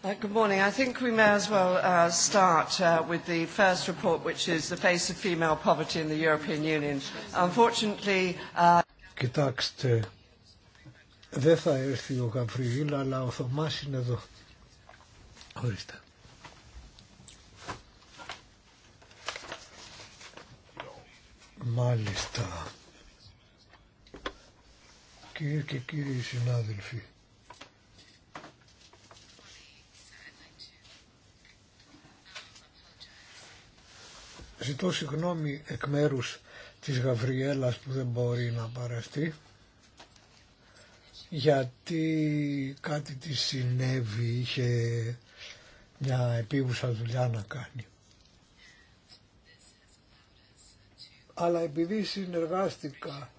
Good morning. I think we may as well start with the first report, which is the face of female poverty in the European Union. Unfortunately, Κοιτάξτε, δεν θα έρθει ο Γαβριήλ, αλλά ο Θωμάς είναι εδώ. Ορίστε. Μάλιστα. Κυρίες και κύριοι συνάδελφοι, ζητώ συγγνώμη εκ μέρου της Γαβριέλας που δεν μπορεί να παραστεί γιατί κάτι της συνέβη, είχε μια επίγουσα δουλειά να κάνει. Αλλά επειδή συνεργάστηκα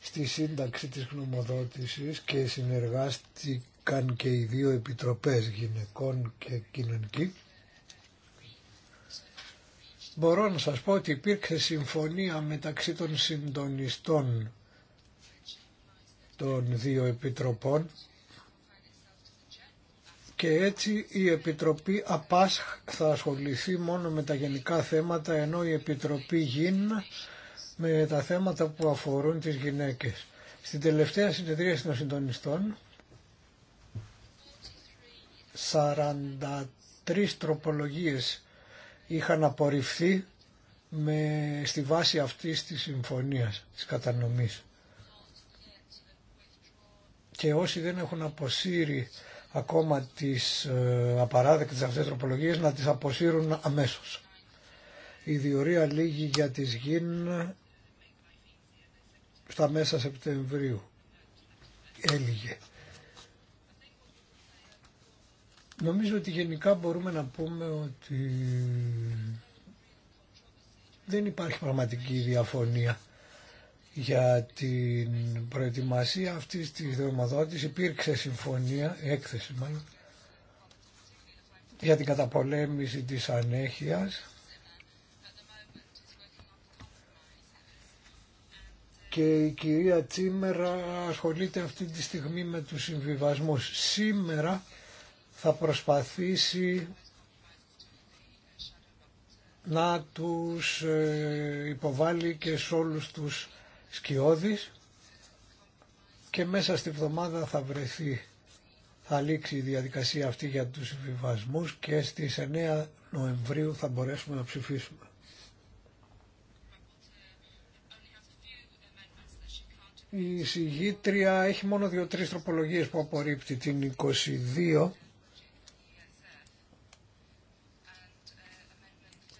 στη σύνταξη της γνωμοδότησης και συνεργάστηκαν και οι δύο επιτροπές γυναικών και κοινωνική, μπορώ να σας πω ότι υπήρξε συμφωνία μεταξύ των συντονιστών των δύο επιτροπών και έτσι η Επιτροπή ΑΠΑΣΧ θα ασχοληθεί μόνο με τα γενικά θέματα ενώ η Επιτροπή ΓΙΝ με τα θέματα που αφορούν τις γυναίκες. Στην τελευταία συνεδρία των συντονιστών 43 τροπολογίες είχαν απορριφθεί με, στη βάση αυτής της συμφωνίας, της κατανομής. Και όσοι δεν έχουν αποσύρει ακόμα τις ε, απαράδεκτες αυτές τροπολογίες να τις αποσύρουν αμέσως. Η διορία λήγει για τις γιν στα μέσα Σεπτεμβρίου. Έλυγε. Νομίζω ότι γενικά μπορούμε να πούμε ότι δεν υπάρχει πραγματική διαφωνία για την προετοιμασία αυτής της δρομοδότηση. Υπήρξε συμφωνία, έκθεση μάλλον, για την καταπολέμηση της ανέχειας και η κυρία Τσίμερα ασχολείται αυτή τη στιγμή με τους συμβιβασμούς. Σήμερα θα προσπαθήσει να τους ε, υποβάλει και σε όλους τους σκιώδεις και μέσα στη βδομάδα θα βρεθεί, θα λήξει η διαδικασία αυτή για τους συμβιβασμούς και στις 9 Νοεμβρίου θα μπορέσουμε να ψηφίσουμε. Η συγγήτρια έχει μόνο δύο-τρεις τροπολογίες που απορρίπτει την 22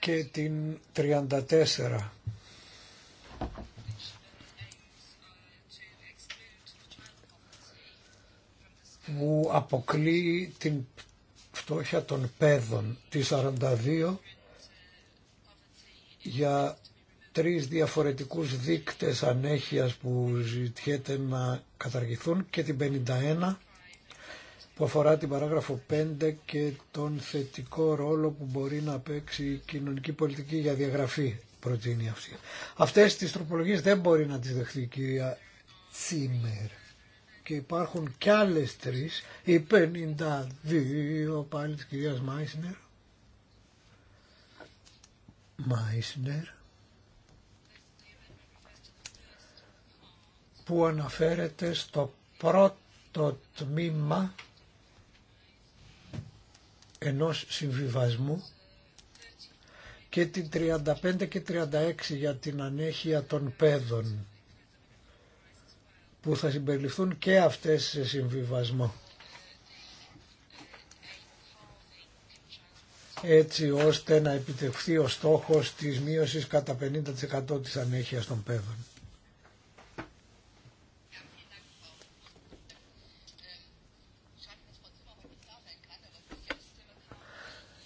και την 34. που αποκλείει την φτώχεια των παιδών τη 42 για τρεις διαφορετικούς δίκτες ανέχειας που ζητιέται να καταργηθούν και την 51 που αφορά την παράγραφο 5 και τον θετικό ρόλο που μπορεί να παίξει η κοινωνική πολιτική για διαγραφή προτείνει αυτή. Αυτές τις τροπολογίες δεν μπορεί να τις δεχθεί η κυρία Τσίμερ. Και υπάρχουν κι άλλες τρεις, οι 52 πάλι της κυρίας Μάισνερ. Μάισνερ. Που αναφέρεται στο πρώτο τμήμα ενός συμβιβασμού και την 35 και 36 για την ανέχεια των παιδών που θα συμπεριληφθούν και αυτές σε συμβιβασμό. έτσι ώστε να επιτευχθεί ο στόχος της μείωσης κατά 50% της ανέχειας των παιδών.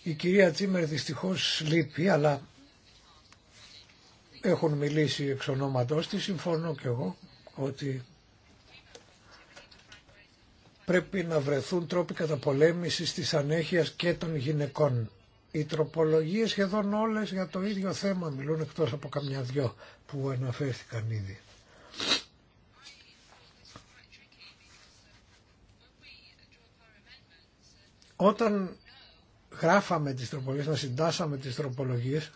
Η κυρία Τσίμερ δυστυχώς λείπει, αλλά έχουν μιλήσει εξ ονόματός της, συμφωνώ και εγώ ότι πρέπει να βρεθούν τρόποι καταπολέμησης της ανέχειας και των γυναικών. Οι τροπολογίες σχεδόν όλες για το ίδιο θέμα μιλούν εκτός από καμιά δυο που αναφέρθηκαν ήδη. Όταν γράφαμε τις τροπολογίες, να συντάσαμε τις τροπολογίες,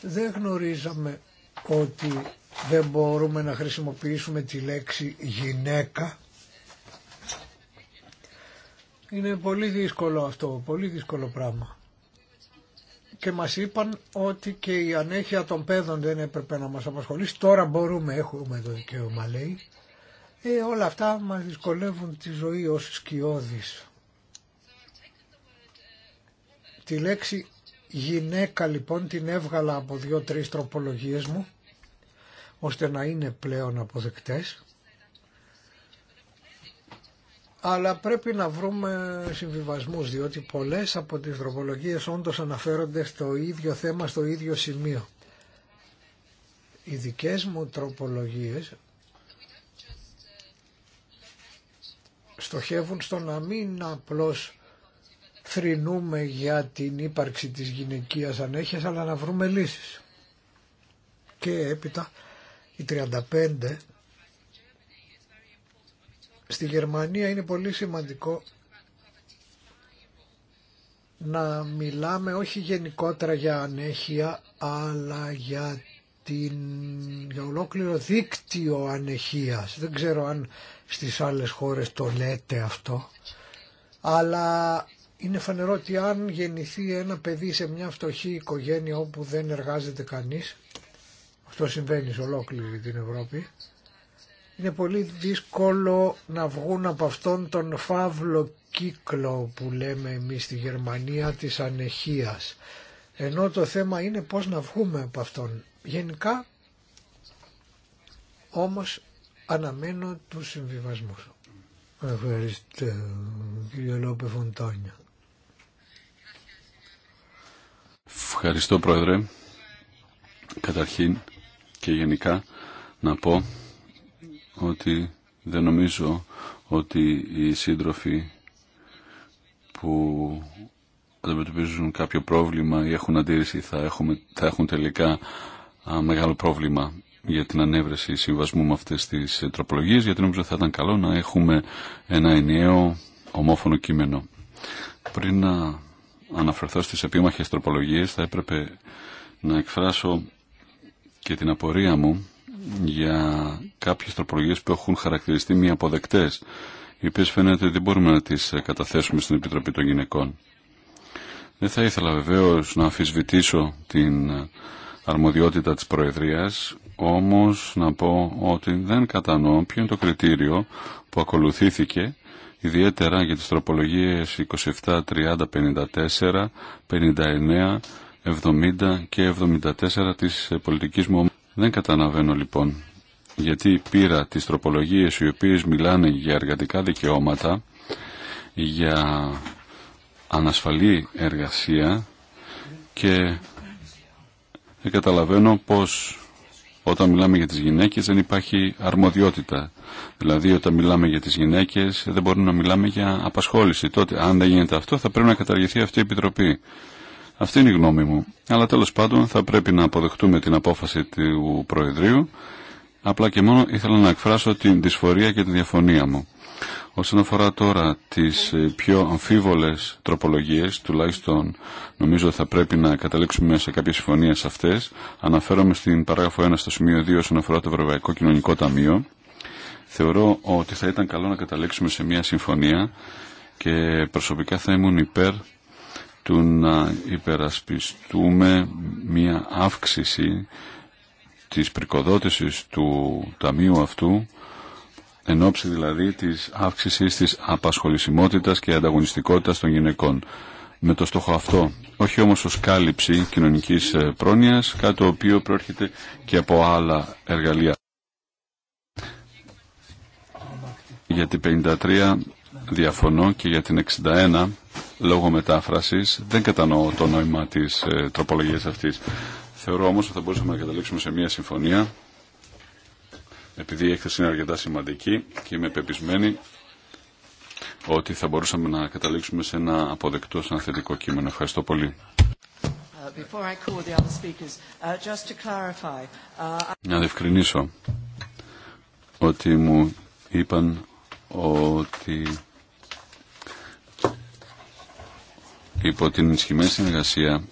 δεν γνωρίζαμε ότι δεν μπορούμε να χρησιμοποιήσουμε τη λέξη γυναίκα. Είναι πολύ δύσκολο αυτό, πολύ δύσκολο πράγμα. Και μας είπαν ότι και η ανέχεια των παιδών δεν έπρεπε να μας απασχολήσει. Τώρα μπορούμε, έχουμε το δικαίωμα λέει. Ε, όλα αυτά μας δυσκολεύουν τη ζωή ως σκιώδης. Τη λέξη γυναίκα λοιπόν την έβγαλα από δύο-τρεις τροπολογίες μου ώστε να είναι πλέον αποδεκτές αλλά πρέπει να βρούμε συμβιβασμούς διότι πολλές από τις τροπολογίες όντως αναφέρονται στο ίδιο θέμα, στο ίδιο σημείο. Οι δικές μου τροπολογίες στοχεύουν στο να μην απλώς θρηνούμε για την ύπαρξη της γυναικείας ανέχειας αλλά να βρούμε λύσεις. Και έπειτα η 35 στη Γερμανία είναι πολύ σημαντικό να μιλάμε όχι γενικότερα για ανέχεια αλλά για, την, για ολόκληρο δίκτυο ανεχείας. Δεν ξέρω αν στις άλλες χώρες το λέτε αυτό αλλά είναι φανερό ότι αν γεννηθεί ένα παιδί σε μια φτωχή οικογένεια όπου δεν εργάζεται κανείς, αυτό συμβαίνει σε ολόκληρη την Ευρώπη, είναι πολύ δύσκολο να βγουν από αυτόν τον φαύλο κύκλο που λέμε εμείς στη Γερμανία της ανεχίας. Ενώ το θέμα είναι πώς να βγούμε από αυτόν. Γενικά όμως αναμένω τους συμβιβασμούς. Ευχαριστώ κύριε Λόπε Φοντάνια. Ευχαριστώ Πρόεδρε. Καταρχήν και γενικά να πω ότι δεν νομίζω ότι οι σύντροφοι που αντιμετωπίζουν κάποιο πρόβλημα ή έχουν αντίρρηση θα, έχουμε, θα έχουν τελικά μεγάλο πρόβλημα για την ανέβρεση συμβασμού με αυτές τις τροπολογίες γιατί νομίζω θα ήταν καλό να έχουμε ένα ενιαίο ομόφωνο κείμενο. Πριν να αναφερθώ στις επίμαχες τροπολογίες θα έπρεπε να εκφράσω και την απορία μου για κάποιες τροπολογίες που έχουν χαρακτηριστεί μη αποδεκτές οι οποίες φαίνεται ότι δεν μπορούμε να τις καταθέσουμε στην Επιτροπή των Γυναικών. Δεν θα ήθελα βεβαίως να αφισβητήσω την αρμοδιότητα της Προεδρίας, όμως να πω ότι δεν κατανοώ ποιο είναι το κριτήριο που ακολουθήθηκε ιδιαίτερα για τις τροπολογίες 27, 30, 54, 59, 70 και 74 της πολιτικής μου Δεν καταλαβαίνω λοιπόν γιατί πήρα τις τροπολογίες οι οποίες μιλάνε για εργατικά δικαιώματα, για ανασφαλή εργασία και δεν καταλαβαίνω πως όταν μιλάμε για τις γυναίκες δεν υπάρχει αρμοδιότητα. Δηλαδή όταν μιλάμε για τις γυναίκες δεν μπορούμε να μιλάμε για απασχόληση. Τότε αν δεν γίνεται αυτό θα πρέπει να καταργηθεί αυτή η επιτροπή. Αυτή είναι η γνώμη μου. Αλλά τέλος πάντων θα πρέπει να αποδεχτούμε την απόφαση του Προεδρείου. Απλά και μόνο ήθελα να εκφράσω την δυσφορία και τη διαφωνία μου. Όσον αφορά τώρα τις ε, πιο αμφίβολες τροπολογίες, τουλάχιστον νομίζω θα πρέπει να καταλήξουμε σε κάποια συμφωνία σε αυτές. Αναφέρομαι στην παράγραφο 1 στο σημείο 2 όσον αφορά το Ευρωπαϊκό Κοινωνικό Ταμείο. Θεωρώ ότι θα ήταν καλό να καταλήξουμε σε μια συμφωνία και προσωπικά θα ήμουν υπέρ του να υπερασπιστούμε μια αύξηση της πρικοδότησης του ταμείου αυτού εν ώψη δηλαδή της αύξησης της απασχολησιμότητας και ανταγωνιστικότητας των γυναικών. Με το στόχο αυτό, όχι όμως ως κάλυψη κοινωνικής ε, πρόνοιας, κάτι το οποίο προέρχεται και από άλλα εργαλεία. Για την 53 διαφωνώ και για την 61 λόγω μετάφρασης δεν κατανοώ το νόημα της ε, τροπολογίας αυτής. Θεωρώ όμως ότι θα μπορούσαμε να καταλήξουμε σε μια συμφωνία επειδή η έκθεση είναι αρκετά σημαντική και είμαι πεπισμένη ότι θα μπορούσαμε να καταλήξουμε σε ένα αποδεκτό, σαν θετικό κείμενο. Ευχαριστώ πολύ. Uh, uh, uh, να διευκρινίσω ότι μου είπαν ότι υπό την ενισχυμένη συνεργασία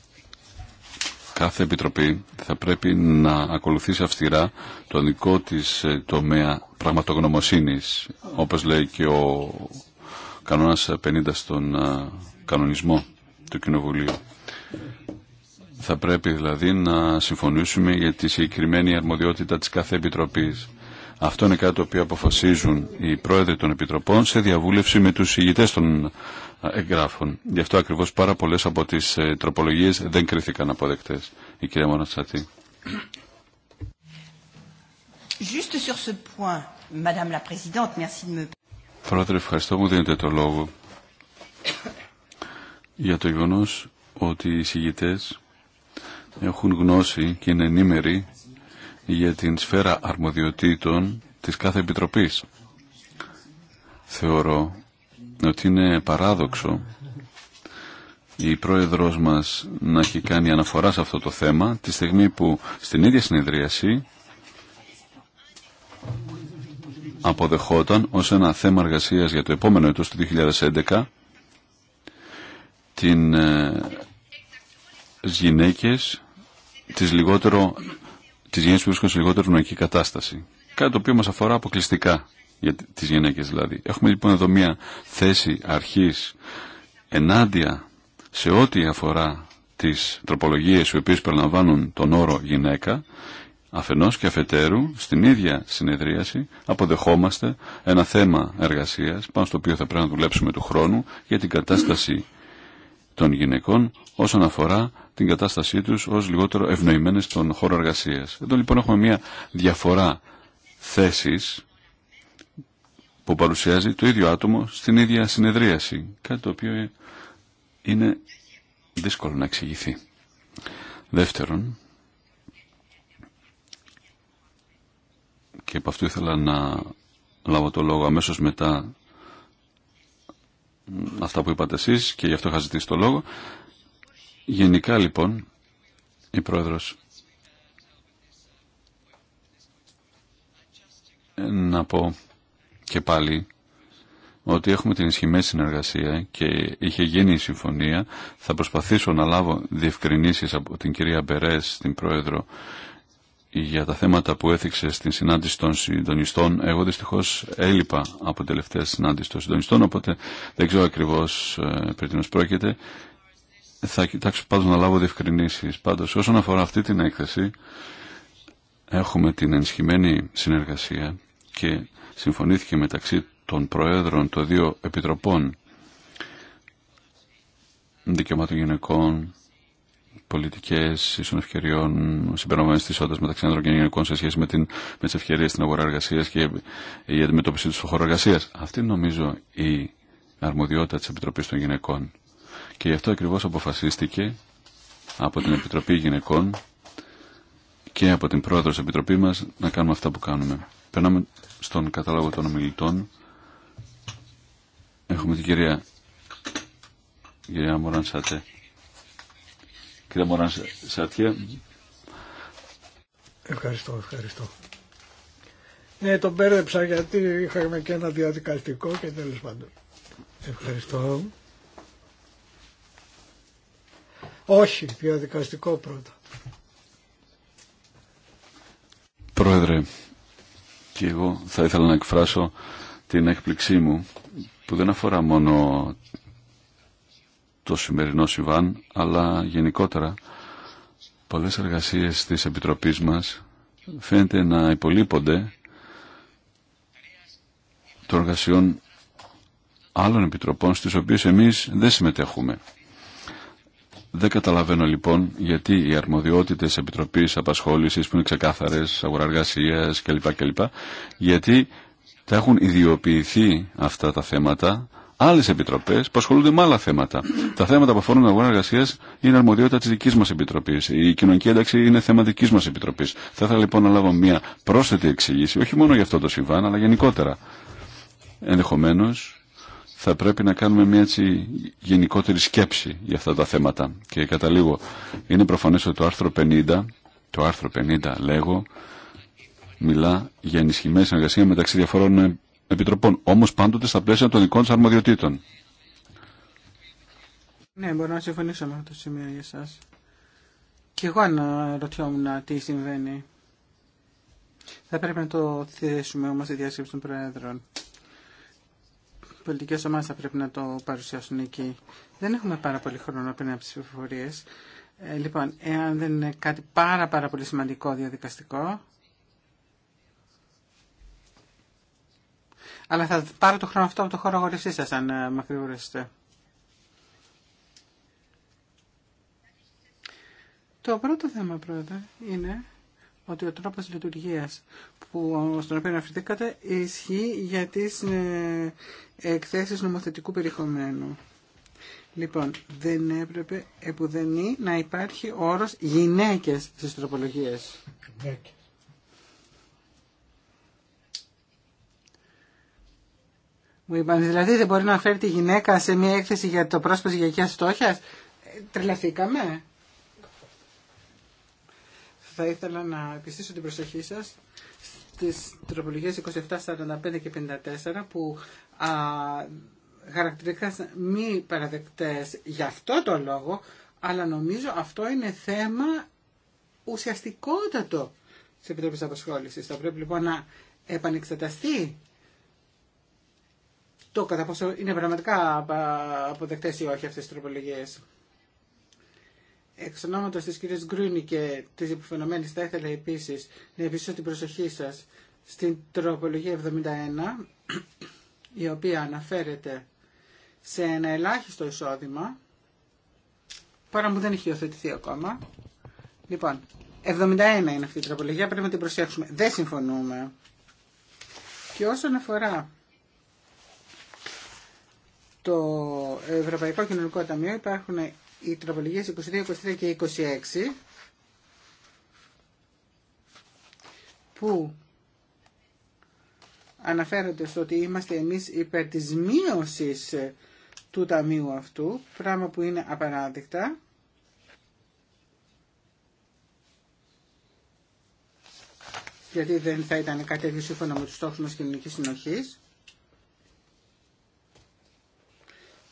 κάθε επιτροπή θα πρέπει να ακολουθήσει αυστηρά το δικό της ε, τομέα πραγματογνωμοσύνης, όπως λέει και ο κανόνας 50 στον ε, κανονισμό του Κοινοβουλίου. Θα πρέπει δηλαδή να συμφωνήσουμε για τη συγκεκριμένη αρμοδιότητα της κάθε επιτροπής. Αυτό είναι κάτι το οποίο αποφασίζουν οι πρόεδροι των επιτροπών σε διαβούλευση με τους ηγητές των Γι' αυτό ακριβώς πάρα πολλές από τις ε, τροπολογίες δεν κρίθηκαν αποδεκτές. Η κυρία Μοναστατή. Juste sur ce point, Madame la Πρόεδρε, ευχαριστώ μου δίνετε το λόγο για το γεγονό ότι οι συγητές έχουν γνώση και είναι ενήμεροι για την σφαίρα αρμοδιοτήτων της κάθε επιτροπής. Θεωρώ ότι είναι παράδοξο η πρόεδρος μας να έχει κάνει αναφορά σε αυτό το θέμα τη στιγμή που στην ίδια συνεδρίαση αποδεχόταν ως ένα θέμα εργασίας για το επόμενο έτος του 2011 την ε, γυναίκες τις λιγότερο γυναίκες που βρίσκονται σε λιγότερο νοική κατάσταση κάτι το οποίο μας αφορά αποκλειστικά για τις γυναίκες δηλαδή. Έχουμε λοιπόν εδώ μια θέση αρχής ενάντια σε ό,τι αφορά τις τροπολογίες οι οποίες περιλαμβάνουν τον όρο γυναίκα αφενός και αφετέρου στην ίδια συνεδρίαση αποδεχόμαστε ένα θέμα εργασίας πάνω στο οποίο θα πρέπει να δουλέψουμε του χρόνου για την κατάσταση των γυναικών όσον αφορά την κατάστασή τους ως λιγότερο ευνοημένες στον χώρο εργασίας. Εδώ λοιπόν έχουμε μια διαφορά θέσης που παρουσιάζει το ίδιο άτομο στην ίδια συνεδρίαση. Κάτι το οποίο είναι δύσκολο να εξηγηθεί. Δεύτερον, και από αυτού ήθελα να λάβω το λόγο αμέσως μετά αυτά που είπατε εσείς και γι' αυτό είχα ζητήσει το λόγο. Γενικά λοιπόν, η Πρόεδρος ε, να πω και πάλι ότι έχουμε την ισχυμένη συνεργασία και είχε γίνει η συμφωνία. Θα προσπαθήσω να λάβω διευκρινήσεις από την κυρία Μπερές, την Πρόεδρο, για τα θέματα που έθιξε στην συνάντηση των συντονιστών. Εγώ δυστυχώ έλειπα από τελευταία συνάντηση των συντονιστών, οπότε δεν ξέρω ακριβώ πριν ε, περί τίνο πρόκειται. Θα κοιτάξω πάντω να λάβω διευκρινήσει. Πάντω. όσον αφορά αυτή την έκθεση, έχουμε την ενισχυμένη συνεργασία και συμφωνήθηκε μεταξύ των Προέδρων των δύο Επιτροπών Δικαιωμάτων Γυναικών, πολιτικέ ίσων ευκαιριών συμπεριλαμβανομένε τη μεταξύ άνδρων και γυναικών σε σχέση με, την, με τι ευκαιρίε στην αγορά εργασία και η αντιμετώπιση του στον χώρο εργασία. Αυτή είναι νομίζω η αρμοδιότητα τη Επιτροπή των Γυναικών. Και γι' αυτό ακριβώ αποφασίστηκε από την Επιτροπή Γυναικών και από την πρόεδρο τη Επιτροπή μα να κάνουμε αυτά που κάνουμε. Περνάμε στον κατάλογο των ομιλητών. Έχουμε την κυρία, κυρία Μωράν Σατέ. Κυρία Μωράν Ευχαριστώ, ευχαριστώ. Ναι, τον πέρεψα γιατί είχαμε και ένα διαδικαστικό και τέλο πάντων. Ευχαριστώ. Όχι, διαδικαστικό πρώτα. Πρόεδρε, και εγώ θα ήθελα να εκφράσω την έκπληξή μου που δεν αφορά μόνο το σημερινό συμβάν αλλά γενικότερα πολλές εργασίες της Επιτροπής μας φαίνεται να υπολείπονται των εργασιών άλλων επιτροπών στις οποίες εμείς δεν συμμετέχουμε. Δεν καταλαβαίνω λοιπόν γιατί οι αρμοδιότητες Επιτροπής Απασχόλησης που είναι ξεκάθαρες, αγοραργασία κλπ. κλπ γιατί τα έχουν ιδιοποιηθεί αυτά τα θέματα άλλες επιτροπές που ασχολούνται με άλλα θέματα. Τα θέματα που αφορούν αγορά εργασία είναι αρμοδιότητα της δικής μας επιτροπής. Η κοινωνική ένταξη είναι θέμα δική μας επιτροπής. Θα ήθελα λοιπόν να λάβω μια πρόσθετη εξήγηση, όχι μόνο για αυτό το συμβάν, αλλά γενικότερα. ενδεχομένω θα πρέπει να κάνουμε μια έτσι γενικότερη σκέψη για αυτά τα θέματα. Και καταλήγω, είναι προφανές ότι το άρθρο 50, το άρθρο 50 λέγω, μιλά για ενισχυμένη συνεργασία μεταξύ διαφορών ε, επιτροπών, όμως πάντοτε στα πλαίσια των δικών της αρμοδιοτήτων. Ναι, μπορώ να συμφωνήσω με αυτό το σημείο για εσάς. Και εγώ αναρωτιόμουν τι συμβαίνει. Θα πρέπει να το θέσουμε όμως στη διάσκεψη των Προέδρων πολιτικέ ομάδε θα πρέπει να το παρουσιάσουν εκεί. Δεν έχουμε πάρα πολύ χρόνο πριν από τι ψηφοφορίε. Ε, λοιπόν, εάν δεν είναι κάτι πάρα πάρα πολύ σημαντικό διαδικαστικό, αλλά θα πάρω το χρόνο αυτό από το χώρο αγορευσή σα, αν ε, μακριούρεστε. Το πρώτο θέμα, πρώτα, είναι ότι ο τρόπος λειτουργίας που, στον οποίο αναφερθήκατε ισχύει για τις ε, εκθέσεις νομοθετικού περιεχομένου. Λοιπόν, δεν έπρεπε επουδενή να υπάρχει όρος γυναίκες στις τροπολογίες. Μου είπαν, δηλαδή δεν μπορεί να φέρει τη γυναίκα σε μια έκθεση για το πρόσωπο για στόχιας. Ε, τρελαθήκαμε θα ήθελα να επιστήσω την προσοχή σας στις τροπολογίες 27, 45 και 54 που α, μη παραδεκτές για αυτό το λόγο, αλλά νομίζω αυτό είναι θέμα ουσιαστικότατο της Επιτροπής Απασχόλησης. Θα πρέπει λοιπόν να επανεξεταστεί το κατά πόσο είναι πραγματικά αποδεκτές ή όχι αυτές οι τροπολογίες. Εξ ονόματος της κυρίας Γκρούνη και της υποφαινομένης θα ήθελα επίσης να επιστήσω την προσοχή σας στην τροπολογία 71 η οποία αναφέρεται σε ένα ελάχιστο εισόδημα παρά μου δεν έχει υιοθετηθεί ακόμα. Λοιπόν, 71 είναι αυτή η τροπολογία, πρέπει να την προσέξουμε. Δεν συμφωνούμε. Και όσον αφορά το Ευρωπαϊκό Κοινωνικό Ταμείο υπάρχουν οι τροπολογίες 22, 23 και 26 που αναφέρονται στο ότι είμαστε εμείς υπέρ της μείωσης του ταμείου αυτού, πράγμα που είναι απαράδεκτα. γιατί δεν θα ήταν κάτι τέτοιο σύμφωνα με τους στόχους μας κοινωνικής συνοχής.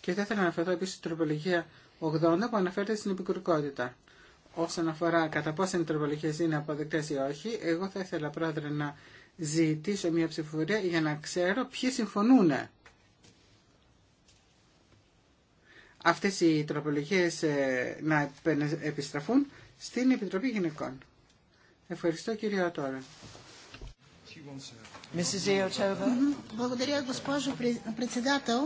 Και θα ήθελα να αναφερθώ επίσης στην τροπολογία που αναφέρεται στην επικουρικότητα. Όσον αφορά κατά πόσο οι τροπολογίες είναι αποδεκτέ ή όχι, εγώ θα ήθελα πρόεδρε να ζητήσω μια ψηφοφορία για να ξέρω ποιοι συμφωνούν. αυτέ οι τροπολογίες ε, να επιστραφούν στην Επιτροπή Γυναικών. Ευχαριστώ κύριε Ατόρα. Благодаря, госпожо председател.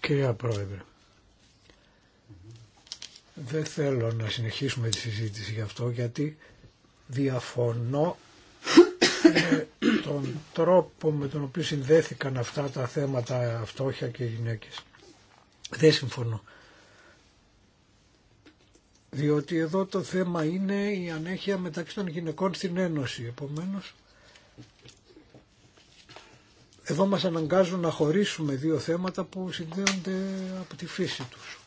Κυρία Πρόεδρε, δεν θέλω να συνεχίσουμε τη συζήτηση γι' αυτό γιατί διαφωνώ με τον τρόπο με τον οποίο συνδέθηκαν αυτά τα θέματα φτώχεια και γυναίκες. Δεν συμφωνώ. Διότι εδώ το θέμα είναι η ανέχεια μεταξύ των γυναικών στην Ένωση. Επομένως εδώ μας αναγκάζουν να χωρίσουμε δύο θέματα που συνδέονται από τη φύση τους.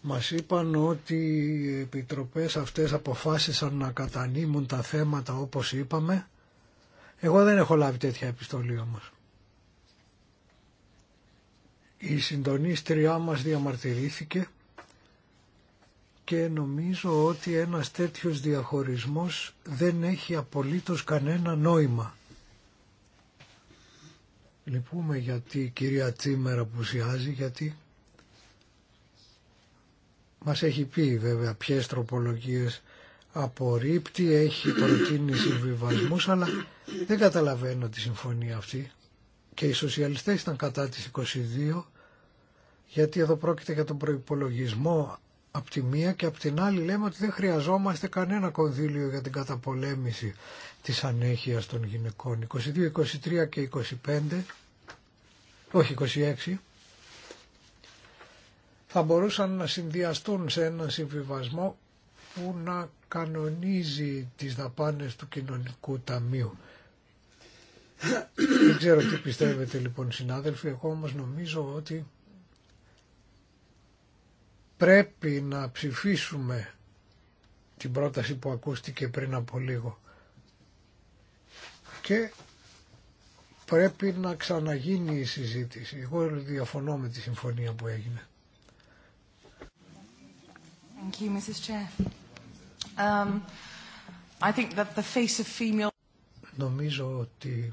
Μας είπαν ότι οι επιτροπές αυτές αποφάσισαν να κατανείμουν τα θέματα όπως είπαμε. Εγώ δεν έχω λάβει τέτοια επιστολή όμως. Η συντονίστριά μας διαμαρτυρήθηκε και νομίζω ότι ένας τέτοιος διαχωρισμός δεν έχει απολύτως κανένα νόημα. Λυπούμε γιατί η κυρία Τσίμερα που ουσιάζει, γιατί μας έχει πει βέβαια ποιες τροπολογίες απορρίπτει, έχει προτείνει συμβιβασμούς, αλλά δεν καταλαβαίνω τη συμφωνία αυτή. Και οι σοσιαλιστές ήταν κατά τις 22, γιατί εδώ πρόκειται για τον προϋπολογισμό από τη μία και από την άλλη λέμε ότι δεν χρειαζόμαστε κανένα κονδύλιο για την καταπολέμηση της ανέχειας των γυναικών. 22, 23 και 25, όχι 26, θα μπορούσαν να συνδυαστούν σε ένα συμβιβασμό που να κανονίζει τις δαπάνες του κοινωνικού ταμείου. Δεν ξέρω τι πιστεύετε λοιπόν συνάδελφοι, εγώ όμως νομίζω ότι πρέπει να ψηφίσουμε την πρόταση που ακούστηκε πριν από λίγο και πρέπει να ξαναγίνει η συζήτηση. Εγώ διαφωνώ με τη συμφωνία που έγινε. Νομίζω ότι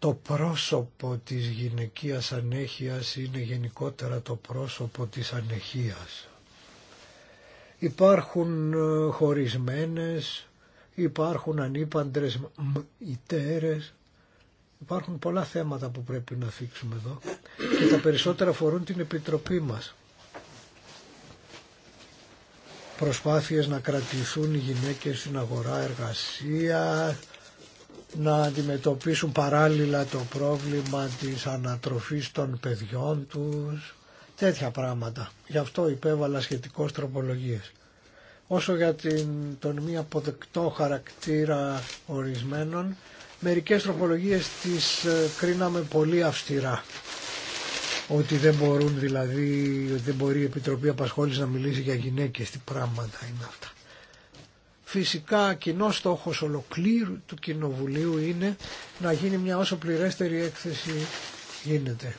το πρόσωπο της γυναικείας ανέχειας είναι γενικότερα το πρόσωπο της ανεχίας. Υπάρχουν ε, χωρισμένες, υπάρχουν ανήπαντρες μητέρες, υπάρχουν πολλά θέματα που πρέπει να θίξουμε εδώ και τα περισσότερα αφορούν την Επιτροπή μας. Προσπάθειες να κρατηθούν οι γυναίκες στην αγορά εργασίας, να αντιμετωπίσουν παράλληλα το πρόβλημα της ανατροφής των παιδιών τους, τέτοια πράγματα. Γι' αυτό υπέβαλα σχετικώς τροπολογίες. Όσο για την, τον μη αποδεκτό χαρακτήρα ορισμένων, μερικές τροπολογίες τις ε, κρίναμε πολύ αυστηρά. Ότι δεν μπορούν δηλαδή, δεν μπορεί η Επιτροπή Απασχόληση να μιλήσει για γυναίκες, τι πράγματα είναι αυτά. Φυσικά κοινό στόχος ολοκλήρου του Κοινοβουλίου είναι να γίνει μια όσο πληρέστερη έκθεση γίνεται.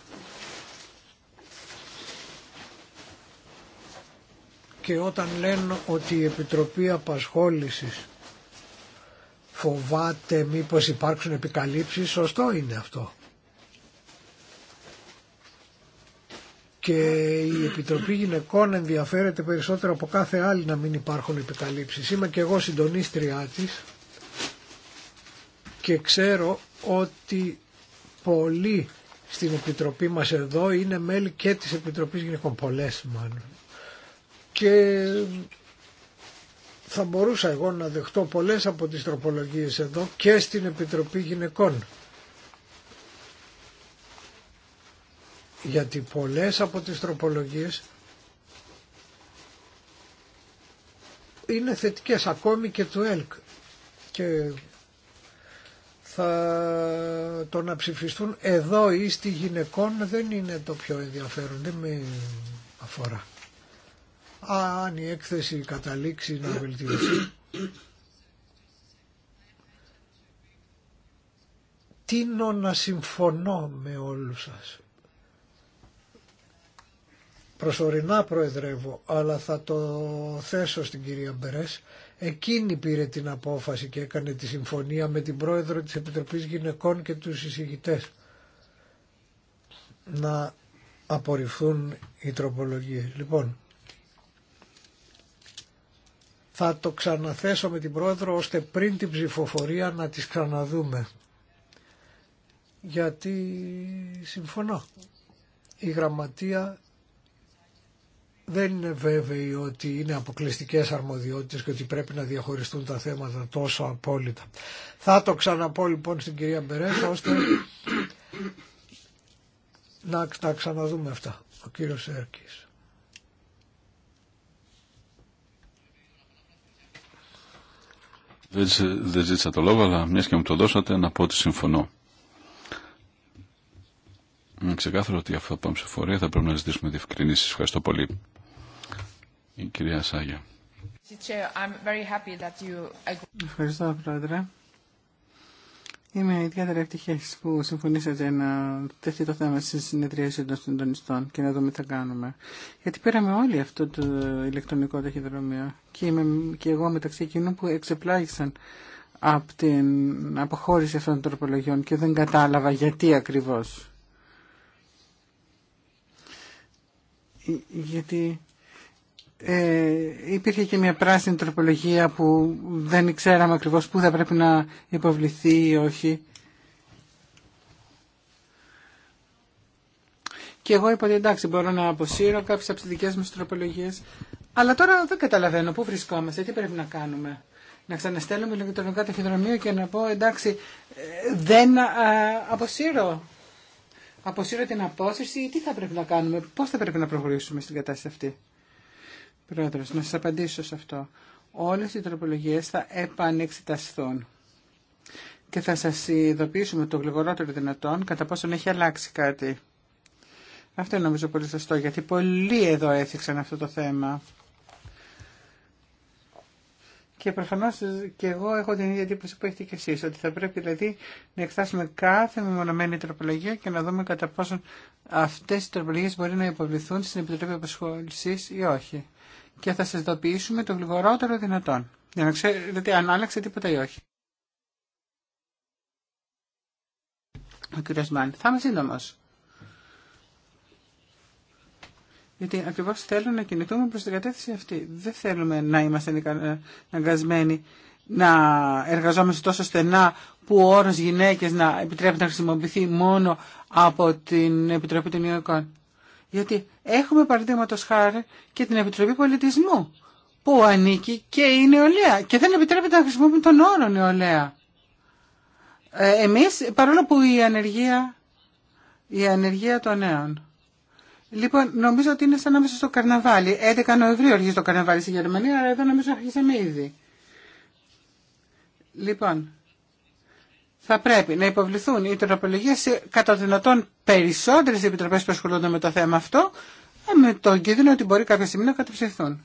Και όταν λένε ότι η Επιτροπή Απασχόλησης φοβάται μήπως υπάρξουν επικαλύψεις, σωστό είναι αυτό. και η Επιτροπή Γυναικών ενδιαφέρεται περισσότερο από κάθε άλλη να μην υπάρχουν επικαλύψεις. Είμαι και εγώ συντονίστριά της και ξέρω ότι πολλοί στην Επιτροπή μας εδώ είναι μέλη και της Επιτροπής Γυναικών, πολλές μάλλον. Και θα μπορούσα εγώ να δεχτώ πολλές από τις τροπολογίες εδώ και στην Επιτροπή Γυναικών. γιατί πολλές από τις τροπολογίες είναι θετικές ακόμη και του ΕΛΚ και θα το να ψηφιστούν εδώ ή στη γυναικών δεν είναι το πιο ενδιαφέρον, δεν με αφορά. Αν η έκθεση καταλήξει να βελτιωθεί, τίνω να συμφωνώ με όλους σας προσωρινά προεδρεύω, αλλά θα το θέσω στην κυρία Μπερές, εκείνη πήρε την απόφαση και έκανε τη συμφωνία με την πρόεδρο της Επιτροπής Γυναικών και τους εισηγητές να απορριφθούν οι τροπολογίες. Λοιπόν, θα το ξαναθέσω με την πρόεδρο ώστε πριν την ψηφοφορία να τις ξαναδούμε. Γιατί συμφωνώ. Η γραμματεία δεν είναι βέβαιοι ότι είναι αποκλειστικές αρμοδιότητες και ότι πρέπει να διαχωριστούν τα θέματα τόσο απόλυτα. Θα το ξαναπώ λοιπόν στην κυρία Μπερές ώστε να ξαναδούμε αυτά. Ο κύριος Σέρκης. Δεν ζήτησα το λόγο, αλλά μια και μου το δώσατε να πω ότι συμφωνώ. Είναι ξεκάθαρο ότι αυτό που πάμε σε θα πρέπει να ζητήσουμε διευκρινήσει. Ευχαριστώ πολύ η Ευχαριστώ, Πρόεδρε. Είμαι ιδιαίτερα ευτυχή που συμφωνήσατε να τεθεί το θέμα στη συνεδρίαση των συντονιστών και να δούμε τι θα κάνουμε. Γιατί πήραμε όλοι αυτό το ηλεκτρονικό ταχυδρομείο και, είμαι, και εγώ μεταξύ εκείνων που εξεπλάγησαν από την αποχώρηση αυτών των τροπολογιών και δεν κατάλαβα γιατί ακριβώς. Ε, γιατί ε, υπήρχε και μια πράσινη τροπολογία που δεν ξέραμε ακριβώς πού θα πρέπει να υποβληθεί ή όχι. Και εγώ είπα ότι εντάξει μπορώ να αποσύρω κάποιες από τις δικές μου τροπολογίες. Αλλά τώρα δεν καταλαβαίνω πού βρισκόμαστε, τι πρέπει να κάνουμε. Να ξαναστέλνουμε ηλεκτρονικά ταχυδρομείο και να πω εντάξει δεν α, αποσύρω. Αποσύρω την απόσυρση, τι θα πρέπει να κάνουμε, πώς θα πρέπει να προχωρήσουμε στην κατάσταση αυτή. Πρόεδρος, να σας απαντήσω σε αυτό. Όλες οι τροπολογίες θα επανεξεταστούν και θα σας ειδοποιήσουμε το γλυγορότερο δυνατόν κατά πόσον έχει αλλάξει κάτι. Αυτό είναι νομίζω πολύ σωστό, γιατί πολλοί εδώ έθιξαν αυτό το θέμα. Και προφανώ και εγώ έχω την ίδια εντύπωση που έχετε και εσεί, ότι θα πρέπει δηλαδή να εκτάσουμε κάθε μεμονωμένη τροπολογία και να δούμε κατά πόσο αυτέ οι τροπολογίε μπορεί να υποβληθούν στην Επιτροπή Απασχόληση ή όχι και θα σας ειδοποιήσουμε το γλυγορότερο δυνατόν, για να ξέρετε αν άλλαξε τίποτα ή όχι. Ο κύριος Μάν, θα είμαι σύντομο. Γιατί ακριβώς θέλω να κινηθούμε προς την κατεύθυνση αυτή. Δεν θέλουμε να είμαστε αναγκασμένοι να εργαζόμαστε τόσο στενά που ο όρος γυναίκες να επιτρέπει να χρησιμοποιηθεί μόνο από την Επιτροπή των γιατί έχουμε παραδείγματο χάρη και την Επιτροπή Πολιτισμού που ανήκει και η νεολαία και δεν επιτρέπεται να χρησιμοποιούμε τον όρο νεολαία. Ε, εμείς, παρόλο που η ανεργία, η ανεργία των νέων. Λοιπόν, νομίζω ότι είναι σαν να μέσα στο καρναβάλι. 11 Νοεμβρίου αρχίζει το καρναβάλι στη Γερμανία, αλλά εδώ νομίζω αρχίσαμε ήδη. Λοιπόν, θα πρέπει να υποβληθούν οι τροπολογίε κατά δυνατόν περισσότερε επιτροπέ που ασχολούνται με το θέμα αυτό, ε, με τον κίνδυνο ότι μπορεί κάποια στιγμή να καταψηφθούν.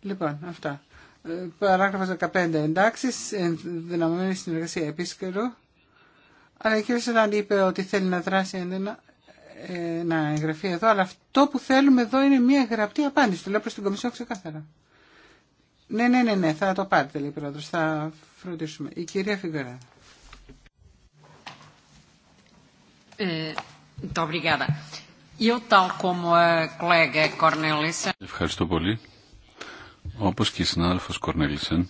Λοιπόν, αυτά. Ε, παράγραφος 15. Εντάξει, ενδυναμωμένη συνεργασία επίσκερο. Αλλά η κ. Σεράν είπε ότι θέλει να δράσει ένα ε, να εγγραφεί εδώ, αλλά αυτό που θέλουμε εδώ είναι μια γραπτή απάντηση. Το λέω προς την Κομισιόν ξεκάθαρα. Ναι, ναι, ναι, ναι, θα το πάρετε, λέει η Πρόεδρος. Θα φροντίσουμε. Η κυρία Φιγκερά. Ε, Ευχαριστώ πολύ. Όπως και η συνάδελφος Κορνέλισεν,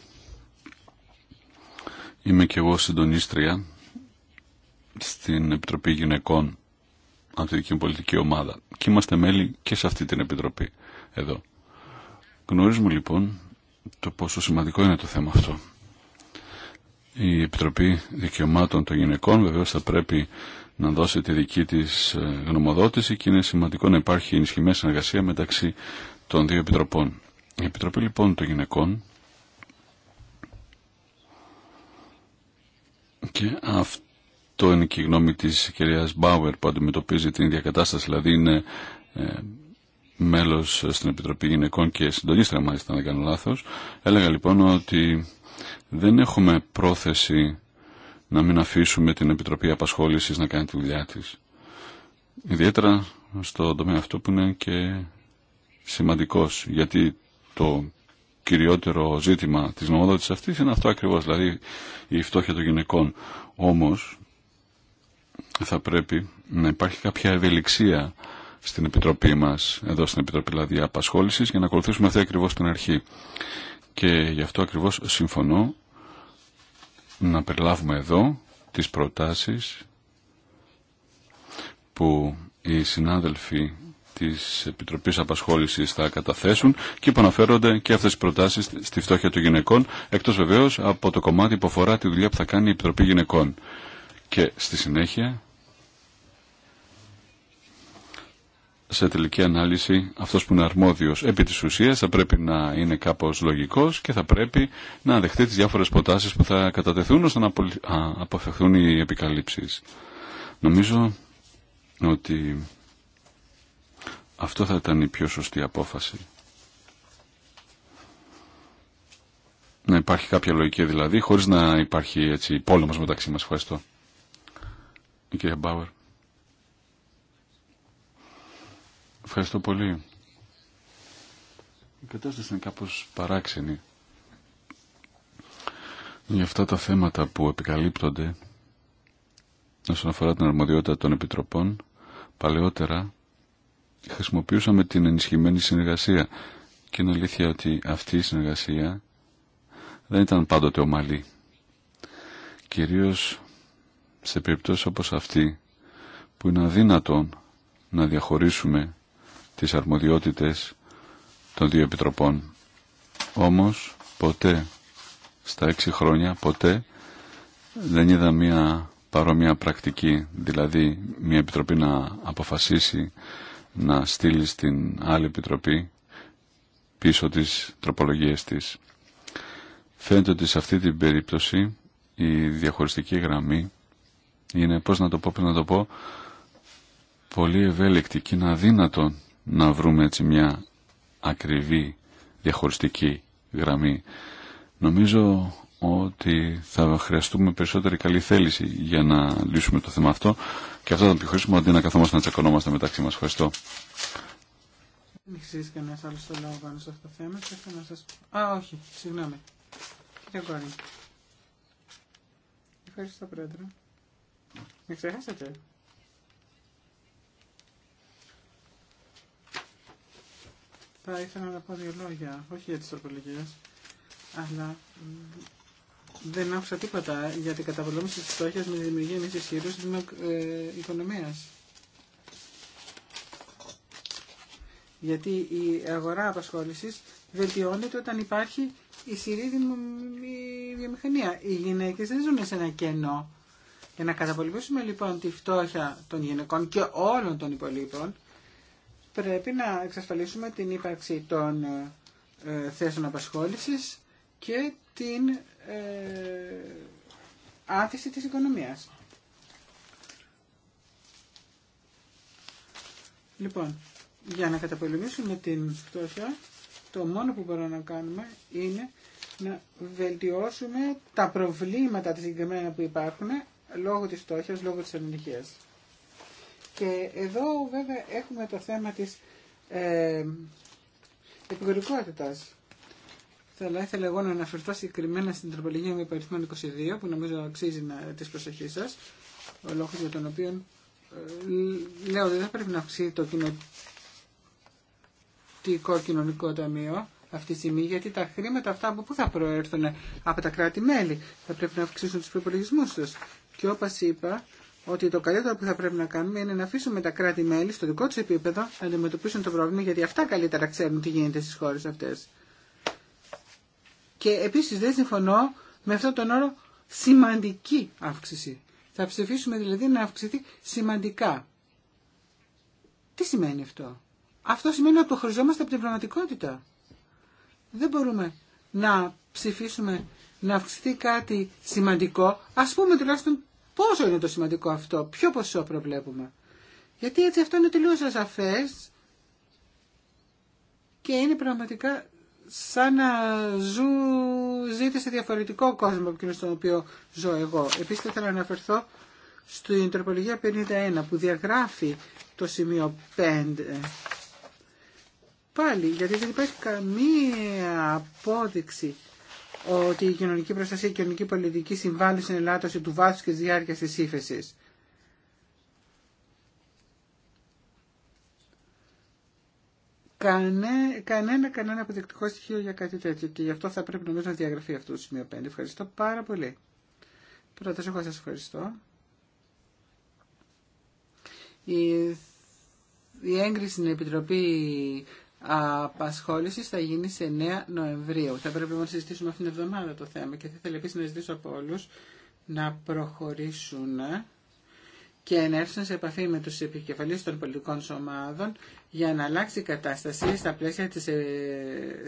είμαι και εγώ συντονίστρια στην Επιτροπή Γυναικών από πολιτική ομάδα και είμαστε μέλη και σε αυτή την Επιτροπή εδώ. Γνωρίζουμε λοιπόν το πόσο σημαντικό είναι το θέμα αυτό. Η Επιτροπή Δικαιωμάτων των Γυναικών βεβαίως θα πρέπει να δώσει τη δική της ε, γνωμοδότηση και είναι σημαντικό να υπάρχει ενισχυμένη συνεργασία μεταξύ των δύο επιτροπών. Η Επιτροπή λοιπόν των γυναικών και αυτό είναι και η γνώμη της κυρίας Μπάουερ που αντιμετωπίζει την διακατάσταση, δηλαδή είναι ε, μέλος στην Επιτροπή Γυναικών και συντονίστρα μάλιστα δεν κάνω λάθος. Έλεγα λοιπόν ότι δεν έχουμε πρόθεση να μην αφήσουμε την Επιτροπή Απασχόλησης να κάνει τη δουλειά της. Ιδιαίτερα στον τομέα αυτό που είναι και σημαντικός, γιατί το κυριότερο ζήτημα της νομοδότησης αυτής είναι αυτό ακριβώς, δηλαδή η φτώχεια των γυναικών. Όμως θα πρέπει να υπάρχει κάποια ευελιξία στην Επιτροπή μας, εδώ στην Επιτροπή δηλαδή Απασχόλησης, για να ακολουθήσουμε αυτή ακριβώς την αρχή. Και γι' αυτό ακριβώς συμφωνώ να περιλάβουμε εδώ τις προτάσεις που οι συνάδελφοι της Επιτροπής Απασχόλησης θα καταθέσουν και που αναφέρονται και αυτές τις προτάσεις στη φτώχεια των γυναικών, εκτός βεβαίως από το κομμάτι που αφορά τη δουλειά που θα κάνει η Επιτροπή Γυναικών. Και στη συνέχεια σε τελική ανάλυση αυτός που είναι αρμόδιος επί της ουσίας θα πρέπει να είναι κάπως λογικός και θα πρέπει να δεχτεί τις διάφορες προτάσεις που θα κατατεθούν ώστε να αποφευθούν οι επικαλύψεις. Νομίζω ότι αυτό θα ήταν η πιο σωστή απόφαση. Να υπάρχει κάποια λογική δηλαδή, χωρίς να υπάρχει έτσι πόλεμος μεταξύ μας. Ευχαριστώ. Η Μπάουερ. Ευχαριστώ πολύ. Η κατάσταση είναι κάπως παράξενη. Για αυτά τα θέματα που επικαλύπτονται όσον αφορά την αρμοδιότητα των επιτροπών, παλαιότερα χρησιμοποιούσαμε την ενισχυμένη συνεργασία και είναι αλήθεια ότι αυτή η συνεργασία δεν ήταν πάντοτε ομαλή. Κυρίως σε περιπτώσεις όπως αυτή που είναι αδύνατον να διαχωρίσουμε τις αρμοδιότητες των δύο επιτροπών. Όμως ποτέ στα έξι χρόνια ποτέ δεν είδα μια παρόμοια πρακτική, δηλαδή μια επιτροπή να αποφασίσει να στείλει στην άλλη επιτροπή πίσω τις τροπολογίες της. Φαίνεται ότι σε αυτή την περίπτωση η διαχωριστική γραμμή είναι, πώς να το πω, να το πω, πολύ ευέλικτη και είναι αδύνατο να βρούμε έτσι μια ακριβή διαχωριστική γραμμή. Νομίζω ότι θα χρειαστούμε περισσότερη καλή θέληση για να λύσουμε το θέμα αυτό και αυτό θα το χρήσιμο αντί να καθόμαστε να τσακωνόμαστε μεταξύ μας. Ευχαριστώ. το αυτό το θέμα. Και θα να σας... Α, όχι, συγγνώμη. Κύριε Κόρη. Ευχαριστώ, Πρόεδρε. Με ξεχάσατε. θα ήθελα να πω δύο λόγια, όχι για τις τροπολογίες, αλλά δεν άκουσα τίποτα για την καταβολόμηση της φτώχειας με τη δημιουργία μιας ισχυρούς ε, οικονομίας. Γιατί η αγορά απασχόλησης βελτιώνεται όταν υπάρχει ισχυρή βιομηχανία. Οι γυναίκες δεν ζουν σε ένα κενό. Για να καταπολεμήσουμε λοιπόν τη φτώχεια των γυναικών και όλων των υπολείπων, πρέπει να εξασφαλίσουμε την ύπαρξη των ε, θέσεων απασχόλησης και την ε, άθυση της οικονομίας. Λοιπόν, για να καταπολεμήσουμε την φτώχεια, το μόνο που μπορούμε να κάνουμε είναι να βελτιώσουμε τα προβλήματα της συγκεκριμένα που υπάρχουν λόγω της φτώχειας, λόγω της ανοιχίας. Και εδώ βέβαια έχουμε το θέμα της ε, Θα ήθελα εγώ να αναφερθώ συγκεκριμένα στην τροπολογία με υπαριθμό 22, που νομίζω αξίζει να, της προσοχής σας, ο λόγος για τον οποίο ε, λέω ότι δεν πρέπει να αυξήσει το κοινωτικό κοινωνικό ταμείο αυτή τη στιγμή, γιατί τα χρήματα αυτά από πού θα προέρθουν από τα κράτη-μέλη, θα πρέπει να αυξήσουν τους προπολογισμού τους. Και όπως είπα, ότι το καλύτερο που θα πρέπει να κάνουμε είναι να αφήσουμε τα κράτη-μέλη στο δικό του επίπεδο να αντιμετωπίσουν το πρόβλημα, γιατί αυτά καλύτερα ξέρουν τι γίνεται στι χώρε αυτέ. Και επίση δεν συμφωνώ με αυτόν τον όρο σημαντική αύξηση. Θα ψηφίσουμε δηλαδή να αυξηθεί σημαντικά. Τι σημαίνει αυτό. Αυτό σημαίνει ότι αποχωριζόμαστε από την πραγματικότητα. Δεν μπορούμε να ψηφίσουμε να αυξηθεί κάτι σημαντικό, α πούμε τουλάχιστον Πόσο είναι το σημαντικό αυτό, ποιο ποσό προβλέπουμε. Γιατί έτσι αυτό είναι τελείως ασαφές και είναι πραγματικά σαν να ζου, ζείτε σε διαφορετικό κόσμο από εκείνο στον οποίο ζω εγώ. Επίσης θέλω να αναφερθώ στην τροπολογία 51 που διαγράφει το σημείο 5. Πάλι, γιατί δεν υπάρχει καμία απόδειξη ότι η κοινωνική προστασία και η κοινωνική πολιτική συμβάλλουν στην ελάττωση του βάθους και της διάρκειας της ύφεσης. Κανέ, κανένα, κανένα αποδεικτικό στοιχείο για κάτι τέτοιο και γι' αυτό θα πρέπει νομίζω να διαγραφεί αυτό το σημείο 5. Ευχαριστώ πάρα πολύ. Πρώτα εγώ σας ευχαριστώ. Η, η έγκριση στην Επιτροπή απασχόληση θα γίνει σε 9 Νοεμβρίου. Θα πρέπει να συζητήσουμε αυτήν την εβδομάδα το θέμα και θα ήθελα επίση να ζητήσω από όλους να προχωρήσουν και να έρθουν σε επαφή με του επικεφαλεί των πολιτικών ομάδων για να αλλάξει η κατάσταση στα πλαίσια της ε,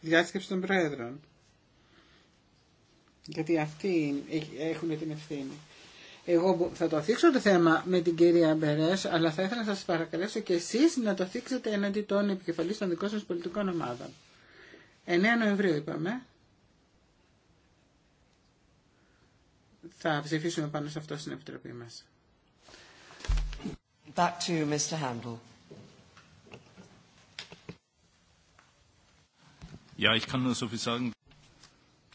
διάσκεψης των Προέδρων. Γιατί αυτοί έχουν την ευθύνη. Εγώ θα το θίξω το θέμα με την κυρία Μπερές, αλλά θα ήθελα να σας παρακαλέσω και εσείς να το θίξετε εναντί των επικεφαλής των δικών σα πολιτικών ομάδων. 9 Νοεμβρίου είπαμε. Θα ψηφίσουμε πάνω σε αυτό στην Επιτροπή μας. Back to Mr. Handel. ich kann nur so viel sagen.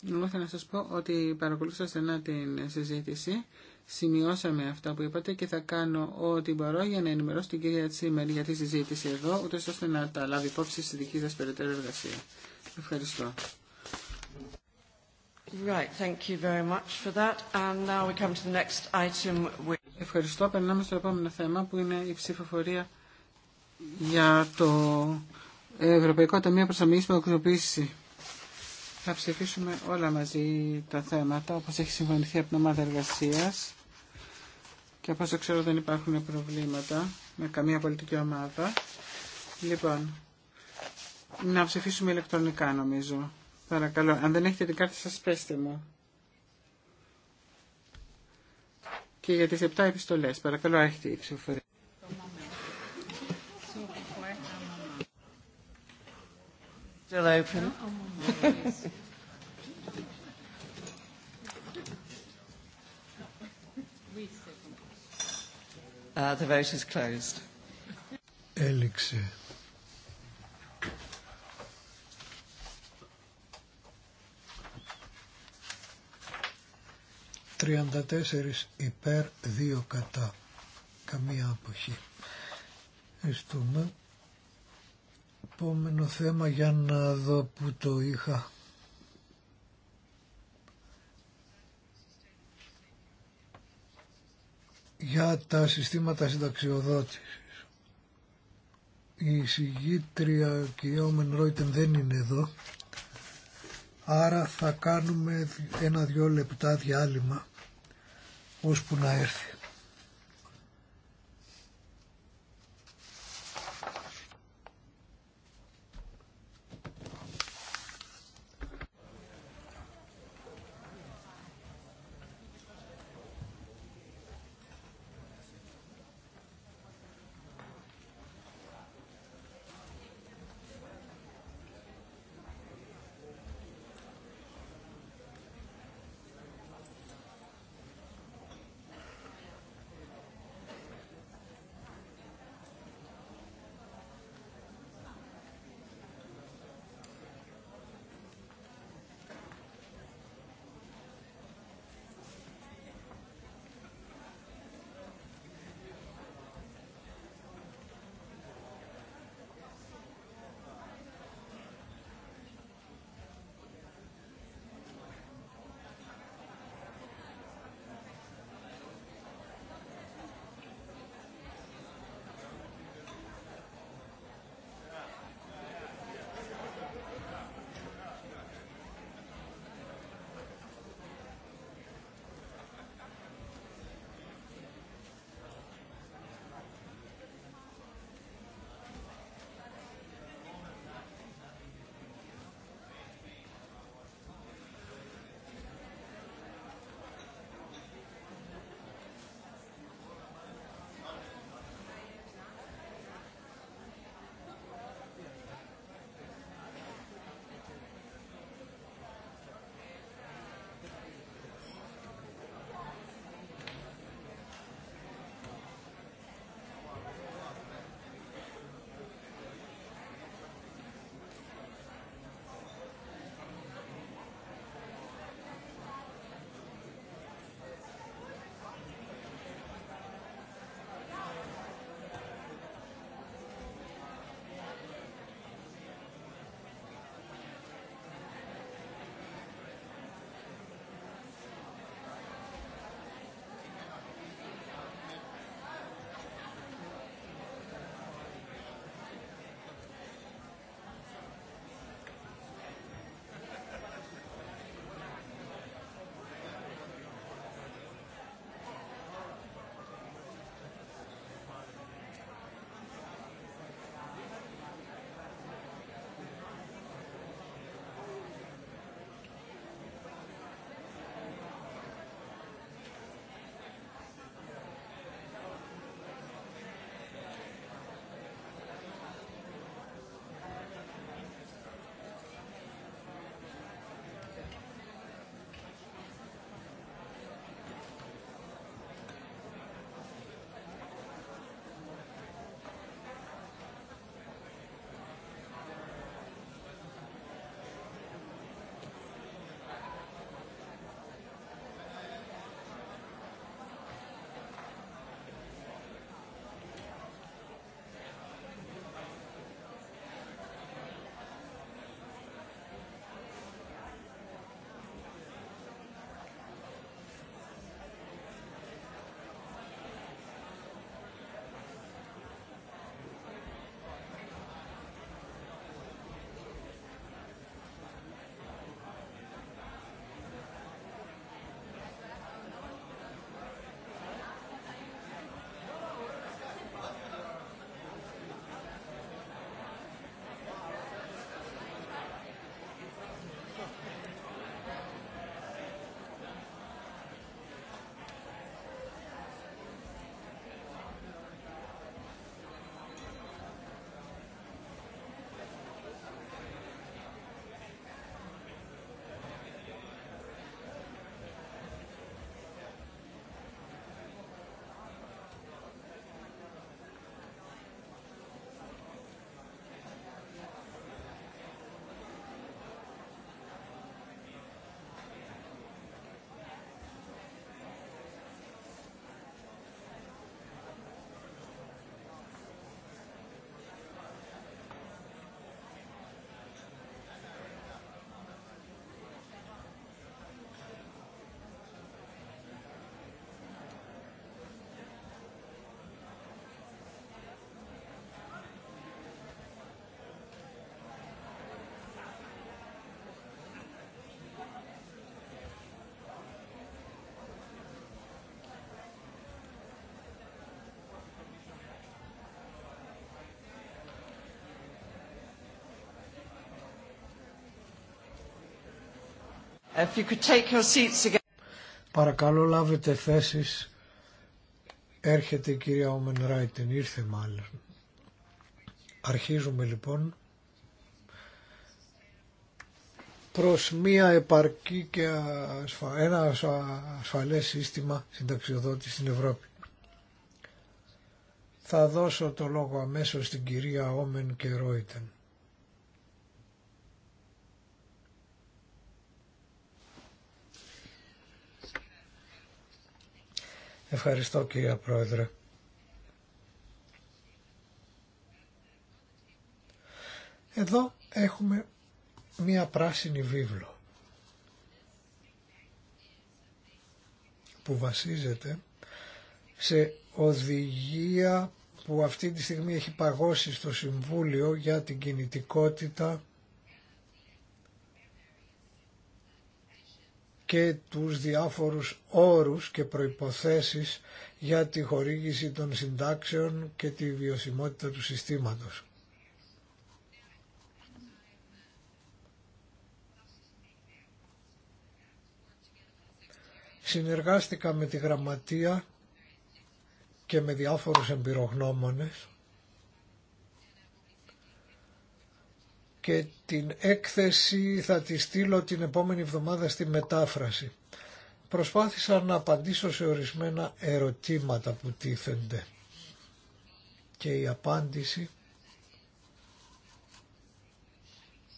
Εγώ να σας πω ότι παρακολούσα στενά την συζήτηση σημειώσαμε αυτά που είπατε και θα κάνω ό,τι μπορώ για να ενημερώσω την κυρία Τσίμερ για τη συζήτηση εδώ, ούτως ώστε να τα λάβει υπόψη στη δική σας περαιτέρω εργασία. Ευχαριστώ. Right, thank you very much for that. And now we come to the next item. Ευχαριστώ. Περνάμε στο επόμενο θέμα που είναι η ψηφοφορία για το Ευρωπαϊκό Ταμείο Προσαρμογής Παγκοσμιοποίησης θα ψηφίσουμε όλα μαζί τα θέματα όπως έχει συμφωνηθεί από την ομάδα εργασίας και όπως ξέρω δεν υπάρχουν προβλήματα με καμία πολιτική ομάδα. Λοιπόν, να ψηφίσουμε ηλεκτρονικά νομίζω. Παρακαλώ, αν δεν έχετε την κάρτα σας πέστε μου. Και για τις 7 επιστολές, παρακαλώ, έχετε η ψηφοφορία. Uh, Έληξε. Τριάντα τέσσερις υπέρ, δύο κατά. Καμία αποχή. Ευχαριστούμε επόμενο θέμα για να δω που το είχα. Για τα συστήματα συνταξιοδότησης. Η συγγήτρια και η Όμεν Ρόιτεν δεν είναι εδώ. Άρα θα κάνουμε ένα-δυο λεπτά διάλειμμα ώσπου να έρθει. Παρακαλώ λάβετε θέσεις. Έρχεται η κυρία Όμεν Ράιτεν, ήρθε μάλλον. Αρχίζουμε λοιπόν προς μία επαρκή και ένα ασφαλές σύστημα συνταξιοδότης στην Ευρώπη. Θα δώσω το λόγο αμέσως στην κυρία Όμεν και Ρόιτεν. Ευχαριστώ κύριε Πρόεδρε. Εδώ έχουμε μία πράσινη βίβλο που βασίζεται σε οδηγία που αυτή τη στιγμή έχει παγώσει στο Συμβούλιο για την κινητικότητα και τους διάφορους όρους και προϋποθέσεις για τη χορήγηση των συντάξεων και τη βιωσιμότητα του συστήματος. Συνεργάστηκα με τη Γραμματεία και με διάφορους εμπειρογνώμονες και την έκθεση θα τη στείλω την επόμενη εβδομάδα στη μετάφραση. Προσπάθησα να απαντήσω σε ορισμένα ερωτήματα που τίθενται και η απάντηση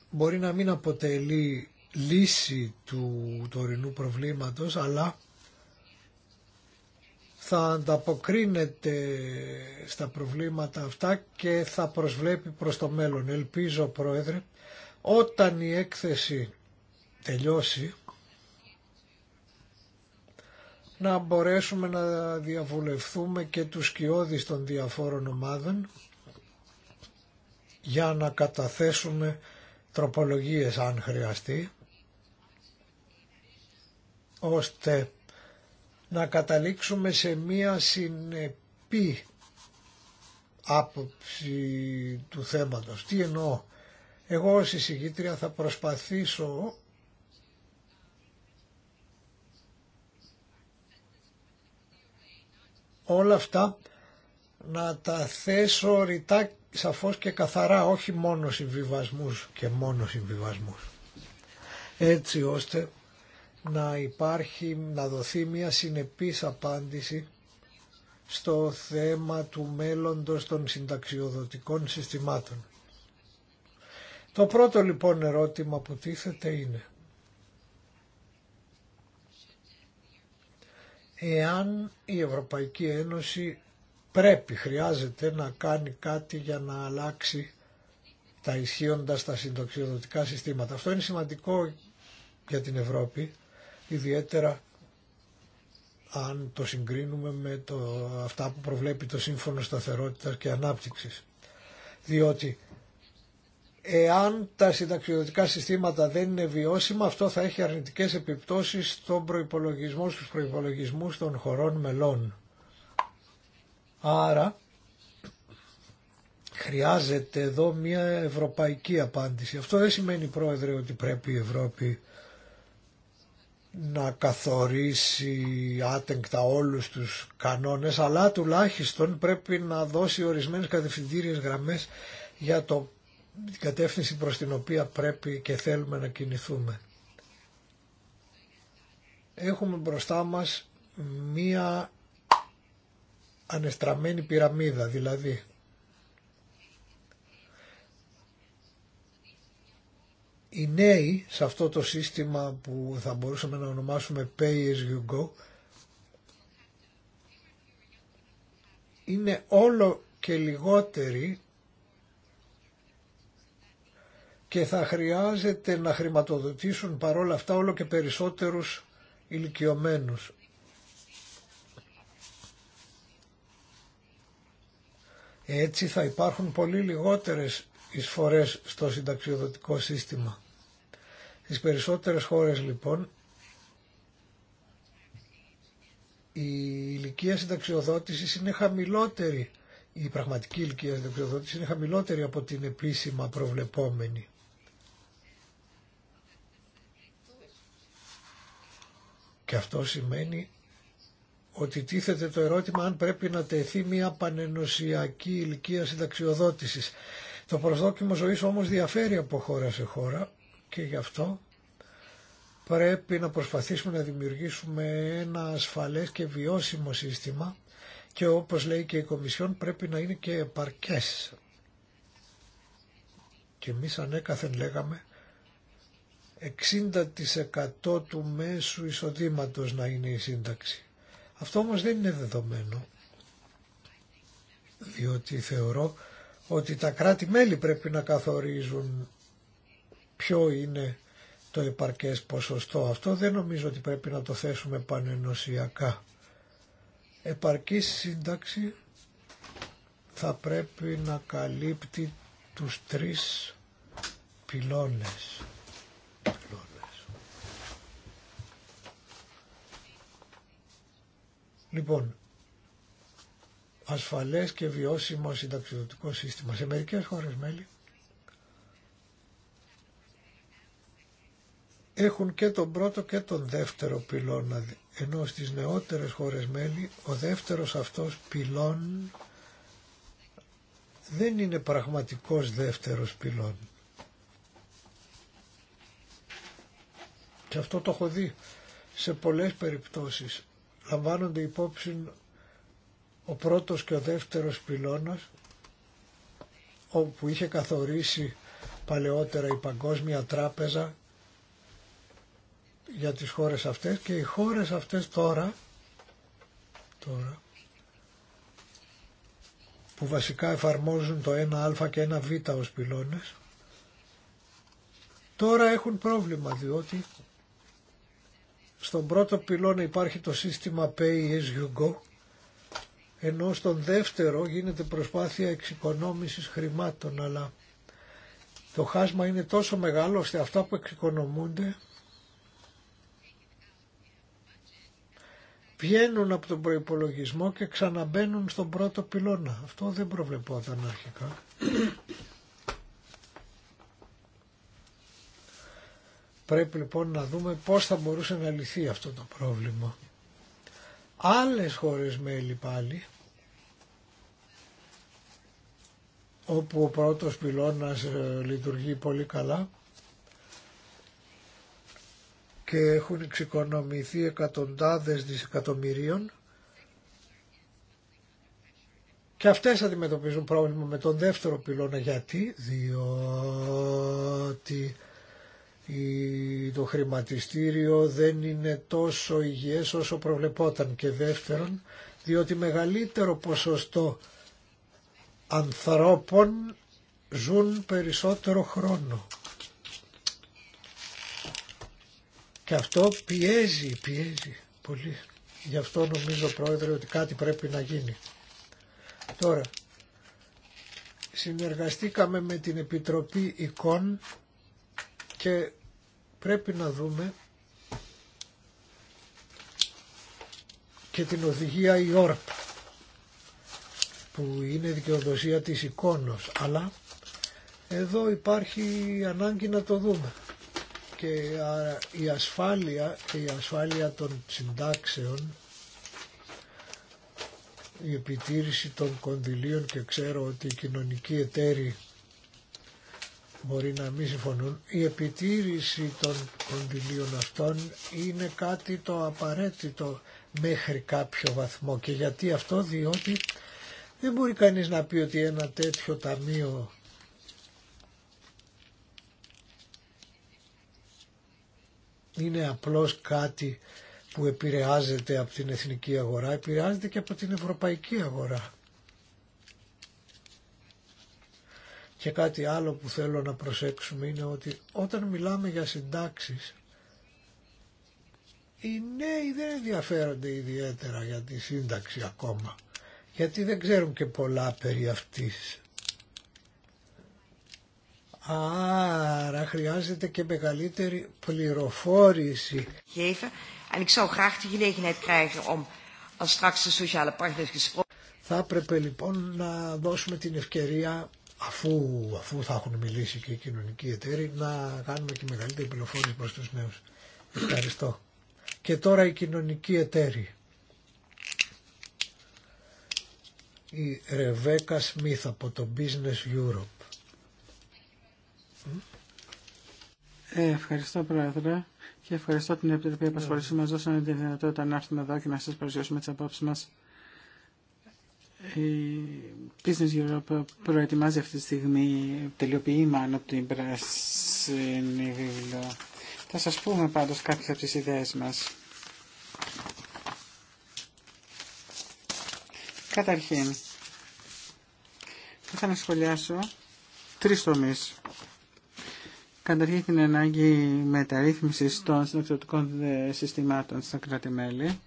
μπορεί να μην αποτελεί λύση του τωρινού προβλήματος αλλά θα ανταποκρίνεται στα προβλήματα αυτά και θα προσβλέπει προς το μέλλον. Ελπίζω, Πρόεδρε, όταν η έκθεση τελειώσει, να μπορέσουμε να διαβουλευθούμε και τους κοιόδης των διαφόρων ομάδων για να καταθέσουμε τροπολογίες αν χρειαστεί ώστε να καταλήξουμε σε μία συνεπή άποψη του θέματος. Τι εννοώ. Εγώ ως εισηγήτρια θα προσπαθήσω όλα αυτά να τα θέσω ρητά σαφώς και καθαρά, όχι μόνο συμβιβασμούς και μόνο συμβιβασμούς. Έτσι ώστε να υπάρχει, να δοθεί μια συνεπής απάντηση στο θέμα του μέλλοντος των συνταξιοδοτικών συστημάτων. Το πρώτο λοιπόν ερώτημα που τίθεται είναι εάν η Ευρωπαϊκή Ένωση πρέπει, χρειάζεται να κάνει κάτι για να αλλάξει τα ισχύοντα στα συνταξιοδοτικά συστήματα. Αυτό είναι σημαντικό για την Ευρώπη ιδιαίτερα αν το συγκρίνουμε με το, αυτά που προβλέπει το Σύμφωνο Σταθερότητας και Ανάπτυξης. Διότι εάν τα συνταξιδοτικά συστήματα δεν είναι βιώσιμα, αυτό θα έχει αρνητικές επιπτώσεις στον προϋπολογισμό, στους προϋπολογισμούς των χωρών μελών. Άρα, χρειάζεται εδώ μια ευρωπαϊκή απάντηση. Αυτό δεν σημαίνει, Πρόεδρε, ότι πρέπει η Ευρώπη να καθορίσει άτεγκτα όλους τους κανόνες αλλά τουλάχιστον πρέπει να δώσει ορισμένες κατευθυντήριες γραμμές για το, την κατεύθυνση προς την οποία πρέπει και θέλουμε να κινηθούμε. Έχουμε μπροστά μας μία ανεστραμμένη πυραμίδα δηλαδή οι νέοι σε αυτό το σύστημα που θα μπορούσαμε να ονομάσουμε pay as you go είναι όλο και λιγότεροι και θα χρειάζεται να χρηματοδοτήσουν παρόλα αυτά όλο και περισσότερους ηλικιωμένους. Έτσι θα υπάρχουν πολύ λιγότερες εισφορές στο συνταξιοδοτικό σύστημα. Στις περισσότερες χώρες λοιπόν η ηλικία συνταξιοδότησης είναι χαμηλότερη, η πραγματική ηλικία συνταξιοδότησης είναι χαμηλότερη από την επίσημα προβλεπόμενη. Και αυτό σημαίνει ότι τίθεται το ερώτημα αν πρέπει να τεθεί μια πανενοσιακή ηλικία συνταξιοδότησης. Το προσδόκιμο ζωής όμως διαφέρει από χώρα σε χώρα και γι' αυτό πρέπει να προσπαθήσουμε να δημιουργήσουμε ένα ασφαλές και βιώσιμο σύστημα και όπως λέει και η Κομισιόν πρέπει να είναι και επαρκές. Και εμείς ανέκαθεν λέγαμε 60% του μέσου εισοδήματος να είναι η σύνταξη. Αυτό όμως δεν είναι δεδομένο, διότι θεωρώ ότι τα κράτη-μέλη πρέπει να καθορίζουν ποιο είναι το επαρκές ποσοστό. Αυτό δεν νομίζω ότι πρέπει να το θέσουμε πανενοσιακά. Επαρκής σύνταξη θα πρέπει να καλύπτει τους τρεις πυλώνες. Λοιπόν, ασφαλές και βιώσιμο συνταξιδοτικό σύστημα. Σε μερικές χώρες μέλη έχουν και τον πρώτο και τον δεύτερο πυλώνα, ενώ στις νεότερες χώρες μέλη ο δεύτερος αυτός πυλών δεν είναι πραγματικός δεύτερος πυλών. Και αυτό το έχω δει σε πολλές περιπτώσεις. Λαμβάνονται υπόψη ο πρώτος και ο δεύτερος πυλώνας όπου είχε καθορίσει παλαιότερα η Παγκόσμια Τράπεζα για τις χώρες αυτές και οι χώρες αυτές τώρα, τώρα που βασικά εφαρμόζουν το 1α και 1β ως πυλώνες τώρα έχουν πρόβλημα διότι στον πρώτο πυλώνα υπάρχει το σύστημα Pay as you go ενώ στον δεύτερο γίνεται προσπάθεια εξοικονόμησης χρημάτων, αλλά το χάσμα είναι τόσο μεγάλο ώστε αυτά που εξοικονομούνται βγαίνουν από τον προϋπολογισμό και ξαναμπαίνουν στον πρώτο πυλώνα. Αυτό δεν προβλεπόταν αρχικά. Πρέπει λοιπόν να δούμε πώς θα μπορούσε να λυθεί αυτό το πρόβλημα άλλες χώρες μέλη πάλι όπου ο πρώτος πυλώνας ε, λειτουργεί πολύ καλά και έχουν εξοικονομηθεί εκατοντάδες δισεκατομμυρίων και αυτές αντιμετωπίζουν πρόβλημα με τον δεύτερο πυλώνα. Γιατί? Διότι το χρηματιστήριο δεν είναι τόσο υγιές όσο προβλεπόταν και δεύτερον διότι μεγαλύτερο ποσοστό ανθρώπων ζουν περισσότερο χρόνο. Και αυτό πιέζει, πιέζει πολύ. Γι' αυτό νομίζω πρόεδρε ότι κάτι πρέπει να γίνει. Τώρα, συνεργαστήκαμε με την Επιτροπή Εικόν και πρέπει να δούμε και την οδηγία ΙΟΡΠ που είναι δικαιοδοσία της εικόνος αλλά εδώ υπάρχει ανάγκη να το δούμε και η ασφάλεια, η ασφάλεια των συντάξεων η επιτήρηση των κονδυλίων και ξέρω ότι οι κοινωνικοί εταίροι μπορεί να μην συμφωνούν. Η επιτήρηση των κονδυλίων αυτών είναι κάτι το απαραίτητο μέχρι κάποιο βαθμό. Και γιατί αυτό, διότι δεν μπορεί κανείς να πει ότι ένα τέτοιο ταμείο είναι απλώς κάτι που επηρεάζεται από την εθνική αγορά, επηρεάζεται και από την ευρωπαϊκή αγορά. Και κάτι άλλο που θέλω να προσέξουμε είναι ότι όταν μιλάμε για συντάξεις, οι νέοι δεν ενδιαφέρονται ιδιαίτερα για τη σύνταξη ακόμα, γιατί δεν ξέρουν και πολλά περί αυτής. Άρα χρειάζεται και μεγαλύτερη πληροφόρηση. Θα έπρεπε λοιπόν να δώσουμε την ευκαιρία αφού, αφού θα έχουν μιλήσει και οι κοινωνικοί εταίροι να κάνουμε και μεγαλύτερη πληροφόρηση προς τους νέους. Ευχαριστώ. Και τώρα οι κοινωνικοί εταίροι. Η Ρεβέκα Σμίθ από το Business Europe. Ε, ευχαριστώ Πρόεδρε και ευχαριστώ την Επιτροπή Απασχόληση που μας δώσανε τη δυνατότητα να έρθουμε εδώ και να σας παρουσιάσουμε τις απόψεις μας η Business Europe προετοιμάζει αυτή τη στιγμή, τελειοποιεί από την πράσινη βίβλο. Θα σας πούμε πάντως κάποιες από τις ιδέες μας. Καταρχήν, θα να σχολιάσω τρεις τομείς. Καταρχήν την ανάγκη μεταρρύθμισης των συνεξιωτικών ε, συστημάτων στα κράτη-μέλη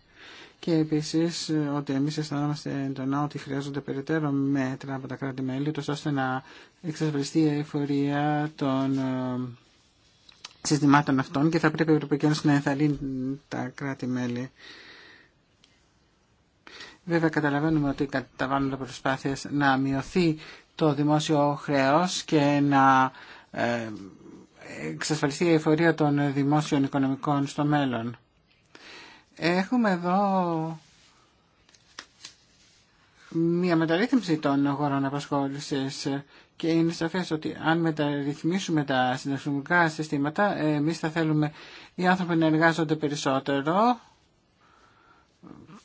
και επίση ότι εμεί αισθανόμαστε εντονά ότι χρειάζονται περαιτέρω μέτρα από τα κράτη-μέλη ώστε να εξασφαλιστεί η εφορία των ε, συστημάτων αυτών και θα πρέπει η Ευρωπαϊκή Ένωση να ενθαρρύνει τα κράτη-μέλη. Βέβαια καταλαβαίνουμε ότι καταβάλλονται προσπάθειες να μειωθεί το δημόσιο χρέο και να ε, εξασφαλιστεί η εφορία των δημόσιων οικονομικών στο μέλλον. Έχουμε εδώ μια μεταρρύθμιση των αγορών απασχόληση και είναι σαφές ότι αν μεταρρυθμίσουμε τα συνταξιωτικά συστήματα, εμείς θα θέλουμε οι άνθρωποι να εργάζονται περισσότερο,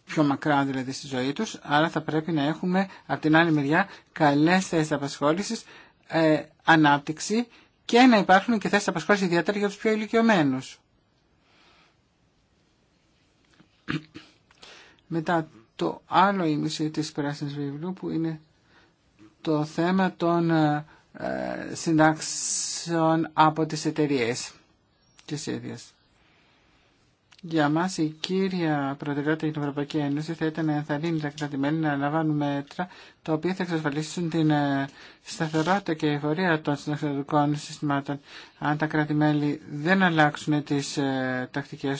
πιο μακρά δηλαδή στη ζωή τους, άρα θα πρέπει να έχουμε από την άλλη μεριά καλές θέσεις απασχόλησης, ε, ανάπτυξη και να υπάρχουν και θέσεις απασχόλησης ιδιαίτερα για τους πιο ηλικιωμένους. Μετά το άλλο ήμιση της Πράσινης Βιβλίου που είναι το θέμα των ε, συντάξεων από τις εταιρείε της ίδιας. Για μας η κύρια προτεραιότητα για την Ευρωπαϊκή Ένωση θα ήταν να ενθαρρύνει τα κρατημένα να λαμβάνουν μέτρα τα οποία θα εξασφαλίσουν την ε, σταθερότητα και εφορία των συναξιωτικών συστημάτων. Αν τα κράτη-μέλη δεν αλλάξουν τις ε, τακτικέ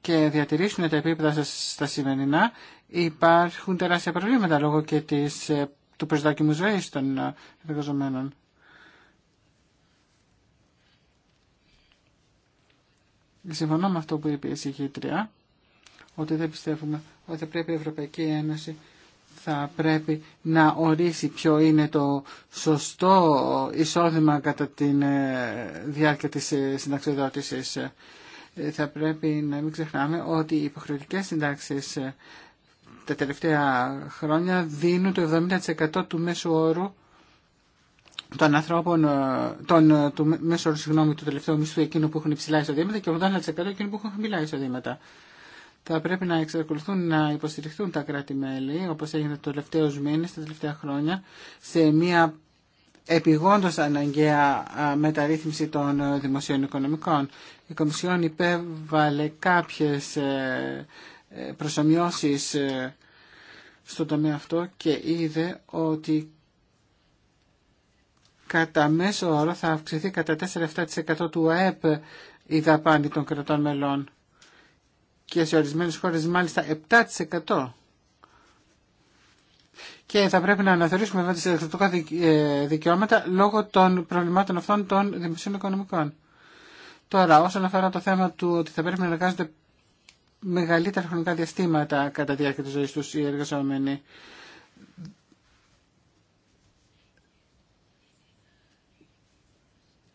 και διατηρήσουν τα επίπεδα στα σημερινά, υπάρχουν τεράστια προβλήματα λόγω και της, ε, του προσδόκιμου ζωή των ε, εργαζομένων. Συμφωνώ με αυτό που είπε η συγχύτρια, ότι δεν πιστεύουμε ότι πρέπει η Ευρωπαϊκή Ένωση θα πρέπει να ορίσει ποιο είναι το σωστό εισόδημα κατά τη ε, διάρκεια της συνταξιδότησης θα πρέπει να μην ξεχνάμε ότι οι υποχρεωτικές συντάξεις ε, τα τελευταία χρόνια δίνουν το 70% του μέσου όρου των ανθρώπων, ε, των, ε, του μέσου όρου, συγγνώμη, του τελευταίου μισθού εκείνου που έχουν υψηλά εισοδήματα και 80% εκείνου που έχουν χαμηλά εισοδήματα. Θα πρέπει να εξακολουθούν να υποστηριχθούν τα κράτη-μέλη, όπως έγινε το τελευταίο μήνες, τα τελευταία χρόνια, σε μια επιγόντως αναγκαία μεταρρύθμιση των δημοσίων οικονομικών η Κομισιόν υπέβαλε κάποιες ε, ε, προσωμιώσεις ε, στο τομέα αυτό και είδε ότι κατά μέσο όρο θα αυξηθεί κατά 4-7% του ΑΕΠ η δαπάνη των κρατών μελών και σε ορισμένες χώρες μάλιστα 7%. Και θα πρέπει να αναθεωρήσουμε βέβαια τις δικαιώματα λόγω των προβλημάτων αυτών των δημοσίων οικονομικών. Τώρα, όσον αφορά το θέμα του ότι θα πρέπει να εργάζονται μεγαλύτερα χρονικά διαστήματα κατά τη διάρκεια της ζωής τους οι εργαζόμενοι.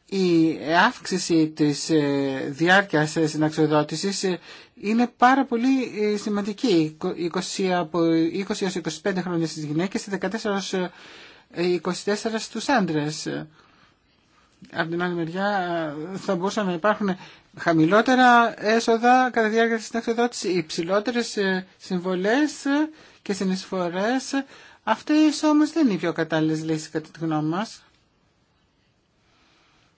Η αύξηση της ε, διάρκειας ε, συναξιοδότηση ε, είναι πάρα πολύ σημαντική. 20 από 20 έως 25 χρόνια στις γυναίκες και 14 24 στους άντρες από την άλλη μεριά ε, θα μπορούσαν να υπάρχουν χαμηλότερα έσοδα κατά τη διάρκεια της ψηλότερε υψηλότερες ε, συμβολές και συνεισφορές. Αυτές όμως δεν είναι οι πιο κατάλληλες λύσεις κατά τη γνώμη μας.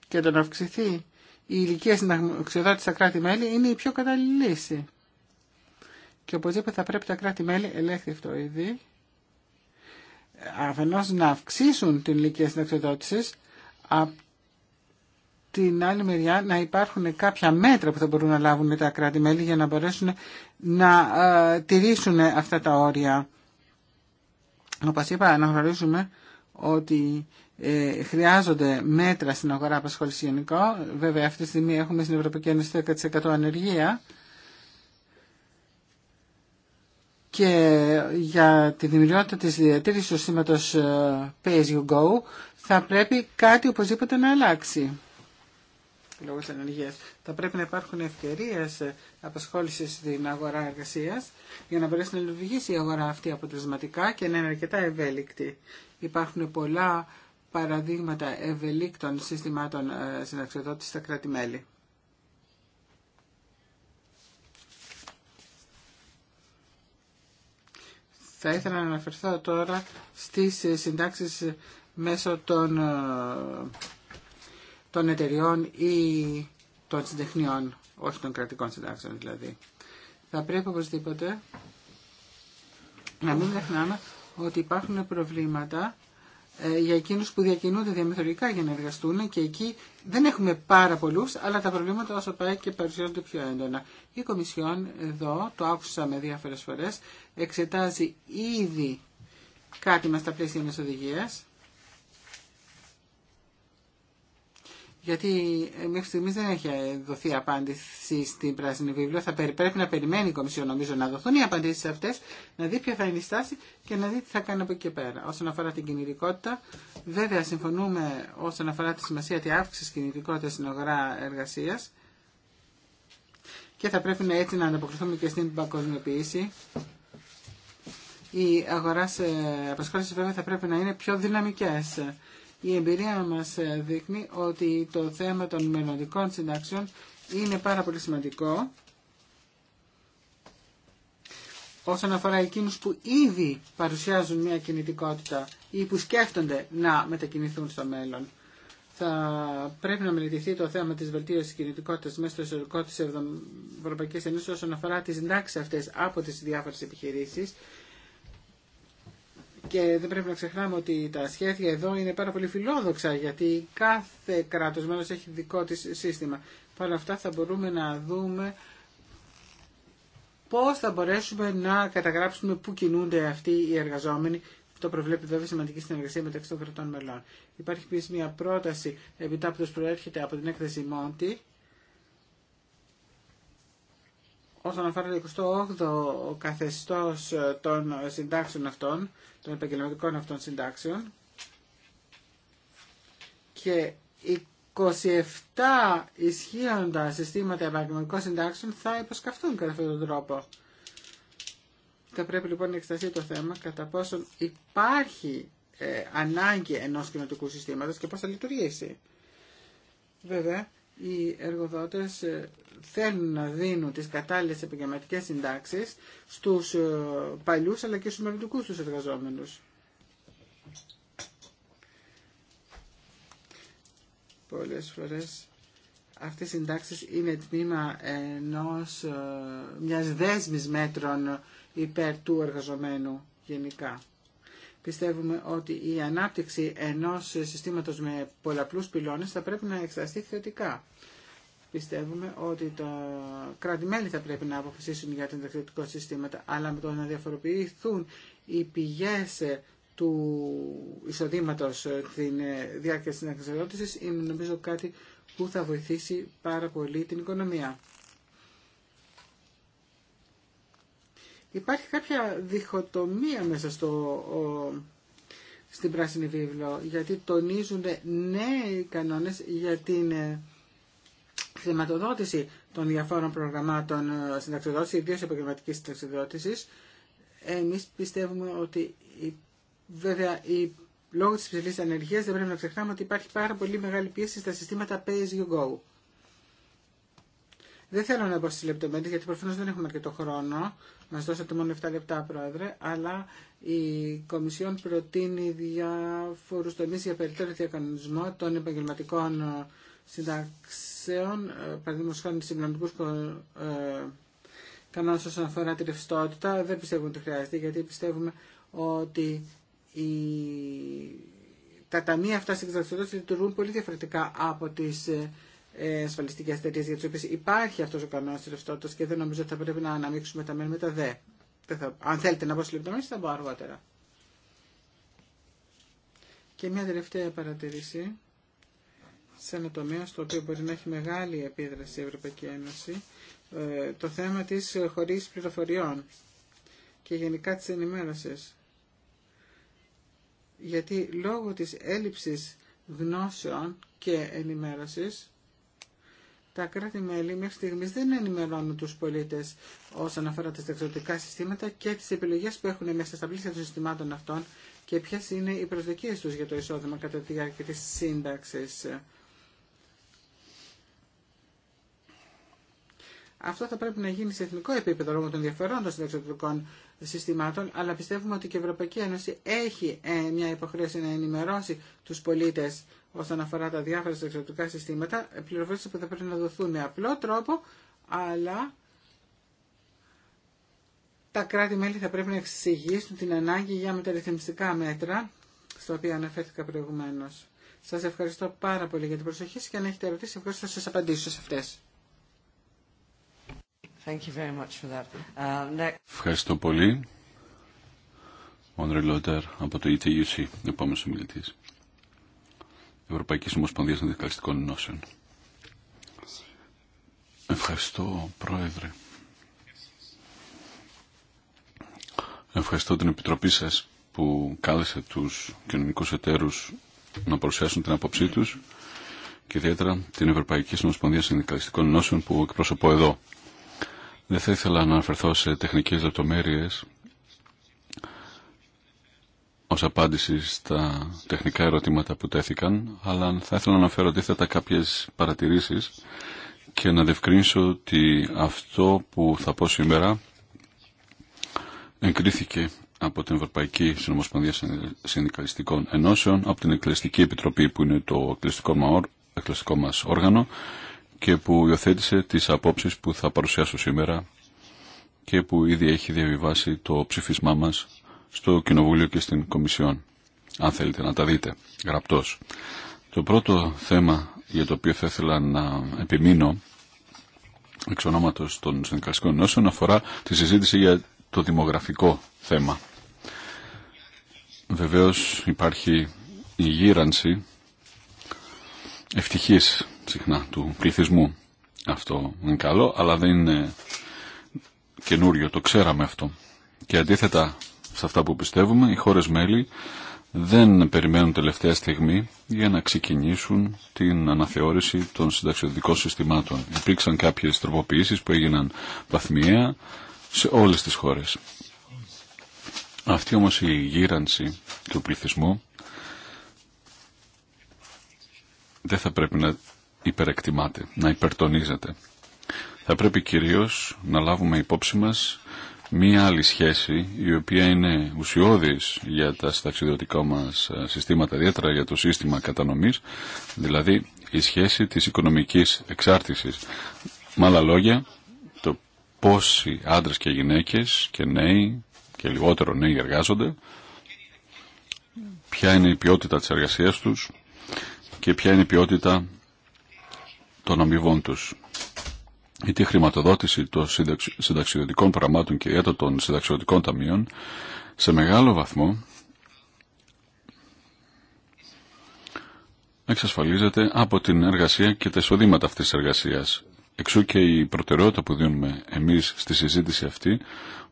Και το να αυξηθεί η ηλικία συνταξιδότηση στα κράτη-μέλη είναι η πιο κατάλληλη λύση. Και οπωσδήποτε θα πρέπει τα κράτη-μέλη, ελέγχθη αυτό ήδη, αφενός να αυξήσουν την ηλικία συνταξιδότησης, από την άλλη μεριά να υπάρχουν κάποια μέτρα που θα μπορούν να λάβουν τα κράτη-μέλη για να μπορέσουν να ε, τηρήσουν αυτά τα όρια. Όπω είπα, αναγνωρίζουμε ότι ε, χρειάζονται μέτρα στην αγορά απασχόληση Βέβαια, αυτή τη στιγμή έχουμε στην Ευρωπαϊκή Ένωση 10% ανεργία. Και για τη δημιουργότητα της διατήρησης του σύστηματος ε, Pay As You Go θα πρέπει κάτι οπωσδήποτε να αλλάξει λόγω της Θα πρέπει να υπάρχουν ευκαιρίες απασχόλησης στην αγορά εργασίας για να μπορέσει να λειτουργήσει η αγορά αυτή αποτελεσματικά και να είναι αρκετά ευέλικτη. Υπάρχουν πολλά παραδείγματα ευελίκτων συστημάτων ε, συναξιοδότησης στα κράτη-μέλη. Θα ήθελα να αναφερθώ τώρα στις συντάξεις μέσω των ε, των εταιριών ή των συντεχνιών, όχι των κρατικών συντάξεων δηλαδή. Θα πρέπει οπωσδήποτε να μην δεχνάμε ότι υπάρχουν προβλήματα ε, για εκείνους που διακινούνται διαμεθορικά για να εργαστούν και εκεί δεν έχουμε πάρα πολλούς, αλλά τα προβλήματα όσο πάει και παρουσιάζονται πιο έντονα. Η Κομισιόν εδώ, το άκουσα με διάφορες φορές, εξετάζει ήδη κάτι μας στα πλαίσια μιας γιατί ε, μέχρι στιγμή δεν έχει ε, δοθεί απάντηση στην Πράσινη Βιβλία. Θα πρέπει να περιμένει η Κομισιόν νομίζω να δοθούν οι απαντήσει αυτέ, να δει ποια θα είναι η στάση και να δει τι θα κάνει από εκεί και πέρα. Όσον αφορά την κινητικότητα, βέβαια συμφωνούμε όσον αφορά τη σημασία τη αύξηση κινητικότητας στην αγορά εργασία και θα πρέπει να έτσι να ανταποκριθούμε και στην παγκοσμιοποίηση. Η αγορά ε, απασχόληση βέβαια θα πρέπει να είναι πιο δυναμικές η εμπειρία μας ε, δείχνει ότι το θέμα των μελλοντικών συντάξεων είναι πάρα πολύ σημαντικό όσον αφορά εκείνους που ήδη παρουσιάζουν μια κινητικότητα ή που σκέφτονται να μετακινηθούν στο μέλλον. Θα πρέπει να μελετηθεί το θέμα της βελτίωσης κινητικότητας μέσα στο εσωτερικό της Ευρωπαϊκής Ένωσης όσον αφορά τις συντάξεις αυτές από τις διάφορες επιχειρήσεις και δεν πρέπει να ξεχνάμε ότι τα σχέδια εδώ είναι πάρα πολύ φιλόδοξα γιατί κάθε κράτος μέλος έχει δικό της σύστημα. Παρ' αυτά θα μπορούμε να δούμε πώς θα μπορέσουμε να καταγράψουμε πού κινούνται αυτοί οι εργαζόμενοι. Αυτό προβλέπει βέβαια σημαντική συνεργασία μεταξύ των κρατών μελών. Υπάρχει επίση μια πρόταση που προέρχεται από την έκθεση Μόντι όσον αφορά το 28ο καθεστώς ε, των συντάξεων αυτών, των επαγγελματικών αυτών συντάξεων και 27 ισχύοντα συστήματα επαγγελματικών συντάξεων θα υποσκαφθούν κατά αυτόν τον τρόπο. Θα πρέπει λοιπόν να εξεταστεί το θέμα κατά πόσον υπάρχει ε, ανάγκη ενός κοινωτικού συστήματος και πώς θα λειτουργήσει. Βέβαια, οι εργοδότες ε, θέλουν να δίνουν τις κατάλληλες επαγγελματικές συντάξεις στους ε, παλιούς αλλά και στους μελλοντικούς τους εργαζόμενους. Πολλές φορές αυτές οι συντάξεις είναι τμήμα ενός, ε, μιας δέσμης μέτρων υπέρ του εργαζομένου γενικά. Πιστεύουμε ότι η ανάπτυξη ενός συστήματος με πολλαπλούς πυλώνες θα πρέπει να εξεταστεί θετικά. Πιστεύουμε ότι τα κράτη-μέλη θα πρέπει να αποφασίσουν για τα δεξιωτικά συστήματα, αλλά με το να διαφοροποιηθούν οι πηγές του εισοδήματος τη διάρκεια της αναξιοδότησης είναι νομίζω κάτι που θα βοηθήσει πάρα πολύ την οικονομία. Υπάρχει κάποια διχοτομία μέσα στο, στην πράσινη βίβλο, γιατί τονίζουν νέοι κανόνες για την ε, χρηματοδότηση των διαφόρων προγραμμάτων ε, συνταξιδότηση, ιδίω επαγγελματική συνταξιδότηση. Εμείς πιστεύουμε ότι η, βέβαια η, λόγω της ψηλής ανεργίας δεν πρέπει να ξεχνάμε ότι υπάρχει πάρα πολύ μεγάλη πίεση στα συστήματα pay as you go. Δεν θέλω να μπω στι λεπτομέρειε γιατί προφανώ δεν έχουμε αρκετό χρόνο. Μα δώσατε μόνο 7 λεπτά, Πρόεδρε. Αλλά η Κομισιόν προτείνει διάφορου τομεί για περιττέρω διακανονισμό των επαγγελματικών ε, συντάξεων, ε, παραδείγματο χάρη συμπληρωματικού ε, κανόνε όσον αφορά τη ρευστότητα. Δεν πιστεύουμε ότι χρειάζεται γιατί πιστεύουμε ότι η... τα ταμεία αυτά στην εξαρτησία λειτουργούν πολύ διαφορετικά από τι ε, ασφαλιστικέ εταιρείε για τι οποίε υπάρχει αυτό ο κανόνα τη ρευστότητα και δεν νομίζω ότι θα πρέπει να αναμίξουμε τα μέρη με τα δε. θα... Αν θέλετε να πω σε λεπτομέρειε, θα πω αργότερα. Και μια τελευταία παρατηρήση σε ένα τομέα στο οποίο μπορεί να έχει μεγάλη επίδραση η Ευρωπαϊκή Ένωση, ε, το θέμα τη χωρίς πληροφοριών και γενικά τη ενημέρωση. Γιατί λόγω της έλλειψης γνώσεων και ενημέρωσης τα κράτη-μέλη μέχρι στιγμή δεν ενημερώνουν του πολίτε όσον αφορά τα εξωτικά συστήματα και τι επιλογέ που έχουν μέσα στα πλαίσια των συστημάτων αυτών και ποιε είναι οι προσδοκίε του για το εισόδημα κατά τη διάρκεια τη σύνταξη. Αυτό θα πρέπει να γίνει σε εθνικό επίπεδο λόγω των διαφορών των συνταξιδοτικών συστημάτων, αλλά πιστεύουμε ότι και η Ευρωπαϊκή Ένωση έχει ε, μια υποχρέωση να ενημερώσει τους πολίτε όσον αφορά τα διάφορα εξωτερικά συστήματα, πληροφορίες που θα πρέπει να δοθούν με απλό τρόπο, αλλά τα κράτη-μέλη θα πρέπει να εξηγήσουν την ανάγκη για μεταρρυθμιστικά μέτρα, στα οποία αναφέρθηκα προηγουμένω. Σας ευχαριστώ πάρα πολύ για την προσοχή σας και αν έχετε ερωτήσεις, ευχαριστώ θα σα απαντήσω σε αυτές. Uh, ευχαριστώ πολύ. Ο από το ETUC, Ευρωπαϊκής Ομοσπονδίας Συνδικαλιστικών Νόσεων. Ευχαριστώ, Πρόεδρε. Ευχαριστώ την Επιτροπή σας που κάλεσε τους κοινωνικούς εταίρους να παρουσιάσουν την άποψή τους και ιδιαίτερα την Ευρωπαϊκή Συνομοσπονδία Συνδικαλιστικών Ενώσεων που εκπροσωπώ εδώ. Δεν θα ήθελα να αναφερθώ σε τεχνικές λεπτομέρειες ως απάντηση στα τεχνικά ερωτήματα που τέθηκαν, αλλά θα ήθελα να αναφέρω αντίθετα κάποιες παρατηρήσεις και να διευκρινίσω ότι αυτό που θα πω σήμερα εγκρίθηκε από την Ευρωπαϊκή Συνομοσπονδία Συνδικαλιστικών Ενώσεων, από την Εκκληστική Επιτροπή που είναι το εκκληστικό μας όργανο και που υιοθέτησε τις απόψεις που θα παρουσιάσω σήμερα και που ήδη έχει διαβιβάσει το ψήφισμά μας στο Κοινοβούλιο και στην Κομισιόν, αν θέλετε να τα δείτε γραπτός. Το πρώτο θέμα για το οποίο θα ήθελα να επιμείνω εξ ονόματος των συνδικαλιστικών νόσων αφορά τη συζήτηση για το δημογραφικό θέμα. Βεβαίως υπάρχει η γύρανση ευτυχής συχνά του πληθυσμού. Αυτό είναι καλό, αλλά δεν είναι καινούριο, το ξέραμε αυτό. Και αντίθετα σε αυτά που πιστεύουμε, οι χώρε μέλη δεν περιμένουν τελευταία στιγμή για να ξεκινήσουν την αναθεώρηση των συνταξιωτικών συστημάτων. Υπήρξαν κάποιες τροποποιήσεις που έγιναν βαθμιαία σε όλες τις χώρες. Αυτή όμως η γύρανση του πληθυσμού δεν θα πρέπει να υπερεκτιμάται, να υπερτονίζεται. Θα πρέπει κυρίως να λάβουμε υπόψη μας μία άλλη σχέση η οποία είναι ουσιώδης για τα σταξιδιώτικά μας ε, συστήματα, ιδιαίτερα για το σύστημα κατανομής, δηλαδή η σχέση της οικονομικής εξάρτησης. Με άλλα λόγια, το πόσοι άντρες και γυναίκες και νέοι και λιγότερο νέοι εργάζονται, ποια είναι η ποιότητα της εργασίας τους και ποια είναι η ποιότητα των αμοιβών τους ή τη χρηματοδότηση των συνταξιδοτικών πραγμάτων και ιδιαίτερα των συνταξιδοτικών ταμείων σε μεγάλο βαθμό εξασφαλίζεται από την εργασία και τα εισοδήματα αυτής της εργασίας. Εξού και η προτεραιότητα που δίνουμε εμείς στη συζήτηση αυτή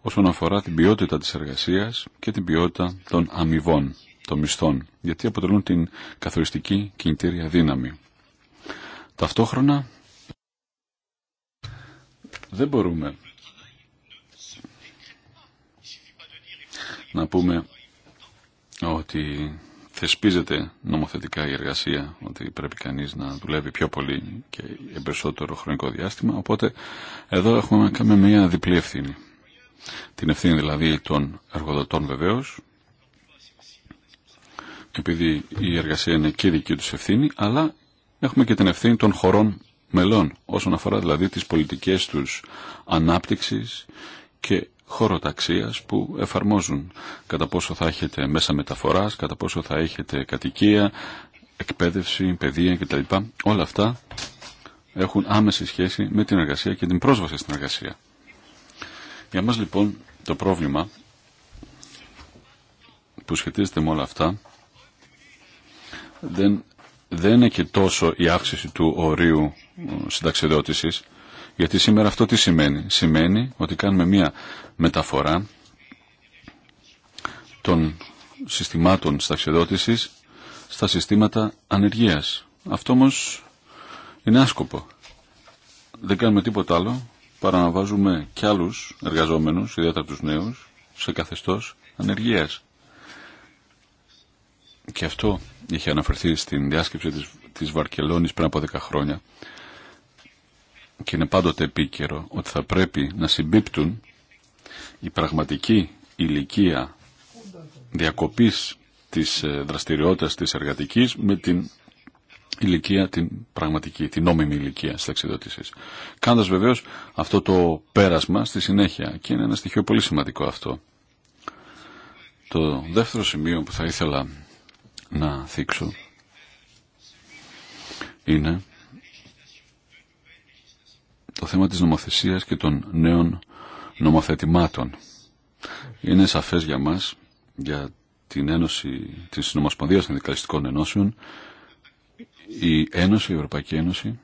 όσον αφορά την ποιότητα της εργασίας και την ποιότητα των αμοιβών, των μισθών, γιατί αποτελούν την καθοριστική κινητήρια δύναμη. Ταυτόχρονα δεν μπορούμε να πούμε ότι θεσπίζεται νομοθετικά η εργασία, ότι πρέπει κανείς να δουλεύει πιο πολύ και για περισσότερο χρονικό διάστημα, οπότε εδώ έχουμε να κάνουμε μια διπλή ευθύνη. Την ευθύνη δηλαδή των εργοδοτών βεβαίως, επειδή η εργασία είναι και δική τους ευθύνη, αλλά έχουμε και την ευθύνη των χωρών μελών όσον αφορά δηλαδή τις πολιτικές τους ανάπτυξης και χωροταξίας που εφαρμόζουν κατά πόσο θα έχετε μέσα μεταφοράς, κατά πόσο θα έχετε κατοικία, εκπαίδευση, παιδεία κτλ. Όλα αυτά έχουν άμεση σχέση με την εργασία και την πρόσβαση στην εργασία. Για μας λοιπόν το πρόβλημα που σχετίζεται με όλα αυτά δεν δεν είναι και τόσο η αύξηση του ορίου ε, συνταξιδότησης, γιατί σήμερα αυτό τι σημαίνει. Σημαίνει ότι κάνουμε μία μεταφορά των συστημάτων συνταξιδότησης στα συστήματα ανεργίας. Αυτό όμω είναι άσκοπο. Δεν κάνουμε τίποτα άλλο παρά να βάζουμε κι άλλους εργαζόμενους, ιδιαίτερα τους νέους, σε καθεστώς ανεργίας και αυτό είχε αναφερθεί στην διάσκεψη της, της Βαρκελόνης πριν από 10 χρόνια και είναι πάντοτε επίκαιρο ότι θα πρέπει να συμπίπτουν η πραγματική ηλικία διακοπής της ε, δραστηριότητας της εργατικής με την ηλικία, την πραγματική, την νόμιμη ηλικία στις ταξιδοτήσεις. Κάνοντας βεβαίως αυτό το πέρασμα στη συνέχεια και είναι ένα στοιχείο πολύ σημαντικό αυτό. Το δεύτερο σημείο που θα ήθελα να θίξω είναι το θέμα της νομοθεσίας και των νέων νομοθετημάτων. Είναι σαφές για μας, για την Ένωση της Νομοσπονδίας των Δικαλιστικών Ενώσεων, η Ένωση, η Ευρωπαϊκή Ένωση,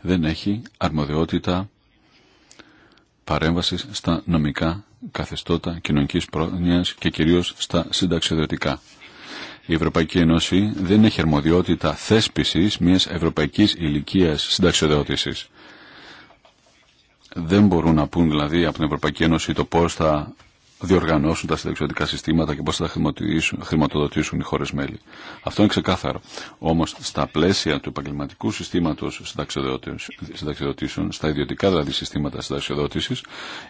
δεν έχει αρμοδιότητα παρέμβασης στα νομικά καθεστώτα κοινωνικής πρόνοιας και κυρίως στα συνταξιοδοτικά. Η Ευρωπαϊκή Ένωση δεν έχει αρμοδιότητα θέσπιση μιας ευρωπαϊκής ηλικία συνταξιοδότησης. Δεν μπορούν να πούν δηλαδή από την Ευρωπαϊκή Ένωση το πώ θα διοργανώσουν τα συνταξιωτικά συστήματα και πώς θα χρηματοδοτήσουν οι χώρες μέλη. Αυτό είναι ξεκάθαρο. Όμως στα πλαίσια του επαγγελματικού συστήματος συνταξιοδοτήσεων, στα ιδιωτικά δηλαδή συστήματα συνταξιοδότησης,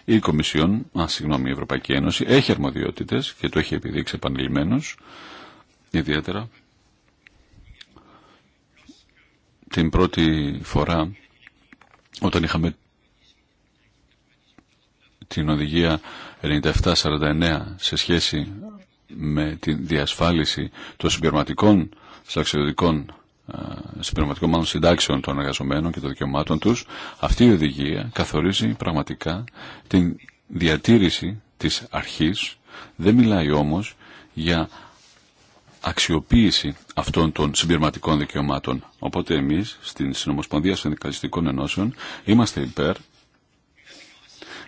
η Κομισιόν, α, συγγνώμη, η Ευρωπαϊκή Ένωση, έχει αρμοδιότητες και το έχει επιδείξει επανειλημμένως ιδιαίτερα την πρώτη φορά όταν είχαμε την οδηγία 9749 σε σχέση με τη διασφάλιση των συμπληρωματικών συμπληρωματικών μάλλον συντάξεων των εργαζομένων και των δικαιωμάτων τους αυτή η οδηγία καθορίζει πραγματικά την διατήρηση της αρχής δεν μιλάει όμως για αξιοποίηση αυτών των συμπληρωματικών δικαιωμάτων. Οπότε εμείς στην Συνομοσπονδία Συνδικαλιστικών Ενώσεων είμαστε υπέρ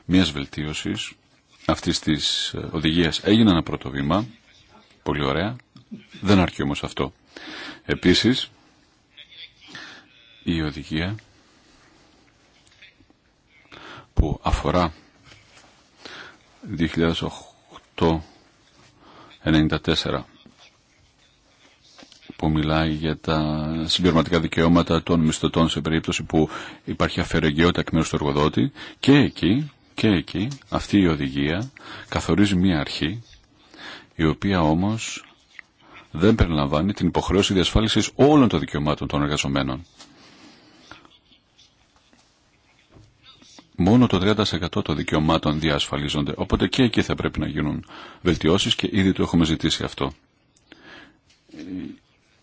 μιας βελτίωσης αυτής της ε, οδηγίας. Έγινε ένα πρώτο βήμα, πολύ ωραία, δεν αρκεί όμως αυτό. Επίσης, η οδηγία που αφορά 2008-94 που μιλάει για τα συμπληρωματικά δικαιώματα των μισθωτών σε περίπτωση που υπάρχει αφαιρεγγιότητα εκ μέρου του εργοδότη και εκεί, και εκεί αυτή η οδηγία καθορίζει μία αρχή η οποία όμως δεν περιλαμβάνει την υποχρέωση διασφάλισης όλων των δικαιωμάτων των εργαζομένων. μόνο το 30% των δικαιωμάτων διασφαλίζονται. Οπότε και εκεί θα πρέπει να γίνουν βελτιώσεις και ήδη το έχουμε ζητήσει αυτό.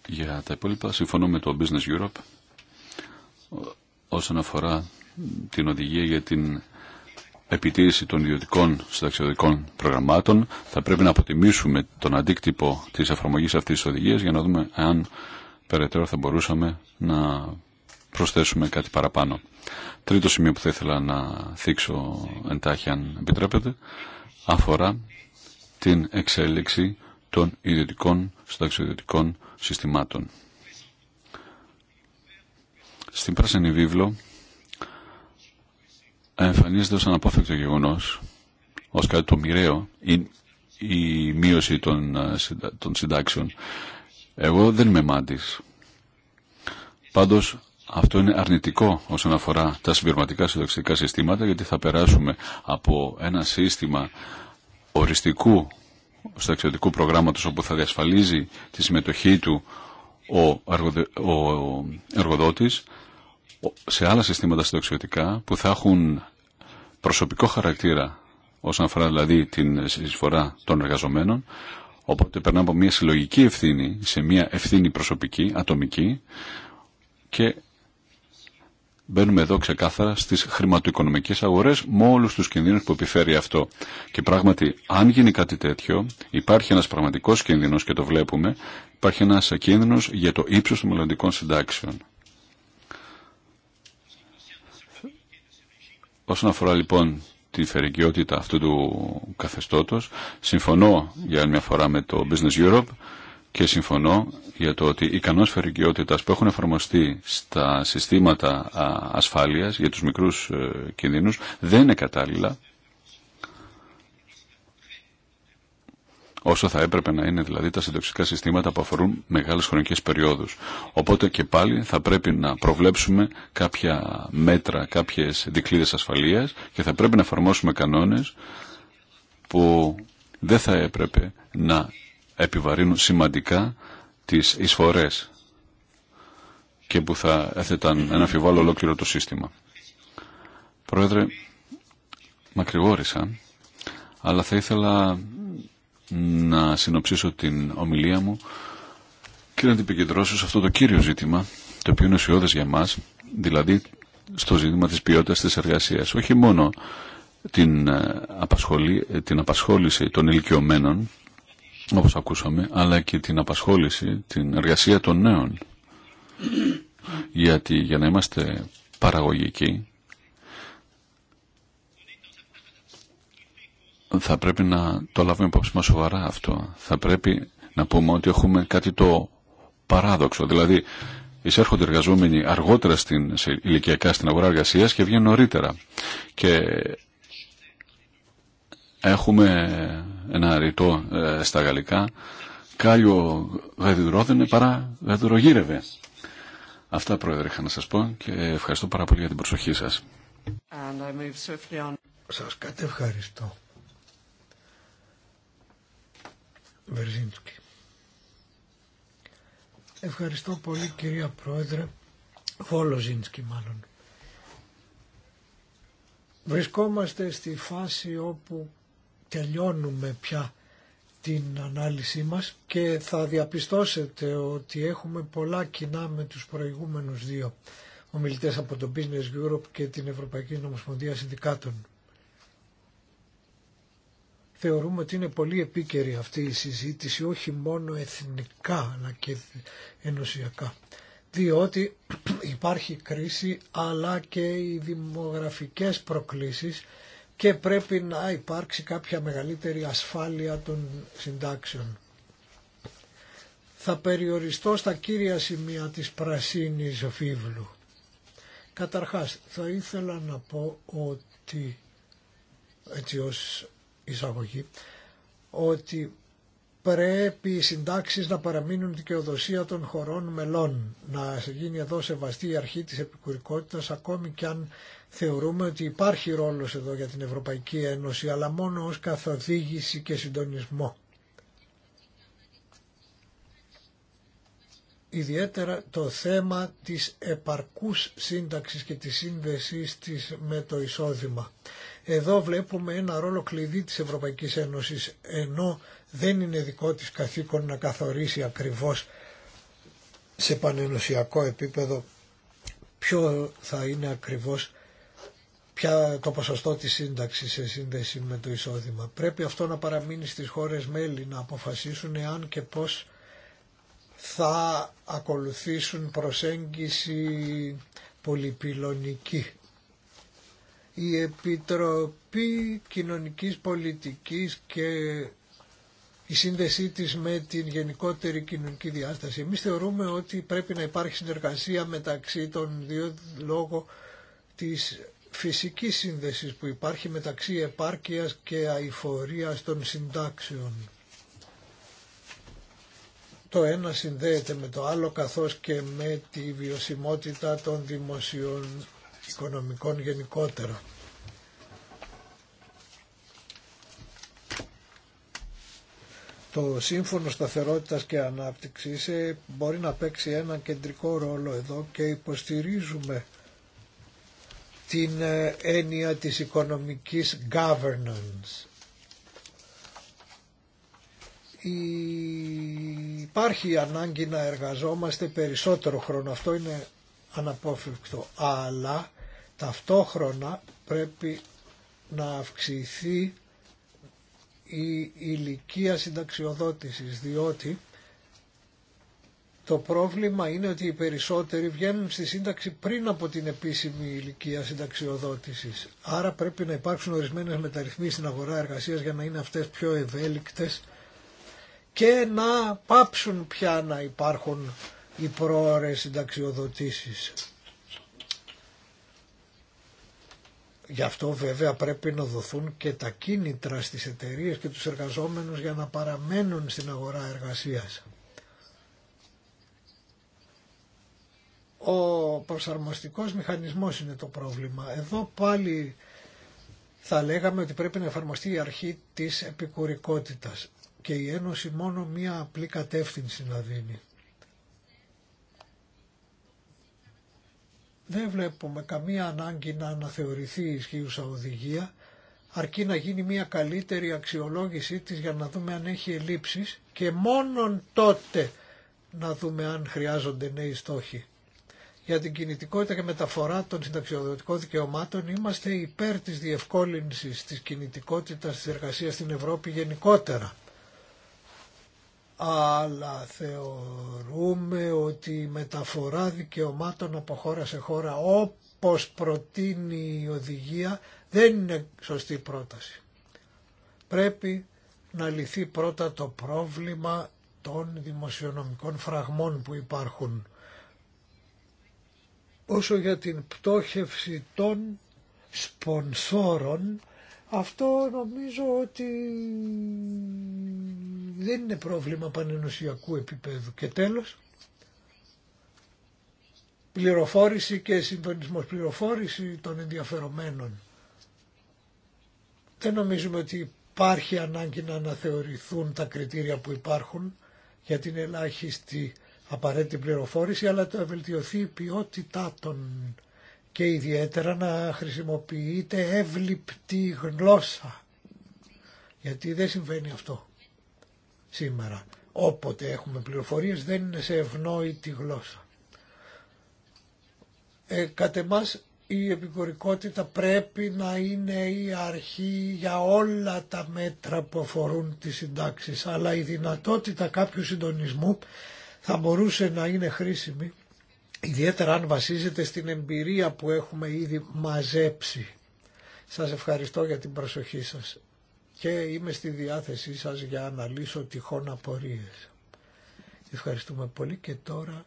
Για τα υπόλοιπα συμφωνώ με το Business Europe όσον αφορά την οδηγία για την επιτήρηση των ιδιωτικών συνταξιωτικών προγραμμάτων. Θα πρέπει να αποτιμήσουμε τον αντίκτυπο της εφαρμογής αυτής της οδηγίας για να δούμε αν περαιτέρω θα μπορούσαμε να προσθέσουμε κάτι παραπάνω. Τρίτο σημείο που θα ήθελα να θίξω εντάχει αν επιτρέπετε αφορά την εξέλιξη των ιδιωτικών συνταξιδιωτικών συστημάτων. Στην πράσινη βίβλο εμφανίζεται ως αναπόφευκτο γεγονός, ως κάτι το μοιραίο, η, η μείωση των, ε, των συντάξεων. Εγώ δεν είμαι μάντης. Πάντως αυτό είναι αρνητικό όσον αφορά τα συμπληρωματικά συνταξιδικά συστήματα γιατί θα περάσουμε από ένα σύστημα οριστικού στρατιωτικού προγράμματος όπου θα διασφαλίζει τη συμμετοχή του ο, ο εργοδότης σε άλλα συστήματα συνταξιωτικά που θα έχουν προσωπικό χαρακτήρα όσον αφορά δηλαδή την συσφορά των εργαζομένων οπότε περνάμε από μια συλλογική ευθύνη σε μια ευθύνη προσωπική, ατομική και Μπαίνουμε εδώ ξεκάθαρα στις χρηματοοικονομικές αγορές με όλους τους κινδύνους που επιφέρει αυτό. Και πράγματι, αν γίνει κάτι τέτοιο, υπάρχει ένας πραγματικός κίνδυνος και το βλέπουμε, υπάρχει ένας κίνδυνος για το ύψος των μελλοντικών συντάξεων. Όσον αφορά λοιπόν τη φερικιότητα αυτού του καθεστώτος, συμφωνώ για μια φορά με το Business Europe, και συμφωνώ για το ότι οι κανόνες φερικιότητας που έχουν εφαρμοστεί στα συστήματα ασφάλειας για τους μικρούς ε, κινδύνους δεν είναι κατάλληλα όσο θα έπρεπε να είναι δηλαδή τα συντοξικά συστήματα που αφορούν μεγάλες χρονικές περιόδους. Οπότε και πάλι θα πρέπει να προβλέψουμε κάποια μέτρα, κάποιες δικλείδες ασφαλείας και θα πρέπει να εφαρμόσουμε κανόνες που δεν θα έπρεπε να επιβαρύνουν σημαντικά τις εισφορές και που θα έθεταν ένα φιβάλο ολόκληρο το σύστημα. Πρόεδρε, μακρηγόρησα, αλλά θα ήθελα να συνοψίσω την ομιλία μου και να την επικεντρώσω σε αυτό το κύριο ζήτημα, το οποίο είναι ουσιώδες για μας, δηλαδή στο ζήτημα της ποιότητας της εργασίας. Όχι μόνο την, ε, ε, την απασχόληση των ηλικιωμένων, όπως ακούσαμε, αλλά και την απασχόληση, την εργασία των νέων. Γιατί για να είμαστε παραγωγικοί, θα πρέπει να το λάβουμε υπόψη μας σοβαρά αυτό. Θα πρέπει να πούμε ότι έχουμε κάτι το παράδοξο. Δηλαδή, εισέρχονται εργαζόμενοι αργότερα στην, σε, ηλικιακά στην αγορά εργασία και βγαίνουν νωρίτερα. Και Έχουμε ένα ρητό ε, στα γαλλικά «Κάλιο γαδιδρόδενε παρά γαδιδρογύρευε». Αυτά, Πρόεδρε, είχα να σας πω και ευχαριστώ πάρα πολύ για την προσοχή σας. Σας κατευχαριστώ. Βερζίνσκι. Ευχαριστώ πολύ κυρία Πρόεδρε, Βόλοζίνσκι μάλλον. Βρισκόμαστε στη φάση όπου τελειώνουμε πια την ανάλυση μας και θα διαπιστώσετε ότι έχουμε πολλά κοινά με τους προηγούμενους δύο ομιλητές από το Business Europe και την Ευρωπαϊκή Νομοσπονδία Συνδικάτων. Θεωρούμε ότι είναι πολύ επίκαιρη αυτή η συζήτηση όχι μόνο εθνικά αλλά και ενωσιακά διότι υπάρχει κρίση αλλά και οι δημογραφικές προκλήσεις και πρέπει να υπάρξει κάποια μεγαλύτερη ασφάλεια των συντάξεων. Θα περιοριστώ στα κύρια σημεία της πρασίνης φίβλου. Καταρχάς, θα ήθελα να πω ότι, έτσι ως εισαγωγή, ότι πρέπει οι συντάξεις να παραμείνουν δικαιοδοσία των χωρών μελών, να γίνει εδώ σεβαστή η αρχή της επικουρικότητας ακόμη και αν θεωρούμε ότι υπάρχει ρόλος εδώ για την Ευρωπαϊκή Ένωση, αλλά μόνο ως καθοδήγηση και συντονισμό. Ιδιαίτερα το θέμα της επαρκούς σύνταξης και της σύνδεσής της με το εισόδημα. Εδώ βλέπουμε ένα ρόλο κλειδί της Ευρωπαϊκής Ένωσης, ενώ δεν είναι δικό της καθήκον να καθορίσει ακριβώς σε πανενωσιακό επίπεδο ποιο θα είναι ακριβώς ποια το ποσοστό της σύνταξης σε σύνδεση με το εισόδημα. Πρέπει αυτό να παραμείνει στις χώρες μέλη να αποφασίσουν εάν και πώς θα ακολουθήσουν προσέγγιση πολυπυλωνική. Η Επιτροπή Κοινωνικής Πολιτικής και η σύνδεσή της με την γενικότερη κοινωνική διάσταση. Εμείς θεωρούμε ότι πρέπει να υπάρχει συνεργασία μεταξύ των δύο λόγω της φυσική σύνδεση που υπάρχει μεταξύ επάρκειας και αηφορίας των συντάξεων. Το ένα συνδέεται με το άλλο καθώς και με τη βιωσιμότητα των δημοσίων οικονομικών γενικότερα. Το Σύμφωνο Σταθερότητας και Ανάπτυξης ε, μπορεί να παίξει ένα κεντρικό ρόλο εδώ και υποστηρίζουμε την ε, έννοια της οικονομικής governance. Υπάρχει ανάγκη να εργαζόμαστε περισσότερο χρόνο, αυτό είναι αναπόφευκτο, αλλά ταυτόχρονα πρέπει να αυξηθεί η ηλικία συνταξιοδότησης, διότι το πρόβλημα είναι ότι οι περισσότεροι βγαίνουν στη σύνταξη πριν από την επίσημη ηλικία συνταξιοδότησης. Άρα πρέπει να υπάρξουν ορισμένες μεταρρυθμίσεις στην αγορά εργασίας για να είναι αυτές πιο ευέλικτες και να πάψουν πια να υπάρχουν οι πρόορες συνταξιοδοτήσει. Γι' αυτό βέβαια πρέπει να δοθούν και τα κίνητρα στις εταιρείες και τους εργαζόμενους για να παραμένουν στην αγορά εργασίας. Ο προσαρμοστικός μηχανισμός είναι το πρόβλημα. Εδώ πάλι θα λέγαμε ότι πρέπει να εφαρμοστεί η αρχή της επικουρικότητας και η Ένωση μόνο μία απλή κατεύθυνση να δίνει. Δεν βλέπουμε καμία ανάγκη να αναθεωρηθεί η ισχύουσα οδηγία, αρκεί να γίνει μια καλύτερη αξιολόγησή της για να δούμε αν έχει ελλείψεις και μόνον τότε να δούμε αν χρειάζονται νέοι στόχοι για την κινητικότητα και μεταφορά των συνταξιοδοτικών δικαιωμάτων είμαστε υπέρ της διευκόλυνσης της κινητικότητας της εργασίας στην Ευρώπη γενικότερα. Αλλά θεωρούμε ότι η μεταφορά δικαιωμάτων από χώρα σε χώρα όπως προτείνει η οδηγία δεν είναι σωστή πρόταση. Πρέπει να λυθεί πρώτα το πρόβλημα των δημοσιονομικών φραγμών που υπάρχουν Όσο για την πτώχευση των σπονσόρων, αυτό νομίζω ότι δεν είναι πρόβλημα πανενωσιακού επίπεδου. Και τέλος, πληροφόρηση και συντονισμός, πληροφόρηση των ενδιαφερομένων. Δεν νομίζουμε ότι υπάρχει ανάγκη να αναθεωρηθούν τα κριτήρια που υπάρχουν για την ελάχιστη απαραίτητη πληροφόρηση αλλά το βελτιωθεί η ποιότητά των και ιδιαίτερα να χρησιμοποιείται εύληπτη γλώσσα γιατί δεν συμβαίνει αυτό σήμερα. Όποτε έχουμε πληροφορίες δεν είναι σε ευνόητη γλώσσα. Ε, κατ' εμάς η επικορικότητα πρέπει να είναι η αρχή για όλα τα μέτρα που αφορούν τις συντάξεις, αλλά η δυνατότητα κάποιου συντονισμού θα μπορούσε να είναι χρήσιμη, ιδιαίτερα αν βασίζεται στην εμπειρία που έχουμε ήδη μαζέψει. Σας ευχαριστώ για την προσοχή σας και είμαι στη διάθεσή σας για να λύσω τυχόν απορίες. Ευχαριστούμε πολύ και τώρα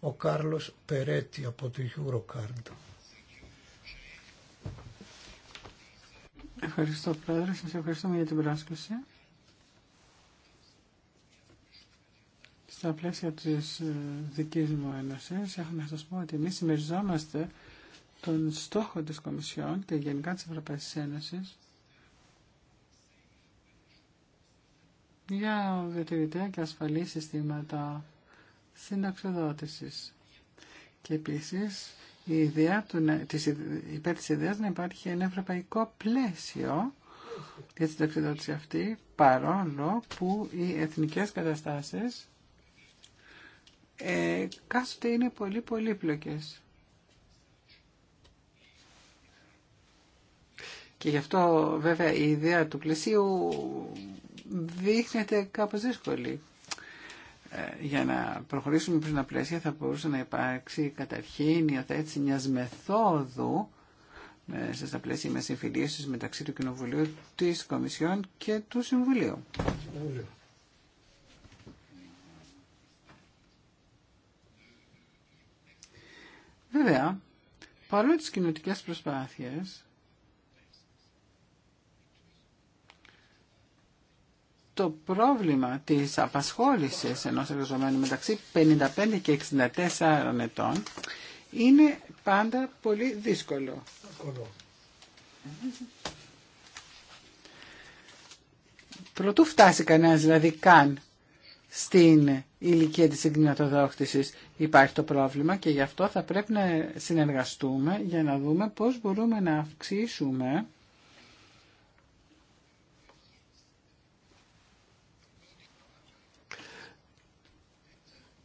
ο Κάρλος Περέτη από το Eurocard. Ευχαριστώ Πρόεδρε, σας ευχαριστούμε για την πρόσκληση. Στα πλαίσια της ε, δική μου ένωση έχω να σα πω ότι εμεί συμμεριζόμαστε τον στόχο της Κομισιόν και γενικά τη Ευρωπαϊκή Ένωση, για διατηρητέ και ασφαλή συστήματα συνταξιοδότηση. Και επίσης η ιδέα του, της, υπέρ της ιδέας να υπάρχει ένα ευρωπαϊκό πλαίσιο για την ταξιδότηση αυτή, παρόλο που οι εθνικές καταστάσεις ε, κάστοτε είναι πολύ πολύπλοκες. Και γι' αυτό βέβαια η ιδέα του πλαισίου δείχνεται κάπως δύσκολη. Ε, για να προχωρήσουμε προς ένα πλαίσιο θα μπορούσε να υπάρξει καταρχήν η οθέτηση μιας μεθόδου μέσα στα πλαίσια με συμφιλίωσης μεταξύ του Κοινοβουλίου, της Κομισιόν και του Συμβουλίου. Συμβουλίου. Βέβαια, παρόλο τις κοινωτικές προσπάθειες, το πρόβλημα της απασχόλησης ενός εργαζομένου μεταξύ 55 και 64 ετών είναι πάντα πολύ δύσκολο. Προτού φτάσει κανένας δηλαδή καν στην ηλικία της εγκληματοδόχτησης υπάρχει το πρόβλημα και γι' αυτό θα πρέπει να συνεργαστούμε για να δούμε πώς μπορούμε να αυξήσουμε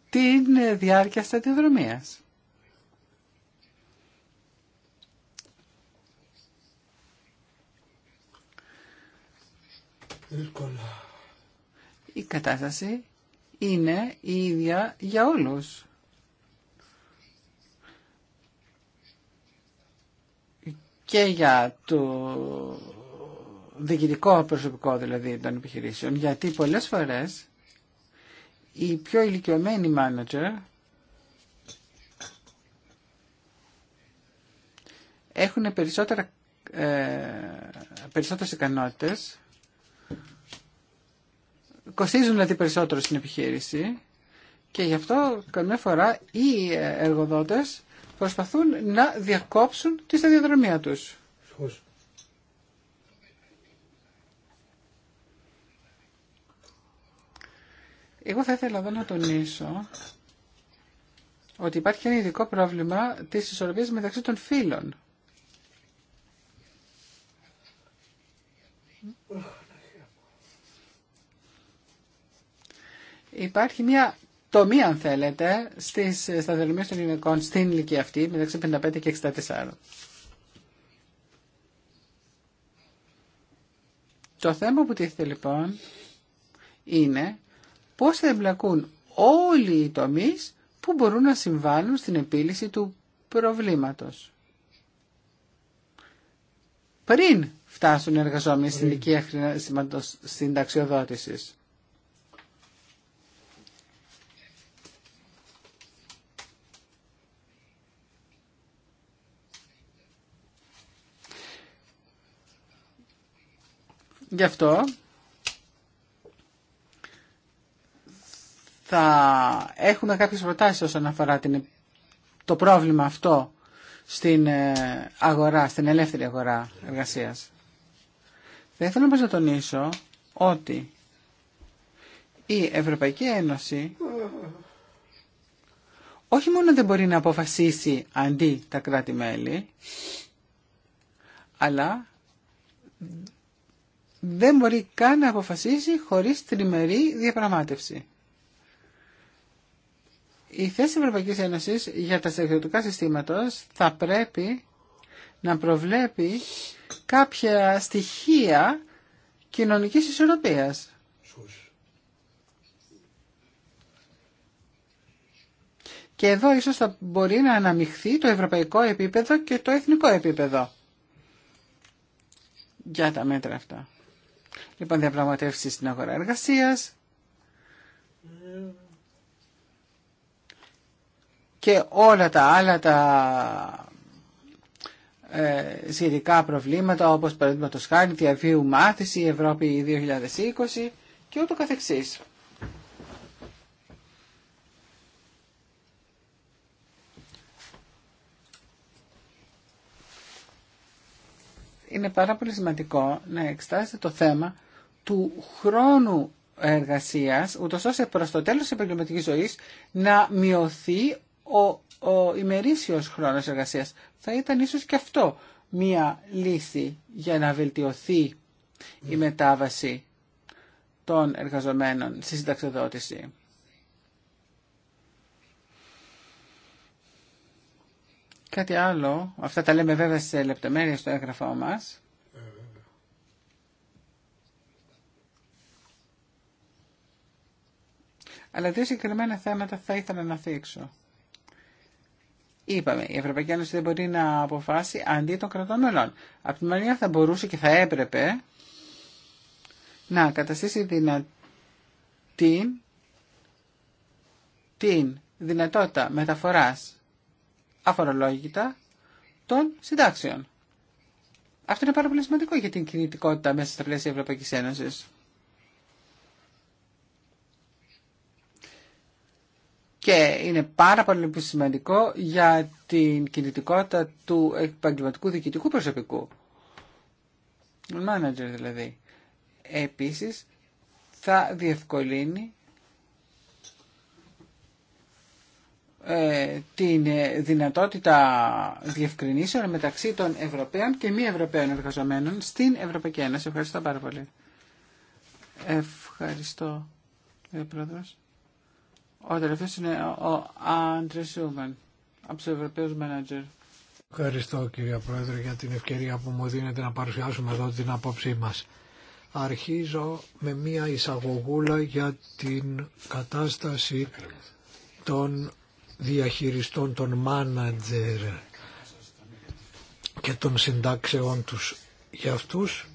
την διάρκεια σταδιοδρομίας. Η κατάσταση είναι η ίδια για όλους. Και για το διοικητικό προσωπικό δηλαδή των επιχειρήσεων, γιατί πολλές φορές οι πιο ηλικιωμένοι μάνατζερ έχουν περισσότερα, ε, περισσότερες ικανότητες κοστίζουν δηλαδή περισσότερο στην επιχείρηση και γι' αυτό καμιά φορά οι εργοδότες προσπαθούν να διακόψουν τη σταδιοδρομία τους. Εγώ θα ήθελα εδώ να τονίσω ότι υπάρχει ένα ειδικό πρόβλημα της ισορροπίας μεταξύ των φύλων. υπάρχει μια τομή, αν θέλετε, στις σταδιοδρομίες των γυναικών στην ηλικία αυτή, μεταξύ 55 και 64. Το θέμα που τίθεται λοιπόν είναι πώς θα εμπλακούν όλοι οι τομείς που μπορούν να συμβάλλουν στην επίλυση του προβλήματος. Πριν φτάσουν οι εργαζόμενοι στην ηλικία συνταξιοδότησης. Γι' αυτό θα έχουμε κάποιες προτάσεις όσον αφορά το πρόβλημα αυτό στην ε, αγορά, στην ελεύθερη αγορά εργασίας. Θα ήθελα να τονίσω ότι η Ευρωπαϊκή Ένωση όχι μόνο δεν μπορεί να αποφασίσει αντί τα κράτη-μέλη, αλλά δεν μπορεί καν να αποφασίσει χωρίς τριμερή διαπραγμάτευση. Η θέση Ευρωπαϊκής Ένωσης για τα στρατιωτικά συστήματα θα πρέπει να προβλέπει κάποια στοιχεία κοινωνικής ισορροπίας. Και εδώ ίσως θα μπορεί να αναμειχθεί το ευρωπαϊκό επίπεδο και το εθνικό επίπεδο για τα μέτρα αυτά. Λοιπόν, διαπραγματεύσει στην αγορά εργασία. Και όλα τα άλλα τα ε, σχετικά προβλήματα όπως παραδείγματος χάρη διαβίου μάθηση Ευρώπη 2020 και ούτω καθεξής. είναι πάρα πολύ σημαντικό να εξτάσετε το θέμα του χρόνου εργασίας, ούτω ώστε προς το τέλος της επαγγελματικής ζωής να μειωθεί ο, ο ημερήσιος χρόνος εργασίας. Θα ήταν ίσως και αυτό μία λύση για να βελτιωθεί η μετάβαση των εργαζομένων στη συνταξιοδότηση. Κάτι άλλο, αυτά τα λέμε βέβαια σε λεπτομέρειες στο έγγραφό μας. Αλλά δύο συγκεκριμένα θέματα θα ήθελα να θίξω. Είπαμε, η Ευρωπαϊκή Ένωση δεν μπορεί να αποφάσει αντί των κρατών μελών. Από τη μεριά θα μπορούσε και θα έπρεπε να καταστήσει δυνατή την δυνατότητα μεταφοράς αφορολόγητα των συντάξεων. Αυτό είναι πάρα πολύ σημαντικό για την κινητικότητα μέσα στα πλαίσια Ευρωπαϊκής Ένωσης. Και είναι πάρα πολύ σημαντικό για την κινητικότητα του επαγγελματικού διοικητικού προσωπικού. Μάνατζερ δηλαδή. Επίσης θα διευκολύνει Ε, την ε, δυνατότητα διευκρινήσεων μεταξύ των Ευρωπαίων και μη Ευρωπαίων εργαζομένων στην Ευρωπαϊκή Ένωση. Ευχαριστώ πάρα πολύ. Ευχαριστώ, κύριε Πρόεδρος. Ο τελευταίο είναι ο Άντρε Σούμαν, από τους Ευρωπαίους Μάνατζερ. Ευχαριστώ, κύριε Πρόεδρε, για την ευκαιρία που μου δίνετε να παρουσιάσουμε εδώ την απόψή μας. Αρχίζω με μία εισαγωγούλα για την κατάσταση των διαχειριστών των μάνατζερ και των συντάξεών τους για αυτούς.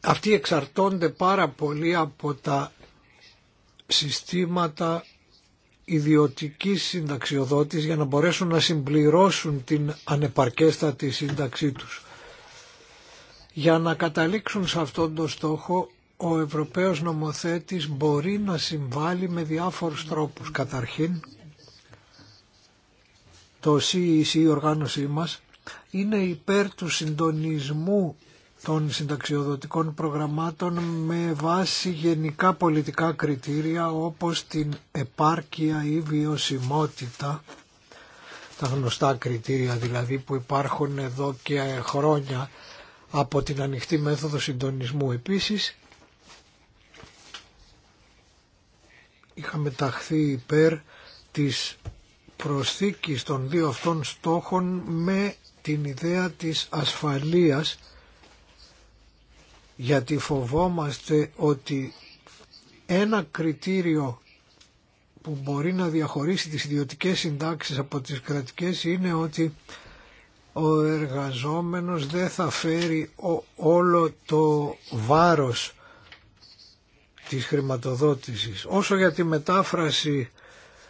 Αυτοί εξαρτώνται πάρα πολύ από τα συστήματα ιδιωτικής συνταξιοδότης για να μπορέσουν να συμπληρώσουν την ανεπαρκέστατη σύνταξή τους. Για να καταλήξουν σε αυτόν τον στόχο ο Ευρωπαίος νομοθέτης μπορεί να συμβάλλει με διάφορους τρόπους. Καταρχήν, το CEC, e η οργάνωσή μας, είναι υπέρ του συντονισμού των συνταξιοδοτικών προγραμμάτων με βάση γενικά πολιτικά κριτήρια όπως την επάρκεια ή βιωσιμότητα, τα γνωστά κριτήρια δηλαδή που υπάρχουν εδώ και χρόνια από την ανοιχτή μέθοδο συντονισμού. Επίσης, είχαμε ταχθεί υπέρ της προσθήκης των δύο αυτών στόχων με την ιδέα της ασφαλείας γιατί φοβόμαστε ότι ένα κριτήριο που μπορεί να διαχωρίσει τις ιδιωτικές συντάξεις από τις κρατικές είναι ότι ο εργαζόμενος δεν θα φέρει όλο το βάρος της χρηματοδότησης. Όσο για τη μετάφραση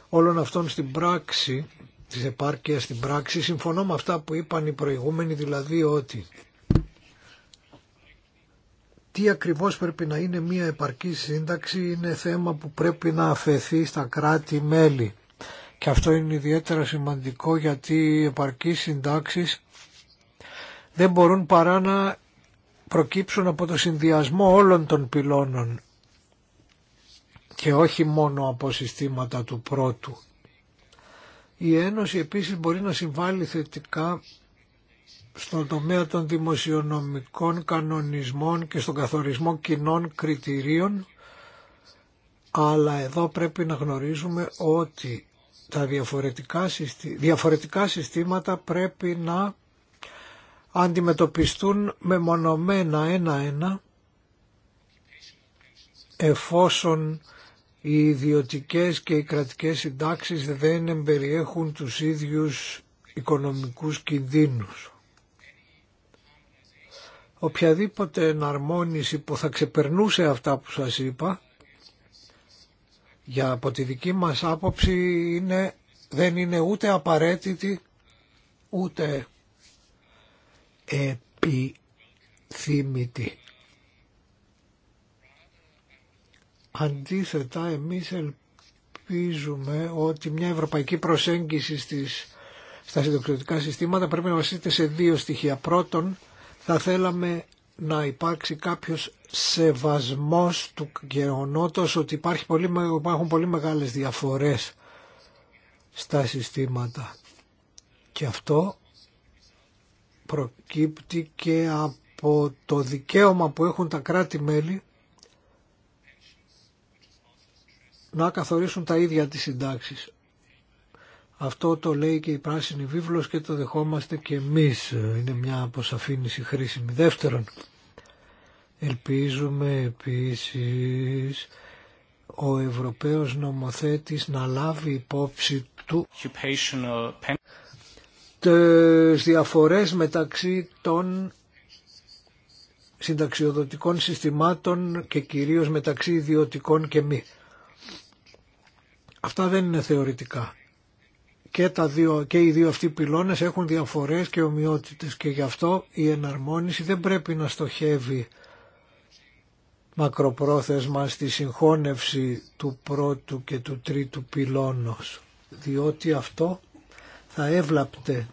όλων αυτών στην πράξη, της επάρκειας στην πράξη, συμφωνώ με αυτά που είπαν οι προηγούμενοι, δηλαδή ότι τι ακριβώς πρέπει να είναι μια επαρκή σύνταξη είναι θέμα που πρέπει να αφαιθεί στα κράτη-μέλη. Και αυτό είναι ιδιαίτερα σημαντικό γιατί οι επαρκείς συντάξεις δεν μπορούν παρά να προκύψουν από το συνδυασμό όλων των πυλώνων και όχι μόνο από συστήματα του πρώτου. Η Ένωση επίσης μπορεί να συμβάλλει θετικά στον τομέα των δημοσιονομικών κανονισμών και στον καθορισμό κοινών κριτηρίων, αλλά εδώ πρέπει να γνωρίζουμε ότι τα διαφορετικά, διαφορετικά συστήματα πρέπει να αντιμετωπιστούν μεμονωμένα ένα-ένα εφόσον οι ιδιωτικές και οι κρατικές συντάξεις δεν εμπεριέχουν τους ίδιους οικονομικούς κινδύνους. Οποιαδήποτε εναρμόνιση που θα ξεπερνούσε αυτά που σας είπα, για από τη δική μας άποψη είναι, δεν είναι ούτε απαραίτητη, ούτε επιθυμητή. Αντίθετα, εμείς ελπίζουμε ότι μια ευρωπαϊκή προσέγγιση στις, στα συντοξιδοτικά συστήματα πρέπει να βασίζεται σε δύο στοιχεία. Πρώτον, θα θέλαμε να υπάρξει κάποιος σεβασμός του γεγονότο ότι υπάρχει πολύ, υπάρχουν πολύ μεγάλες διαφορές στα συστήματα. Και αυτό προκύπτει και από το δικαίωμα που έχουν τα κράτη-μέλη να καθορίσουν τα ίδια τις συντάξεις. Αυτό το λέει και η Πράσινη Βίβλος και το δεχόμαστε και εμείς. Είναι μια αποσαφήνιση χρήσιμη. Δεύτερον, ελπίζουμε επίσης ο Ευρωπαίος νομοθέτης να λάβει υπόψη του τις διαφορές μεταξύ των συνταξιοδοτικών συστημάτων και κυρίως μεταξύ ιδιωτικών και μη. Αυτά δεν είναι θεωρητικά. Και, τα δύο, και οι δύο αυτοί πυλώνες έχουν διαφορές και ομοιότητες και γι' αυτό η εναρμόνιση δεν πρέπει να στοχεύει μακροπρόθεσμα στη συγχώνευση του πρώτου και του τρίτου πυλώνος διότι αυτό θα έβλαπτε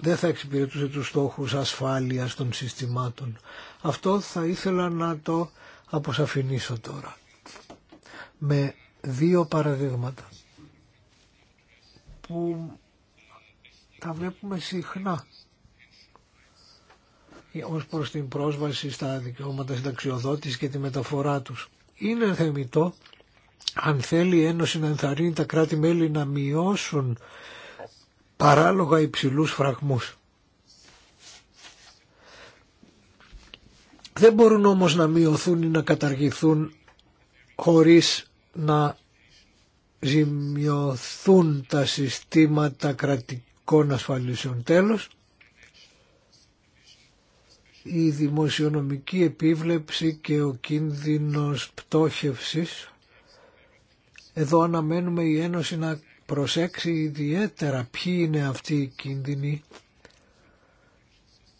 δεν θα εξυπηρετούσε τους στόχους ασφάλειας των συστημάτων. Αυτό θα ήθελα να το αποσαφηνίσω τώρα. Με δύο παραδείγματα που τα βλέπουμε συχνά ως προς την πρόσβαση στα δικαιώματα συνταξιοδότης και τη μεταφορά τους. Είναι θεμητό αν θέλει η Ένωση να ενθαρρύνει τα κράτη-μέλη να μειώσουν παράλογα υψηλούς φραγμούς. Δεν μπορούν όμως να μειωθούν ή να καταργηθούν χωρίς να ζημιωθούν τα συστήματα κρατικών ασφαλίσεων. Τέλος, η δημοσιονομική επίβλεψη και ο κίνδυνος πτώχευσης. Εδώ αναμένουμε η Ένωση να προσέξει ιδιαίτερα ποιοι είναι αυτοί οι κίνδυνοι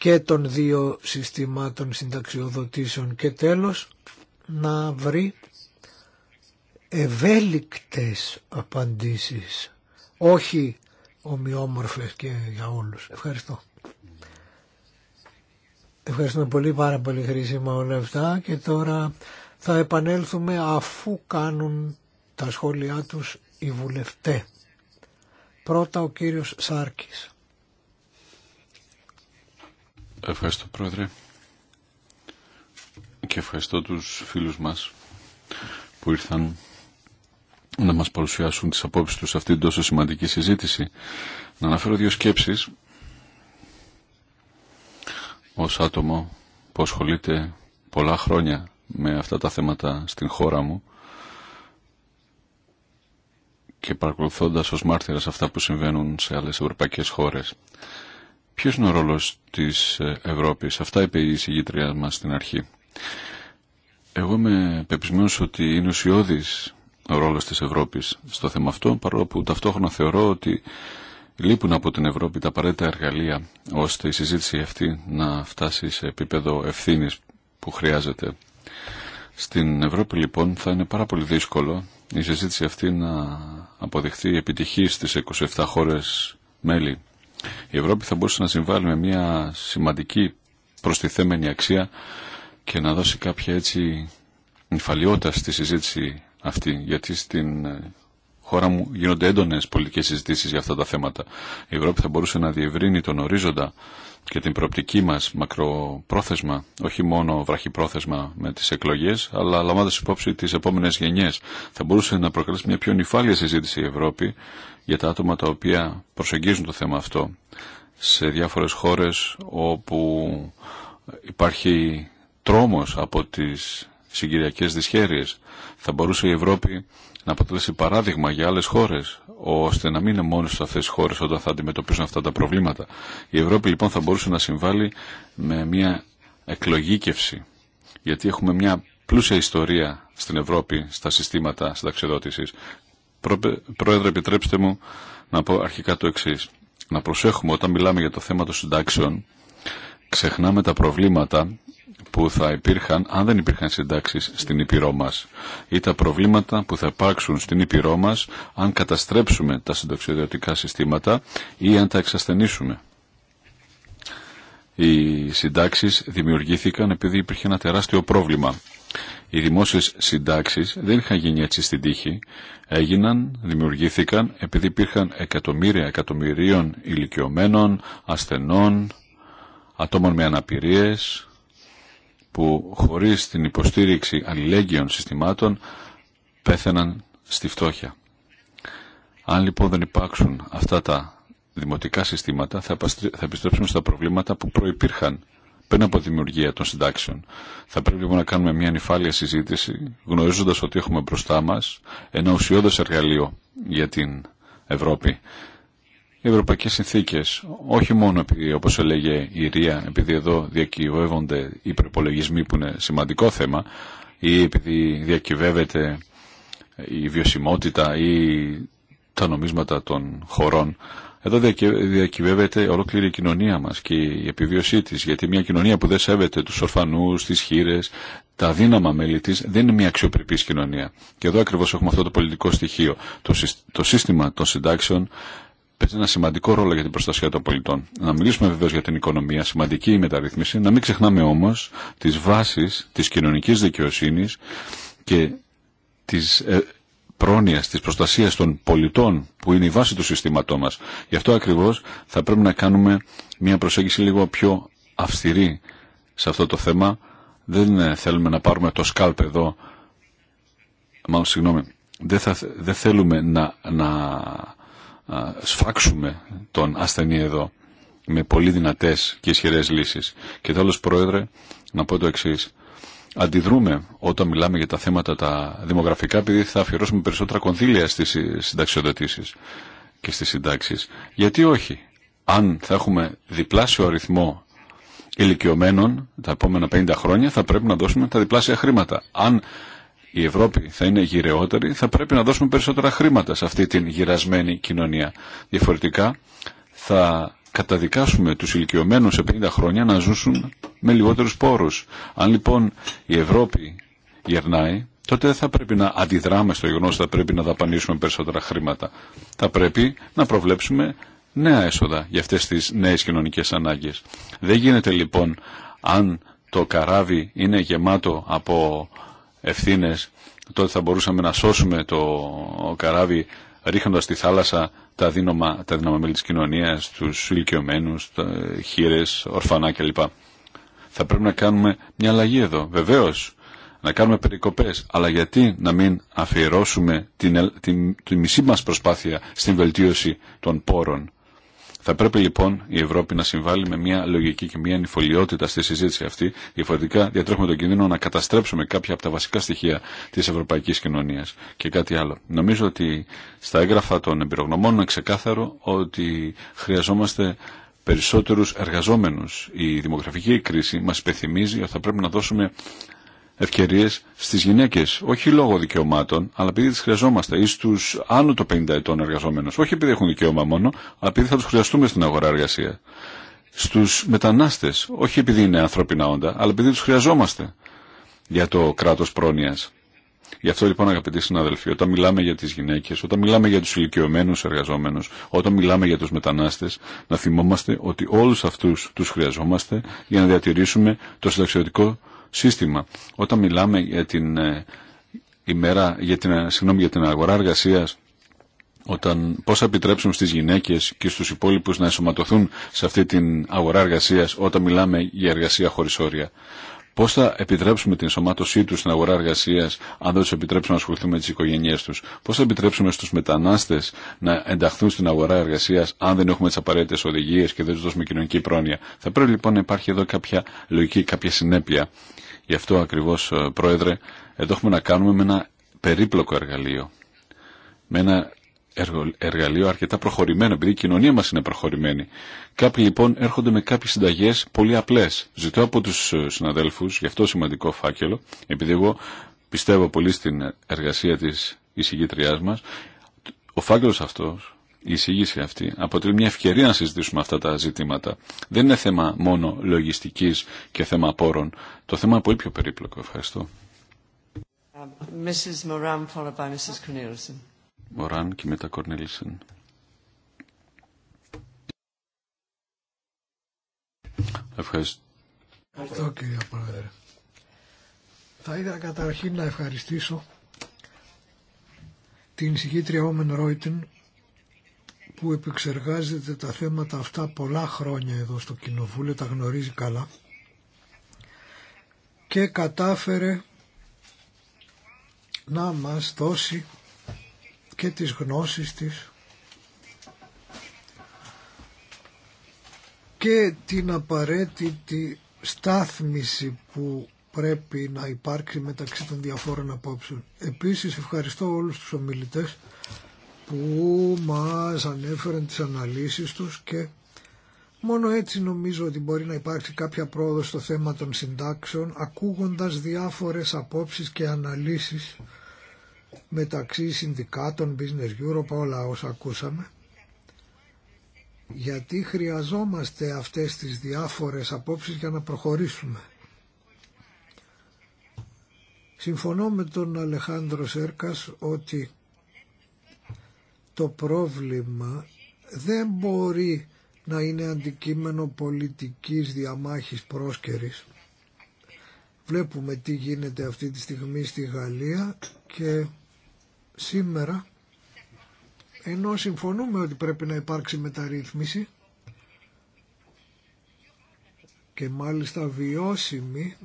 και των δύο συστημάτων συνταξιοδοτήσεων και τέλος να βρει ευέλικτες απαντήσεις, όχι ομοιόμορφες και για όλους. Ευχαριστώ. Ευχαριστούμε πολύ, πάρα πολύ χρήσιμα όλα αυτά και τώρα θα επανέλθουμε αφού κάνουν τα σχόλιά τους οι βουλευτές. Πρώτα ο κύριος Σάρκης. Ευχαριστώ Πρόεδρε και ευχαριστώ τους φίλους μας που ήρθαν να μας παρουσιάσουν τις απόψεις τους σε αυτήν την τόσο σημαντική συζήτηση. Να αναφέρω δύο σκέψεις ως άτομο που ασχολείται πολλά χρόνια με αυτά τα θέματα στην χώρα μου και παρακολουθώντας ως μάρτυρας αυτά που συμβαίνουν σε άλλες ευρωπαϊκές χώρες. Ποιο είναι ο ρόλο της ε, Ευρώπη Αυτά είπε η συγγήτριά μας στην αρχή. Εγώ είμαι πεπισμένο ότι είναι ουσιώδη ο ρόλο τη Ευρώπη στο θέμα αυτό, παρόλο που ταυτόχρονα θεωρώ ότι λείπουν από την Ευρώπη τα απαραίτητα εργαλεία ώστε η συζήτηση αυτή να φτάσει σε επίπεδο ευθύνη που χρειάζεται. Στην Ευρώπη λοιπόν θα είναι πάρα πολύ δύσκολο η συζήτηση αυτή να αποδειχθεί επιτυχή στις 27 χώρες μέλη η Ευρώπη θα μπορούσε να συμβάλλει με μια σημαντική προστιθέμενη αξία και να δώσει κάποια έτσι νυφαλιότητα στη συζήτηση αυτή, γιατί στην ε, χώρα μου γίνονται έντονες πολιτικές συζητήσεις για αυτά τα θέματα. Η Ευρώπη θα μπορούσε να διευρύνει τον ορίζοντα και την προοπτική μας μακροπρόθεσμα, όχι μόνο βραχυπρόθεσμα με τις εκλογές, αλλά λαμβάνοντας υπόψη τις επόμενες γενιές. Θα μπορούσε να προκαλέσει μια πιο νυφάλια συζήτηση η Ευρώπη για τα άτομα τα οποία προσεγγίζουν το θέμα αυτό σε διάφορες χώρες όπου υπάρχει τρόμος από τις συγκυριακές δυσχέρειες. Θα μπορούσε η Ευρώπη να αποτελέσει παράδειγμα για άλλες χώρες, ώστε να μην είναι μόνο σε αυτές τις χώρες όταν θα αντιμετωπίσουν αυτά τα προβλήματα. Η Ευρώπη λοιπόν θα μπορούσε να συμβάλλει με μια εκλογήκευση, γιατί έχουμε μια πλούσια ιστορία στην Ευρώπη στα συστήματα συνταξιδότησης. Πρόεδρε, επιτρέψτε μου να πω αρχικά το εξή. Να προσέχουμε όταν μιλάμε για το θέμα των συντάξεων, ξεχνάμε τα προβλήματα που θα υπήρχαν αν δεν υπήρχαν συντάξεις στην Ήπειρό μα ή τα προβλήματα που θα υπάρξουν στην Ήπειρό αν καταστρέψουμε τα συνταξιοδοτικά συστήματα ή αν τα εξασθενήσουμε. Οι συντάξεις δημιουργήθηκαν επειδή υπήρχε ένα τεράστιο πρόβλημα. Οι δημόσιες συντάξεις δεν είχαν γίνει έτσι στην τύχη. Έγιναν, δημιουργήθηκαν επειδή υπήρχαν εκατομμύρια εκατομμυρίων ηλικιωμένων, ασθενών, ατόμων με αναπηρίες που χωρίς την υποστήριξη αλληλέγγυων συστημάτων πέθαιναν στη φτώχεια. Αν λοιπόν δεν υπάρξουν αυτά τα δημοτικά συστήματα θα επιστρέψουμε στα προβλήματα που προϋπήρχαν πριν από τη δημιουργία των συντάξεων. Θα πρέπει λοιπόν να κάνουμε μια ανυφάλια συζήτηση γνωρίζοντας ότι έχουμε μπροστά μας ένα ουσιώδες εργαλείο για την Ευρώπη οι Ευρωπαϊκέ συνθήκε, Όχι μόνο επειδή, όπως έλεγε η Ρία, επειδή εδώ διακυβεύονται οι προπολογισμοί που είναι σημαντικό θέμα ή επειδή διακυβεύεται η βιωσιμότητα ή τα νομίσματα των χωρών. Εδώ διακυβεύεται ολόκληρη η κοινωνία μας και η επιβίωσή της, γιατί μια κοινωνία που δεν σέβεται τους ορφανούς, τις χείρες, τα δύναμα μέλη της, δεν είναι μια αξιοπρεπής κοινωνία. Και εδώ ακριβώς έχουμε αυτό το πολιτικό στοιχείο. το σύστημα των συντάξεων παίζει ένα σημαντικό ρόλο για την προστασία των πολιτών. Να μιλήσουμε βεβαίω για την οικονομία, σημαντική η μεταρρύθμιση, να μην ξεχνάμε όμω τι βάσει τη κοινωνική δικαιοσύνη και τη ε, πρόνοια, τη προστασία των πολιτών που είναι η βάση του συστήματό μα. Γι' αυτό ακριβώ θα πρέπει να κάνουμε μια προσέγγιση λίγο πιο αυστηρή σε αυτό το θέμα. Δεν ε, θέλουμε να πάρουμε το σκάλπ εδώ. Μάλλον, συγγνώμη, δεν, θα, θέλουμε να, να σφάξουμε τον ασθενή εδώ με πολύ δυνατές και ισχυρές λύσεις. Και τέλος Πρόεδρε, να πω το εξή. Αντιδρούμε όταν μιλάμε για τα θέματα τα δημογραφικά, επειδή θα αφιερώσουμε περισσότερα κονδύλια στις συνταξιοδοτήσεις και στις συντάξεις. Γιατί όχι, αν θα έχουμε διπλάσιο αριθμό ηλικιωμένων τα επόμενα 50 χρόνια, θα πρέπει να δώσουμε τα διπλάσια χρήματα. Αν η Ευρώπη θα είναι γυρεότερη, θα πρέπει να δώσουμε περισσότερα χρήματα σε αυτή την γυρασμένη κοινωνία. Διαφορετικά θα καταδικάσουμε τους ηλικιωμένους σε 50 χρόνια να ζούσουν με λιγότερους πόρους. Αν λοιπόν η Ευρώπη γερνάει, τότε θα πρέπει να αντιδράμε στο γεγονός ότι θα πρέπει να δαπανίσουμε περισσότερα χρήματα. Θα πρέπει να προβλέψουμε νέα έσοδα για αυτές τις νέες κοινωνικές ανάγκες. Δεν γίνεται λοιπόν αν το καράβι είναι γεμάτο από ευθύνε, τότε θα μπορούσαμε να σώσουμε το καράβι ρίχνοντα στη θάλασσα τα δύναμα, τα δύναμα μέλη τη κοινωνία, του ηλικιωμένου, χείρε, ορφανά κλπ. Θα πρέπει να κάνουμε μια αλλαγή εδώ. Βεβαίω, να κάνουμε περικοπέ. Αλλά γιατί να μην αφιερώσουμε την, τη μισή μα προσπάθεια στην βελτίωση των πόρων. Θα πρέπει λοιπόν η Ευρώπη να συμβάλλει με μια λογική και μια ανυφολιότητα στη συζήτηση αυτή. Διαφορετικά διατρέχουμε τον κίνδυνο να καταστρέψουμε κάποια από τα βασικά στοιχεία τη ευρωπαϊκή κοινωνία. Και κάτι άλλο. Νομίζω ότι στα έγγραφα των εμπειρογνωμών είναι ξεκάθαρο ότι χρειαζόμαστε περισσότερους εργαζόμενου. Η δημογραφική κρίση μα υπενθυμίζει ότι θα πρέπει να δώσουμε Ευκαιρίε στι γυναίκε, όχι λόγω δικαιωμάτων, αλλά επειδή τι χρειαζόμαστε ή στου άνω των 50 ετών εργαζόμενου, όχι επειδή έχουν δικαίωμα μόνο, αλλά επειδή θα του χρειαστούμε στην αγορά εργασία. Στου μετανάστε, όχι επειδή είναι ανθρώπινα όντα, αλλά επειδή του χρειαζόμαστε για το κράτο πρόνοιας. Γι' αυτό λοιπόν αγαπητοί συνάδελφοι, όταν μιλάμε για τις γυναίκες, όταν μιλάμε για τους ηλικιωμένου εργαζόμενους, όταν μιλάμε για τους μετανάστες, να θυμόμαστε ότι όλους αυτούς τους χρειαζόμαστε για να διατηρήσουμε το συνταξιωτικό σύστημα. Όταν μιλάμε για την ε, ημέρα, για την, ε, συγγνώμη, για την αγορά εργασία, όταν πώς θα επιτρέψουν στις γυναίκες και στους υπόλοιπους να ενσωματωθούν σε αυτή την αγορά εργασίας όταν μιλάμε για εργασία χωρίς όρια. Πώ θα επιτρέψουμε την σωμάτωσή του στην αγορά εργασία, αν δεν του επιτρέψουμε να ασχοληθούμε με τι οικογένειέ του. Πώ θα επιτρέψουμε στου μετανάστε να ενταχθούν στην αγορά εργασία, αν δεν έχουμε τι απαραίτητε οδηγίε και δεν του δώσουμε κοινωνική πρόνοια. Θα πρέπει λοιπόν να υπάρχει εδώ κάποια λογική, κάποια συνέπεια. Γι' αυτό ακριβώ, ε, Πρόεδρε, εδώ έχουμε να κάνουμε με ένα περίπλοκο εργαλείο. Με ένα εργαλείο αρκετά προχωρημένο, επειδή η κοινωνία μας είναι προχωρημένη. Κάποιοι λοιπόν έρχονται με κάποιες συνταγές πολύ απλές. Ζητώ από τους ε, συναδέλφους, γι' αυτό σημαντικό φάκελο, επειδή εγώ πιστεύω πολύ στην εργασία της εισηγήτριάς μας, ο φάκελος αυτός, η εισηγήση αυτή, αποτελεί μια ευκαιρία να συζητήσουμε αυτά τα ζητήματα. Δεν είναι θέμα μόνο λογιστικής και θέμα πόρων. Το θέμα είναι πολύ πιο περίπλοκο. Ευχαριστώ. Um, Mrs. Moran, followed by Mrs. Cornelison. Μωράν και μετά Κορνέλισεν. Ευχαριστώ. Ευχαριστώ κύριε Πρόεδρε. Θα ήθελα καταρχήν να ευχαριστήσω την συγκήτρια Όμεν Ρόιτεν που επεξεργάζεται τα θέματα αυτά πολλά χρόνια εδώ στο Κοινοβούλιο, τα γνωρίζει καλά και κατάφερε να μας δώσει και τις γνώσεις της και την απαραίτητη στάθμιση που πρέπει να υπάρξει μεταξύ των διαφόρων απόψεων. Επίσης ευχαριστώ όλους τους ομιλητές που μας ανέφεραν τις αναλύσεις τους και μόνο έτσι νομίζω ότι μπορεί να υπάρξει κάποια πρόοδος στο θέμα των συντάξεων ακούγοντας διάφορες απόψεις και αναλύσεις μεταξύ συνδικάτων, Business Europe, όλα όσα ακούσαμε. Γιατί χρειαζόμαστε αυτές τις διάφορες απόψεις για να προχωρήσουμε. Συμφωνώ με τον Αλεχάνδρο Σέρκας ότι το πρόβλημα δεν μπορεί να είναι αντικείμενο πολιτικής διαμάχης πρόσκαιρης. Βλέπουμε τι γίνεται αυτή τη στιγμή στη Γαλλία και σήμερα ενώ συμφωνούμε ότι πρέπει να υπάρξει μεταρρύθμιση και μάλιστα βιώσιμη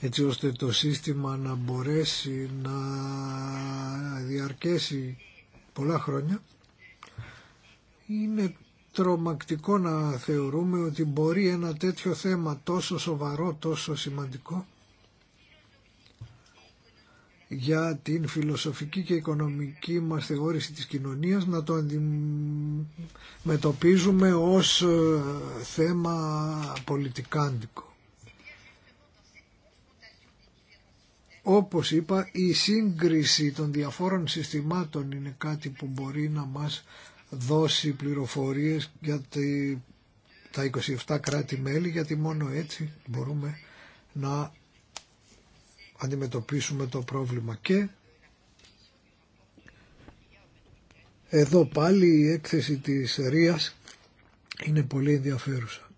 έτσι ώστε το σύστημα να μπορέσει να διαρκέσει πολλά χρόνια είναι τρομακτικό να θεωρούμε ότι μπορεί ένα τέτοιο θέμα τόσο σοβαρό, τόσο σημαντικό για την φιλοσοφική και οικονομική μας θεώρηση της κοινωνίας να το αντιμετωπίζουμε ως ε, θέμα πολιτικάντικο. Όπως είπα, η σύγκριση των διαφόρων συστημάτων είναι κάτι που μπορεί να μας δώσει πληροφορίες για τα 27 κράτη-μέλη, γιατί μόνο έτσι μπορούμε να αντιμετωπίσουμε το πρόβλημα και εδώ πάλι η έκθεση της Ρίας είναι πολύ ενδιαφέρουσα.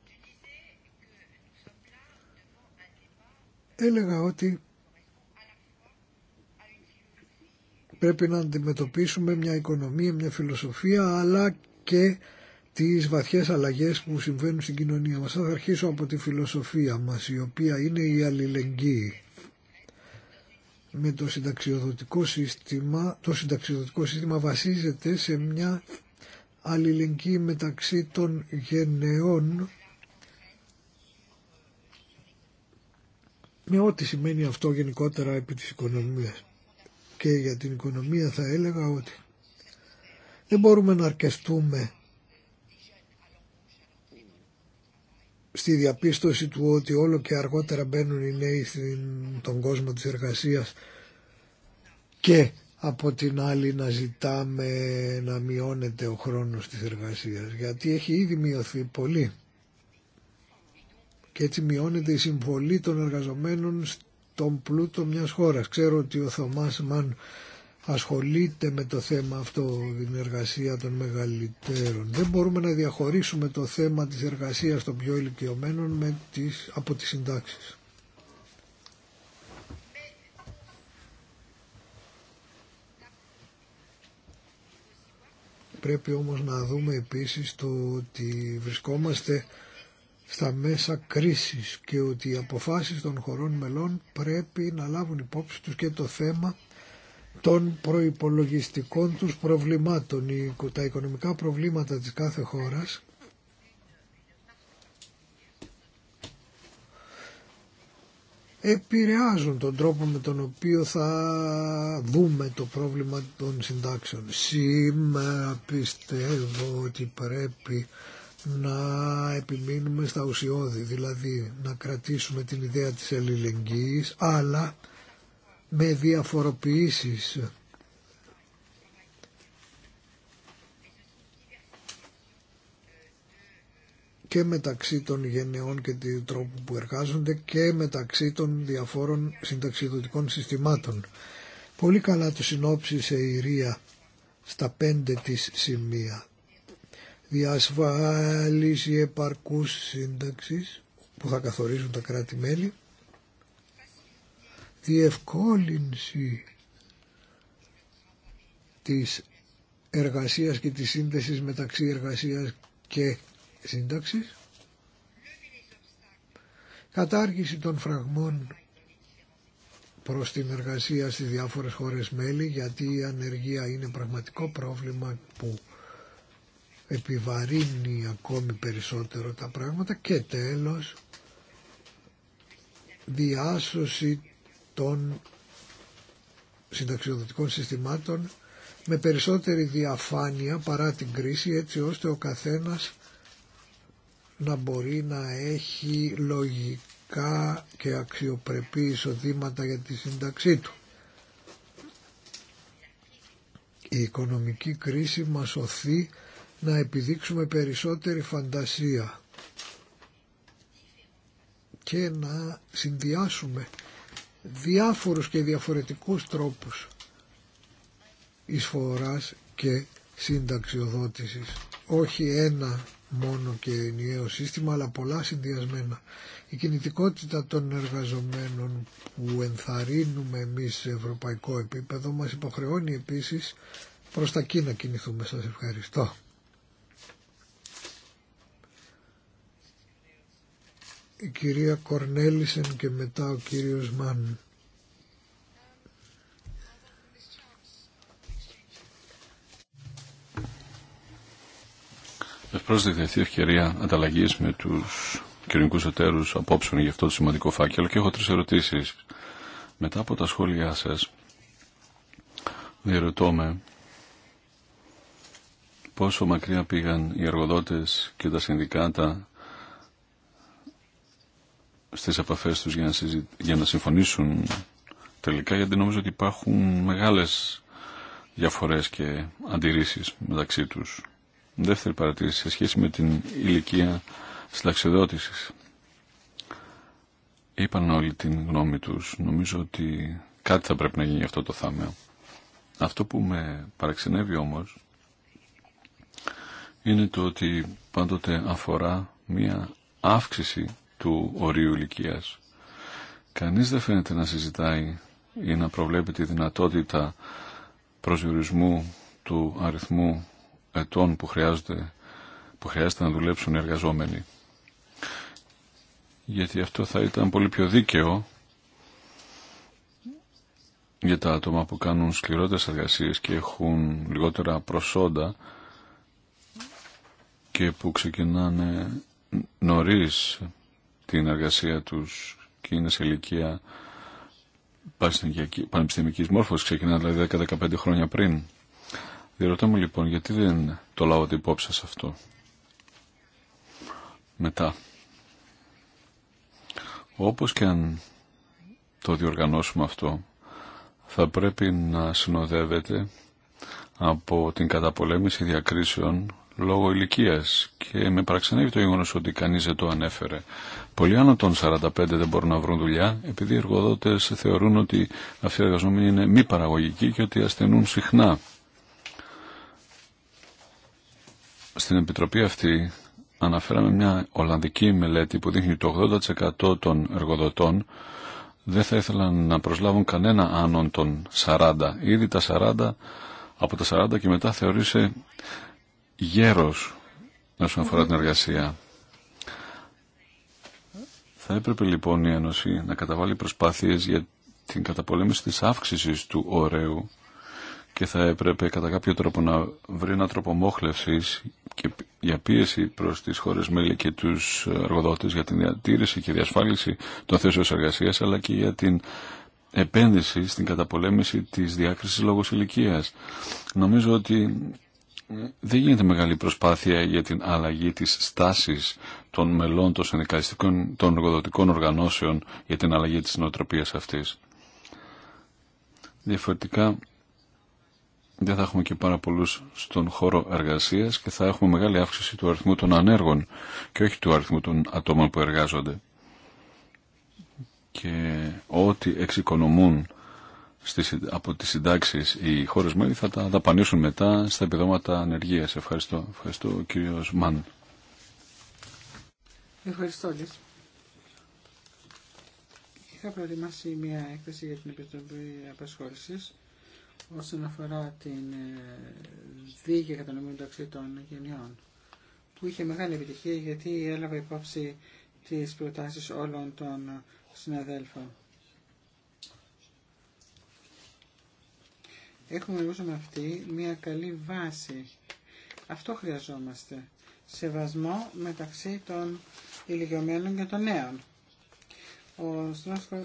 Έλεγα ότι πρέπει να αντιμετωπίσουμε μια οικονομία, μια φιλοσοφία αλλά και τις βαθιές αλλαγές που συμβαίνουν στην κοινωνία μας. Θα αρχίσω από τη φιλοσοφία μας η οποία είναι η αλληλεγγύη με το συνταξιοδοτικό σύστημα, το συνταξιοδοτικό σύστημα βασίζεται σε μια αλληλεγγύη μεταξύ των γενεών με ό,τι σημαίνει αυτό γενικότερα επί της οικονομίας. Και για την οικονομία θα έλεγα ότι δεν μπορούμε να αρκεστούμε στη διαπίστωση του ότι όλο και αργότερα μπαίνουν οι νέοι στον κόσμο της εργασίας και από την άλλη να ζητάμε να μειώνεται ο χρόνος της εργασίας γιατί έχει ήδη μειωθεί πολύ και έτσι μειώνεται η συμβολή των εργαζομένων στον πλούτο μιας χώρας. Ξέρω ότι ο Θωμάς Μαν ασχολείται με το θέμα αυτό, την εργασία των μεγαλύτερων. Δεν μπορούμε να διαχωρίσουμε το θέμα της εργασίας των πιο ηλικιωμένων με τις, από τις συντάξεις. Πρέπει όμως να δούμε επίσης το ότι βρισκόμαστε στα μέσα κρίσης και ότι οι αποφάσεις των χωρών μελών πρέπει να λάβουν υπόψη τους και το θέμα των προϋπολογιστικών τους προβλημάτων. Τα οικονομικά προβλήματα της κάθε χώρας επηρεάζουν τον τρόπο με τον οποίο θα δούμε το πρόβλημα των συντάξεων. Σήμερα πιστεύω ότι πρέπει να επιμείνουμε στα ουσιώδη, δηλαδή να κρατήσουμε την ιδέα της αλληλεγγύης, αλλά με διαφοροποιήσεις. και μεταξύ των γενεών και του τρόπου που εργάζονται και μεταξύ των διαφόρων συνταξιδοτικών συστημάτων. Πολύ καλά το συνόψισε η Ρία στα πέντε της σημεία. Διασφάλιση επαρκούς σύνταξης που θα καθορίζουν τα κράτη-μέλη, διευκόλυνση της εργασίας και της σύνδεσης μεταξύ εργασίας και σύνταξης, κατάργηση των φραγμών προς την εργασία στις διάφορες χώρες μέλη, γιατί η ανεργία είναι πραγματικό πρόβλημα που επιβαρύνει ακόμη περισσότερο τα πράγματα και τέλος διάσωση των συνταξιοδοτικών συστημάτων με περισσότερη διαφάνεια παρά την κρίση έτσι ώστε ο καθένας να μπορεί να έχει λογικά και αξιοπρεπή εισοδήματα για τη σύνταξή του. Η οικονομική κρίση μας οθεί να επιδείξουμε περισσότερη φαντασία και να συνδυάσουμε διάφορους και διαφορετικούς τρόπους εισφοράς και συνταξιοδότησης. Όχι ένα μόνο και ενιαίο σύστημα, αλλά πολλά συνδυασμένα. Η κινητικότητα των εργαζομένων που ενθαρρύνουμε εμείς σε ευρωπαϊκό επίπεδο μας υποχρεώνει επίσης προς τα εκεί να κινηθούμε. Σας ευχαριστώ. η κυρία Κορνέλισεν και μετά ο κύριος Μάν. Ευπρός η ευκαιρία ανταλλαγής με τους κοινωνικού εταίρους απόψεων για αυτό το σημαντικό φάκελο και έχω τρεις ερωτήσεις. Μετά από τα σχόλιά σας διερωτώ με πόσο μακριά πήγαν οι εργοδότες και τα συνδικάτα στις επαφές τους για να, για να συμφωνήσουν τελικά γιατί νομίζω ότι υπάρχουν μεγάλες διαφορές και αντιρρήσεις μεταξύ τους. Δεύτερη παρατήρηση σε σχέση με την ηλικία συνταξιδότησης. Είπαν όλοι την γνώμη τους. Νομίζω ότι κάτι θα πρέπει να γίνει αυτό το θάμεο. Αυτό που με παραξενεύει όμως είναι το ότι πάντοτε αφορά μία αύξηση του ορίου ηλικία. Κανείς δεν φαίνεται να συζητάει ή να προβλέπει τη δυνατότητα προσδιορισμού του αριθμού ετών που, χρειάζεται, που χρειάζεται να δουλέψουν οι εργαζόμενοι. Γιατί αυτό θα ήταν πολύ πιο δίκαιο για τα άτομα που κάνουν σκληρότερες εργασίες και έχουν λιγότερα προσόντα και που ξεκινάνε νωρίς την εργασία τους και είναι σε ηλικία πανεπιστημικής μόρφωσης, ξεκινά δηλαδή 10-15 χρόνια πριν. Διερωτώ μου λοιπόν γιατί δεν το την υπόψη σας αυτό. Μετά. Όπως και αν το διοργανώσουμε αυτό, θα πρέπει να συνοδεύεται από την καταπολέμηση διακρίσεων λόγω ηλικία και με παραξενεύει το γεγονό ότι κανεί δεν το ανέφερε. Πολλοί άνω των 45 δεν μπορούν να βρουν δουλειά επειδή οι εργοδότε θεωρούν ότι αυτοί οι εργαζόμενοι είναι μη παραγωγικοί και ότι ασθενούν συχνά. Στην Επιτροπή αυτή αναφέραμε μια Ολλανδική μελέτη που δείχνει το 80% των εργοδοτών δεν θα ήθελαν να προσλάβουν κανένα άνω των 40. Ήδη τα 40, από τα 40 και μετά θεωρήσε γέρος όσον αφορά την εργασία. Θα έπρεπε λοιπόν η Ένωση να καταβάλει προσπάθειες για την καταπολέμηση της αύξησης του ωραίου και θα έπρεπε κατά κάποιο τρόπο να βρει ένα τρόπο μόχλευσης και για πίεση προς τις χώρες μέλη και τους εργοδότες για την διατήρηση και διασφάλιση των θέσεων εργασία, αλλά και για την επένδυση στην καταπολέμηση της διάκρισης λόγω ηλικία. Νομίζω ότι δεν γίνεται μεγάλη προσπάθεια για την αλλαγή της στάσης των μελών των συνδικαλιστικών, των εργοδοτικών οργανώσεων για την αλλαγή της νοοτροπίας αυτής. Διαφορετικά δεν θα έχουμε και πάρα πολλούς στον χώρο εργασίας και θα έχουμε μεγάλη αύξηση του αριθμού των ανέργων και όχι του αριθμού των ατόμων που εργάζονται. Και ό,τι εξοικονομούν από τις συντάξεις οι χώρες μέλη θα τα δαπανίσουν μετά στα επιδόματα ανεργίας. Ευχαριστώ, ευχαριστώ κύριος Μάν. Ευχαριστώ όλες. Είχα προετοιμάσει μια έκθεση για την Επιτροπή Απασχόλησης όσον αφορά την ε, δίκαιη κατανομή μεταξύ των γενιών που είχε μεγάλη επιτυχία γιατί έλαβε υπόψη τις προτάσεις όλων των συναδέλφων. έχουμε με αυτή μια καλή βάση. Αυτό χρειαζόμαστε. Σεβασμό μεταξύ των ηλικιωμένων και των νέων. Ο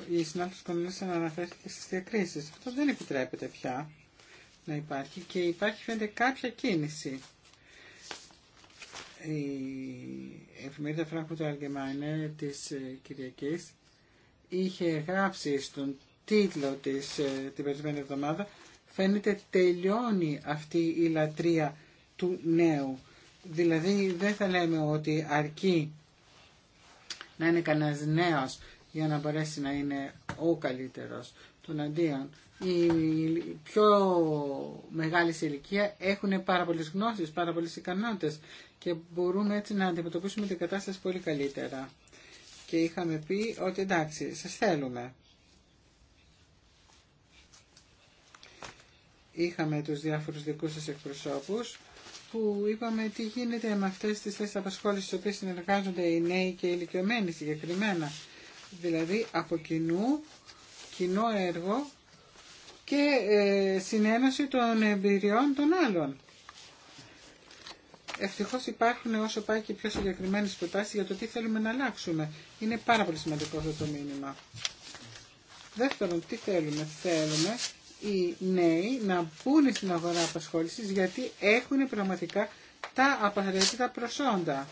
η συνάδελφος να αναφέρθηκε στις διακρίσεις. Αυτό δεν επιτρέπεται πια να υπάρχει και υπάρχει φαίνεται κάποια κίνηση. Η εφημερίδα Frankfurt Allgemeine της ε, Κυριακής είχε γράψει στον τίτλο της ε, την περισμένη εβδομάδα φαίνεται τελειώνει αυτή η λατρεία του νέου. Δηλαδή δεν θα λέμε ότι αρκεί να είναι κανένα νέος για να μπορέσει να είναι ο καλύτερος των αντίων. Οι πιο μεγάλη ηλικία έχουν πάρα πολλέ γνώσει, πάρα πολλέ ικανότητε και μπορούμε έτσι να αντιμετωπίσουμε την κατάσταση πολύ καλύτερα. Και είχαμε πει ότι εντάξει, σα θέλουμε. είχαμε τους διάφορους δικούς σας εκπροσώπους που είπαμε τι γίνεται με αυτές τις θέσεις απασχόλησης στις οποίες συνεργάζονται οι νέοι και οι ηλικιωμένοι συγκεκριμένα. Δηλαδή από κοινού, κοινό έργο και ε, συνένωση των εμπειριών των άλλων. Ευτυχώ υπάρχουν όσο πάει και πιο συγκεκριμένε προτάσει για το τι θέλουμε να αλλάξουμε. Είναι πάρα πολύ σημαντικό αυτό το μήνυμα. Δεύτερον, τι θέλουμε. Θέλουμε οι νέοι να μπουν στην αγορά απασχόλησης γιατί έχουν πραγματικά τα απαραίτητα προσόντα.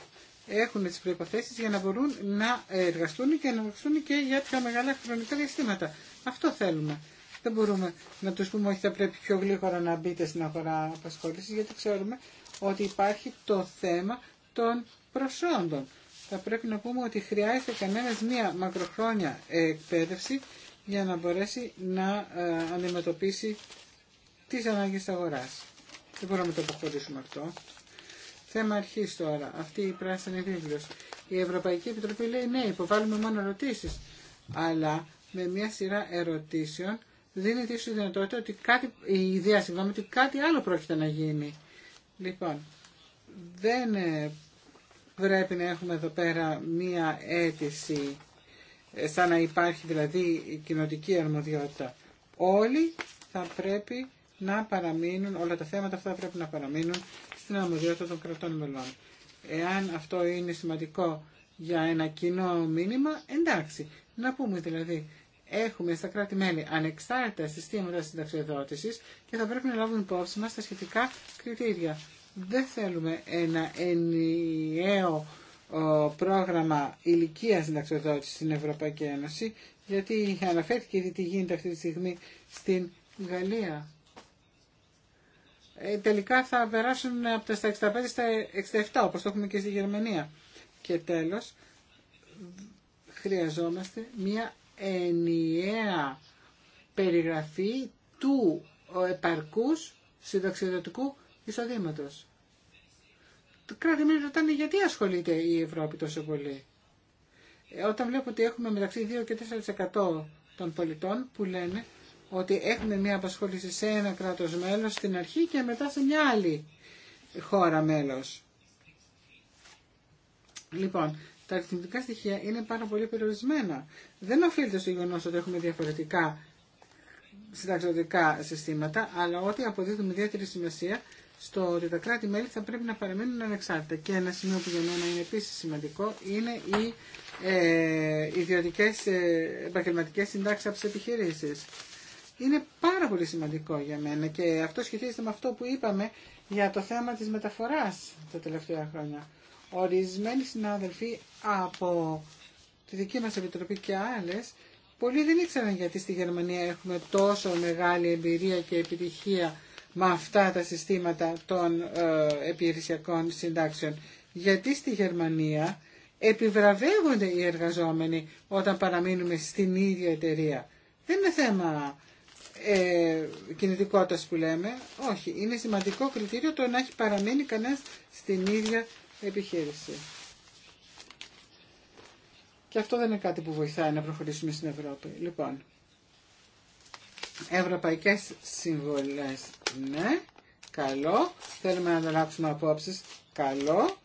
Έχουν τις προϋποθέσεις για να μπορούν να εργαστούν και να εργαστούν και για πιο μεγάλα χρονικά διαστήματα. Αυτό θέλουμε. Δεν μπορούμε να τους πούμε ότι θα πρέπει πιο γλίγορα να μπείτε στην αγορά απασχόλησης γιατί ξέρουμε ότι υπάρχει το θέμα των προσόντων. Θα πρέπει να πούμε ότι χρειάζεται κανένας μία μακροχρόνια εκπαίδευση για να μπορέσει να ε, αντιμετωπίσει τις ανάγκες της αγοράς. Δεν μπορούμε να το αποχωρήσουμε αυτό. Θέμα αρχή τώρα. Αυτή η πράσινη βίβλος. Η Ευρωπαϊκή Επιτροπή λέει ναι, υποβάλλουμε μόνο ερωτήσεις. Αλλά με μια σειρά ερωτήσεων δίνει τη δυνατότητα ότι κάτι, η ιδέα συγγνώμη, ότι κάτι άλλο πρόκειται να γίνει. Λοιπόν, δεν ε, πρέπει να έχουμε εδώ πέρα μία αίτηση σαν ε, να υπάρχει δηλαδή κοινοτική αρμοδιότητα. Όλοι θα πρέπει να παραμείνουν, όλα τα θέματα αυτά θα πρέπει να παραμείνουν στην αρμοδιότητα των κρατών μελών. Εάν αυτό είναι σημαντικό για ένα κοινό μήνυμα, εντάξει. Να πούμε δηλαδή, έχουμε στα κράτη-μέλη ανεξάρτητα συστήματα συνταξιοδότηση και θα πρέπει να λάβουμε υπόψη μας τα σχετικά κριτήρια. Δεν θέλουμε ένα ενιαίο πρόγραμμα ηλικία συνταξιοδότηση στην Ευρωπαϊκή Ένωση, γιατί αναφέρθηκε ήδη τι γίνεται αυτή τη στιγμή στην Γαλλία. Ε, τελικά θα περάσουν από τα 65 στα 67, όπως το έχουμε και στη Γερμανία. Και τέλος, χρειαζόμαστε μια ενιαία περιγραφή του επαρκούς συνταξιοδοτικού εισοδήματος κράτη-μέλη ρωτάνε γιατί ασχολείται η Ευρώπη τόσο πολύ. Ε, όταν βλέπω ότι έχουμε μεταξύ 2 και 4% των πολιτών που λένε ότι έχουμε μια απασχόληση σε ένα κράτος μέλος στην αρχή και μετά σε μια άλλη χώρα μέλος. Λοιπόν, τα αριθμητικά στοιχεία είναι πάρα πολύ περιορισμένα. Δεν οφείλεται στο γεγονό ότι έχουμε διαφορετικά συνταξιδοτικά συστήματα, αλλά ότι αποδίδουμε ιδιαίτερη σημασία στο ότι τα κράτη-μέλη θα πρέπει να παραμείνουν ανεξάρτητα. Και ένα σημείο που για μένα είναι επίση σημαντικό είναι οι ε, ιδιωτικέ ε, επαγγελματικέ συντάξει από τι επιχειρήσει. Είναι πάρα πολύ σημαντικό για μένα και αυτό σχετίζεται με αυτό που είπαμε για το θέμα της μεταφοράς τα τελευταία χρόνια. Ορισμένοι συνάδελφοι από τη δική μας Επιτροπή και άλλες, πολλοί δεν ήξεραν γιατί στη Γερμανία έχουμε τόσο μεγάλη εμπειρία και επιτυχία με αυτά τα συστήματα των ε, επιχειρησιακών συντάξεων. Γιατί στη Γερμανία επιβραβεύονται οι εργαζόμενοι όταν παραμείνουμε στην ίδια εταιρεία. Δεν είναι θέμα ε, κινητικότητας που λέμε, όχι. Είναι σημαντικό κριτήριο το να έχει παραμείνει κανένας στην ίδια επιχείρηση. Και αυτό δεν είναι κάτι που βοηθάει να προχωρήσουμε στην Ευρώπη. Λοιπόν, ευρωπαϊκές συμβολές ναι, καλό. Θέλουμε να ανταλλάξουμε απόψεις. Καλό.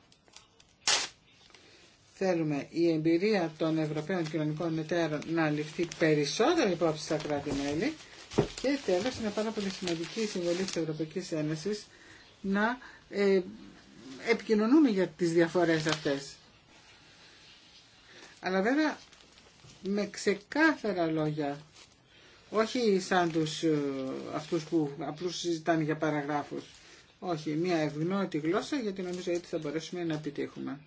Θέλουμε η εμπειρία των Ευρωπαίων Κοινωνικών Εταίρων να ληφθεί περισσότερο υπόψη στα κράτη-μέλη. Και τέλος, είναι πάρα πολύ σημαντική η συμβολή τη Ευρωπαϊκή Ένωση να ε, επικοινωνούμε για τις διαφορές αυτές. Αλλά βέβαια με ξεκάθαρα λόγια όχι σαν τους, ε, αυτούς που απλώς συζητάνε για παραγράφους. Όχι, μια ευγνώτη γλώσσα γιατί νομίζω ότι θα μπορέσουμε να επιτύχουμε.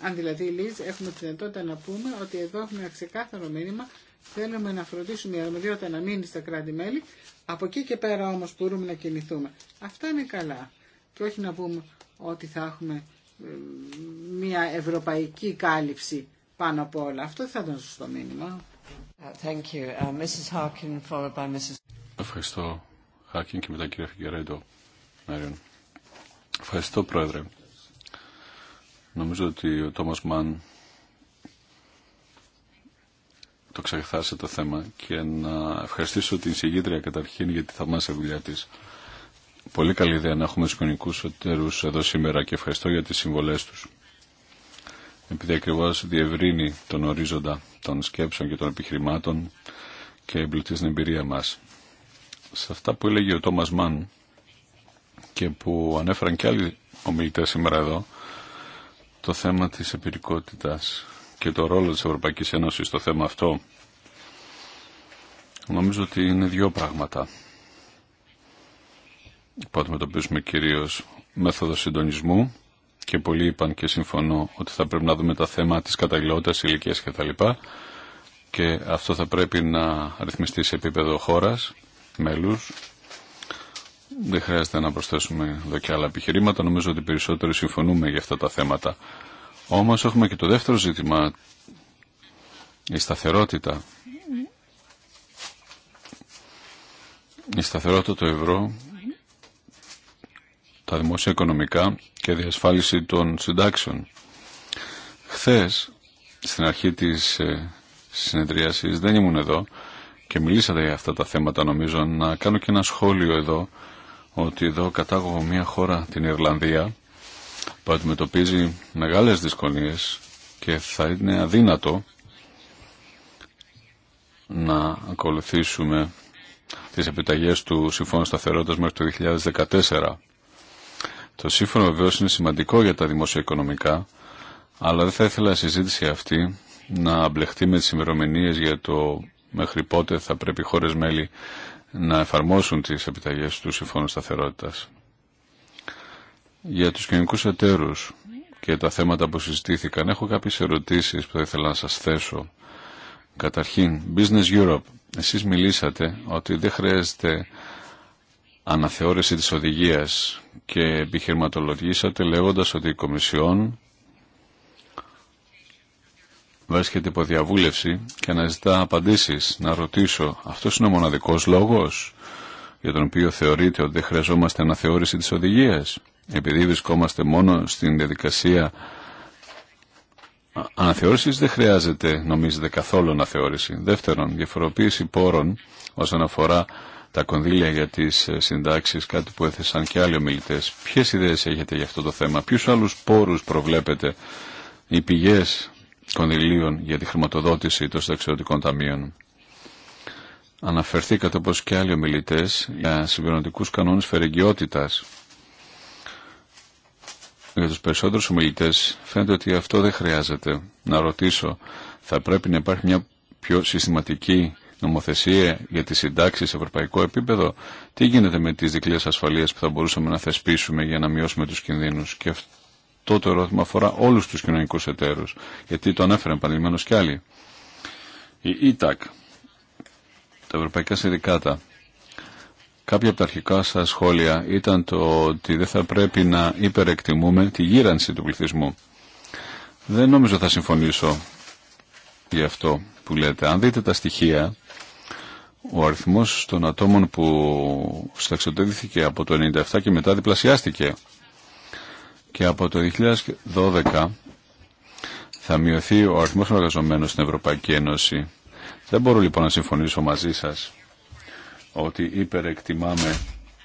Αν δηλαδή, Λίζ, έχουμε τη δυνατότητα να πούμε ότι εδώ έχουμε ένα ξεκάθαρο μήνυμα, θέλουμε να φροντίσουμε η αρμοδιότητα να μείνει στα κράτη-μέλη, από εκεί και πέρα όμω μπορούμε να κινηθούμε. Αυτά είναι καλά. Και όχι να πούμε ότι θα έχουμε ε, μια ευρωπαϊκή κάλυψη πάνω από όλα. Αυτό δεν θα ήταν σωστό μήνυμα. Uh, ευχαριστώ, Χάκιν και μετά κύριε Φιγκερέντο. Ευχαριστώ, Πρόεδρε. Νομίζω ότι ο Τόμας Μαν το ξεχθάσε το θέμα και να ευχαριστήσω την συγγύτρια καταρχήν για τη θαυμάσια δουλειά τη. Πολύ καλή ιδέα να έχουμε τους κοινωνικούς εδώ σήμερα και ευχαριστώ για τις συμβολές τους επειδή ακριβώ διευρύνει τον ορίζοντα των σκέψεων και των επιχειρημάτων και εμπλουτίζει την εμπειρία μας. Σε αυτά που έλεγε ο Τόμας Μαν και που ανέφεραν και άλλοι ομιλητές σήμερα εδώ, το θέμα της επιρικότητας και το ρόλο της Ευρωπαϊκής Ένωσης στο θέμα αυτό, νομίζω ότι είναι δύο πράγματα που αντιμετωπίζουμε κυρίως μέθοδο συντονισμού και πολλοί είπαν και συμφωνώ ότι θα πρέπει να δούμε τα θέματα της καταλληλότητας, ηλικίας κτλ. Και αυτό θα πρέπει να ρυθμιστεί σε επίπεδο χώρας, μέλους. Δεν χρειάζεται να προσθέσουμε εδώ και άλλα επιχειρήματα. Νομίζω ότι περισσότεροι συμφωνούμε για αυτά τα θέματα. Όμως έχουμε και το δεύτερο ζήτημα, η σταθερότητα. Η σταθερότητα του ευρώ τα δημόσια οικονομικά και διασφάλιση των συντάξεων. Χθες, στην αρχή της ε, συνεδρίασης, δεν ήμουν εδώ και μιλήσατε για αυτά τα θέματα νομίζω. Να κάνω και ένα σχόλιο εδώ, ότι εδώ κατάγω μια χώρα, την Ιρλανδία, που αντιμετωπίζει μεγάλες δυσκολίες και θα είναι αδύνατο να ακολουθήσουμε τις επιταγές του Συμφώνου Σταθερότητας μέχρι το 2014. Το σύμφωνο βεβαίω είναι σημαντικό για τα δημοσιοοικονομικά, αλλά δεν θα ήθελα η συζήτηση αυτή να μπλεχτεί με τι ημερομηνίε για το μέχρι πότε θα πρέπει οι χώρε μέλη να εφαρμόσουν τι επιταγέ του Συμφώνου Σταθερότητα. Για του κοινωνικού εταίρου και τα θέματα που συζητήθηκαν, έχω κάποιε ερωτήσει που θα ήθελα να σα θέσω. Καταρχήν, Business Europe. εσεί μιλήσατε ότι δεν χρειάζεται αναθεώρηση της οδηγίας και επιχειρηματολογήσατε λέγοντας ότι η Κομισιόν βρίσκεται υπό διαβούλευση και αναζητά απαντήσεις. Να ρωτήσω, αυτός είναι ο μοναδικός λόγος για τον οποίο θεωρείτε ότι δεν χρειαζόμαστε αναθεώρηση της οδηγίας, επειδή βρισκόμαστε μόνο στην διαδικασία αναθεώρησης δεν χρειάζεται, νομίζετε, καθόλου αναθεώρηση. Δεύτερον, διαφοροποίηση πόρων όσον αφορά τα κονδύλια για τι ε, συντάξει κάτι που έθεσαν και άλλοι ομιλητέ. Ποιε ιδέε έχετε για αυτό το θέμα, ποιου άλλου πόρου προβλέπετε οι πηγέ κονδυλίων για τη χρηματοδότηση των συνταξιωτικών ταμείων. Αναφερθήκατε όπως και άλλοι ομιλητές για συμπληρωματικούς κανόνες φερεγγιότητας. Για τους περισσότερους ομιλητές φαίνεται ότι αυτό δεν χρειάζεται. Να ρωτήσω, θα πρέπει να υπάρχει μια πιο συστηματική νομοθεσία για τις συντάξεις σε ευρωπαϊκό επίπεδο, τι γίνεται με τις δικλείες ασφαλείας που θα μπορούσαμε να θεσπίσουμε για να μειώσουμε τους κινδύνους. Και αυτό το ερώτημα αφορά όλους τους κοινωνικούς εταίρους, γιατί το ανέφεραν επανειλημμένως κι άλλοι. Η ETAC, τα Ευρωπαϊκά Συνδικάτα, Κάποια από τα αρχικά σα σχόλια ήταν το ότι δεν θα πρέπει να υπερεκτιμούμε τη γύρανση του πληθυσμού. Δεν νομίζω θα συμφωνήσω γι' αυτό που λέτε. Αν δείτε τα στοιχεία ο αριθμός των ατόμων που σταξιοτέθηκε από το 97 και μετά διπλασιάστηκε και από το 2012 θα μειωθεί ο αριθμός των εργαζομένων στην Ευρωπαϊκή Ένωση. Δεν μπορώ λοιπόν να συμφωνήσω μαζί σας ότι υπερεκτιμάμε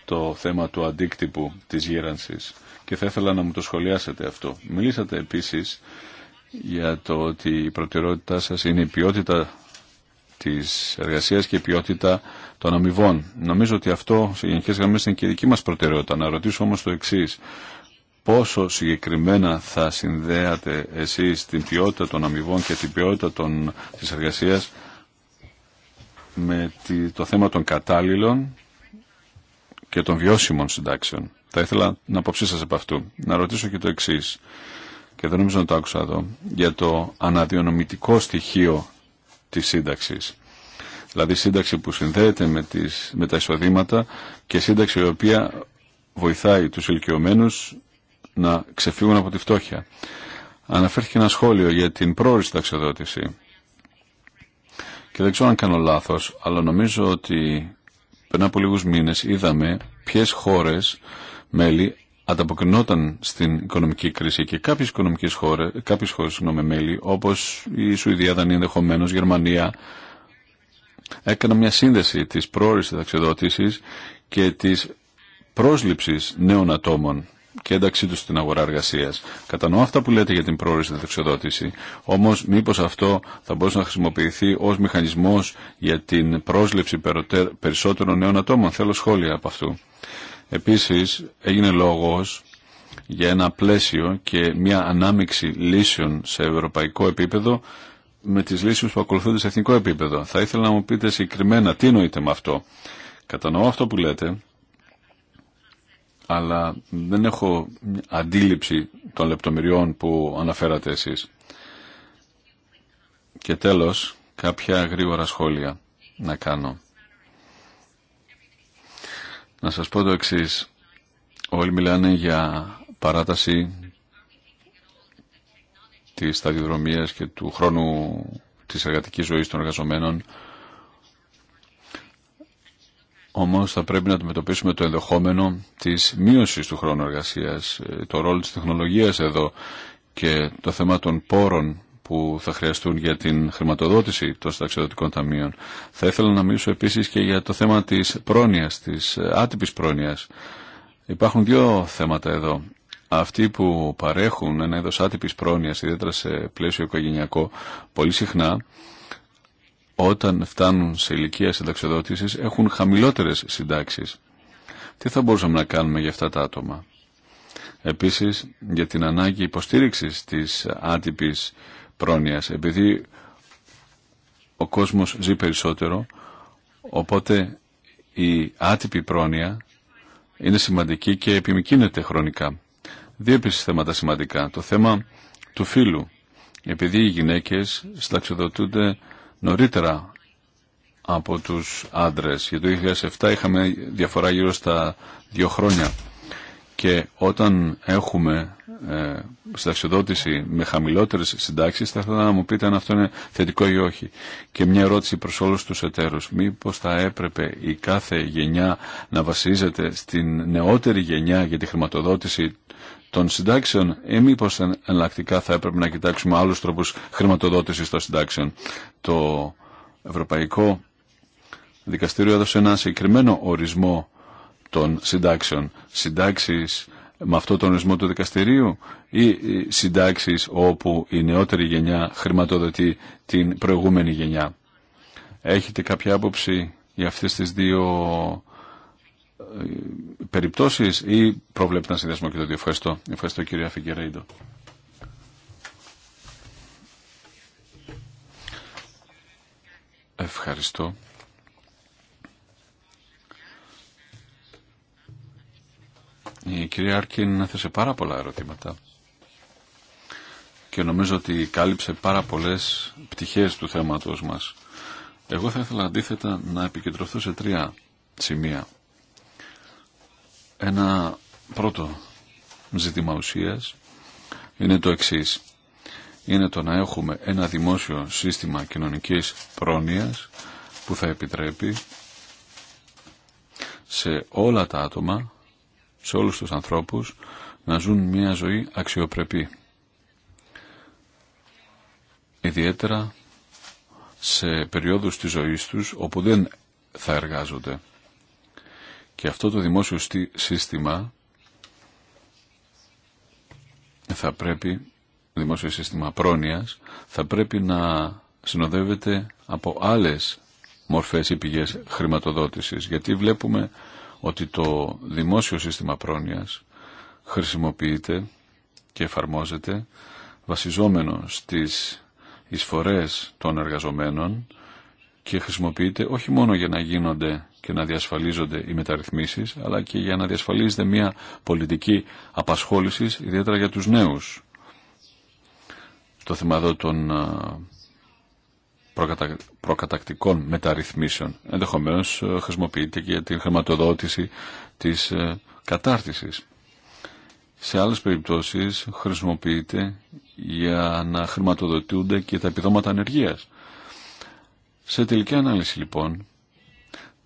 το θέμα του αντίκτυπου της γύρανσης και θα ήθελα να μου το σχολιάσετε αυτό. Μιλήσατε επίσης για το ότι η προτεραιότητά σας είναι η ποιότητα της εργασίας και η ποιότητα των αμοιβών. Νομίζω ότι αυτό σε γενικέ γραμμές είναι και η δική μας προτεραιότητα. Να ρωτήσω όμως το εξή. Πόσο συγκεκριμένα θα συνδέατε εσείς την ποιότητα των αμοιβών και την ποιότητα των, της εργασίας με το θέμα των κατάλληλων και των βιώσιμων συντάξεων. Θα ήθελα να αποψή σας από αυτού. Να ρωτήσω και το εξής και δεν νομίζω να το άκουσα εδώ, για το αναδιονομητικό στοιχείο της σύνταξης. Δηλαδή σύνταξη που συνδέεται με, τις, με τα εισοδήματα και σύνταξη η οποία βοηθάει τους ηλικιωμένου να ξεφύγουν από τη φτώχεια. Αναφέρθηκε ένα σχόλιο για την πρόορη ταξιδότηση. Και δεν ξέρω αν κάνω λάθος, αλλά νομίζω ότι πριν από λίγους μήνες είδαμε ποιες χώρες μέλη ανταποκρινόταν στην οικονομική κρίση και κάποιες οικονομικές χώρες, κάποιες χώρες συγγνώμη, μέλη, όπως η Σουηδία, Δανία ενδεχομένω, Γερμανία, έκανα μια σύνδεση της πρόορης δαξιδότησης και της πρόσληψης νέων ατόμων και ένταξή του στην αγορά εργασία. Κατανοώ αυτά που λέτε για την πρόορη δεξιοδότηση. Όμω, μήπω αυτό θα μπορούσε να χρησιμοποιηθεί ω μηχανισμό για την πρόσληψη περισσότερων νέων ατόμων. Θέλω σχόλια από αυτού. Επίσης έγινε λόγος για ένα πλαίσιο και μια ανάμειξη λύσεων σε ευρωπαϊκό επίπεδο με τις λύσεις που ακολουθούνται σε εθνικό επίπεδο. Θα ήθελα να μου πείτε συγκεκριμένα τι εννοείτε με αυτό. Κατανοώ αυτό που λέτε, αλλά δεν έχω αντίληψη των λεπτομεριών που αναφέρατε εσείς. Και τέλος, κάποια γρήγορα σχόλια να κάνω. Να σας πω το εξή: Όλοι μιλάνε για παράταση της σταδιοδρομίας και του χρόνου της εργατικής ζωής των εργαζομένων. Όμως θα πρέπει να αντιμετωπίσουμε το ενδεχόμενο της μείωσης του χρόνου εργασίας, το ρόλο της τεχνολογίας εδώ και το θέμα των πόρων που θα χρειαστούν για την χρηματοδότηση των συνταξιδοτικών ταμείων. Θα ήθελα να μιλήσω επίσης και για το θέμα της πρόνοιας, της άτυπης πρόνοιας. Υπάρχουν δύο θέματα εδώ. Αυτοί που παρέχουν ένα είδος άτυπης πρόνοιας, ιδιαίτερα σε πλαίσιο οικογενειακό, πολύ συχνά όταν φτάνουν σε ηλικία συνταξιοδότησης έχουν χαμηλότερες συντάξεις. Τι θα μπορούσαμε να κάνουμε για αυτά τα άτομα. Επίσης, για την ανάγκη υποστήριξης της άτυπης πρόνοιας. Επειδή ο κόσμος ζει περισσότερο, οπότε η άτυπη πρόνοια είναι σημαντική και επιμικύνεται χρονικά. Δύο επίσης θέματα σημαντικά. Το θέμα του φίλου Επειδή οι γυναίκες σταξιδοτούνται νωρίτερα από τους άντρες. Για το 2007 είχαμε διαφορά γύρω στα δύο χρόνια. Και όταν έχουμε ε, συνταξιοδότηση με χαμηλότερε συντάξει, θα ήθελα να μου πείτε αν αυτό είναι θετικό ή όχι. Και μια ερώτηση προ όλου του εταίρου. Μήπω θα έπρεπε η κάθε γενιά να βασίζεται στην νεότερη γενιά για τη χρηματοδότηση των συντάξεων ή μήπω εναλλακτικά θα έπρεπε να κοιτάξουμε άλλου τρόπου χρηματοδότηση των συντάξεων. Το Ευρωπαϊκό Δικαστήριο έδωσε ένα συγκεκριμένο ορισμό των συντάξεων. Συντάξεις με αυτό τον ορισμό του δικαστηρίου ή συντάξεις όπου η νεότερη γενιά χρηματοδοτεί την προηγούμενη γενιά. Έχετε κάποια άποψη για αυτές τις δύο ε, περιπτώσεις ή προβλέπετε να συνδέσουμε και το δύο. Ευχαριστώ. Ευχαριστώ κυρία Ευχαριστώ. Η ε, κυρία Άρκιν έθεσε πάρα πολλά ερωτήματα και νομίζω ότι κάλυψε πάρα πολλές πτυχές του θέματος μας. Εγώ θα ήθελα αντίθετα να επικεντρωθώ σε τρία σημεία. Ένα πρώτο ζήτημα ουσίας είναι το εξής. Είναι το να έχουμε ένα δημόσιο σύστημα κοινωνικής πρόνοιας που θα επιτρέπει σε όλα τα άτομα σε όλους τους ανθρώπους να ζουν μια ζωή αξιοπρεπή. Ιδιαίτερα σε περιόδους της ζωής τους όπου δεν θα εργάζονται. Και αυτό το δημόσιο σύστημα θα πρέπει, δημόσιο σύστημα πρόνοιας, θα πρέπει να συνοδεύεται από άλλες μορφές ή πηγές χρηματοδότησης. Γιατί βλέπουμε ότι το δημόσιο σύστημα πρόνοιας χρησιμοποιείται και εφαρμόζεται βασιζόμενο στις εισφορές των εργαζομένων και χρησιμοποιείται όχι μόνο για να γίνονται και να διασφαλίζονται οι μεταρρυθμίσεις, αλλά και για να διασφαλίζεται μια πολιτική απασχόλησης, ιδιαίτερα για τους νέους. Το θέμα των προκατακτικών μεταρρυθμίσεων. Ενδεχομένως ε, χρησιμοποιείται και για την χρηματοδότηση της ε, κατάρτισης. Σε άλλες περιπτώσεις χρησιμοποιείται για να χρηματοδοτούνται και τα επιδόματα ανεργίας. Σε τελική ανάλυση λοιπόν,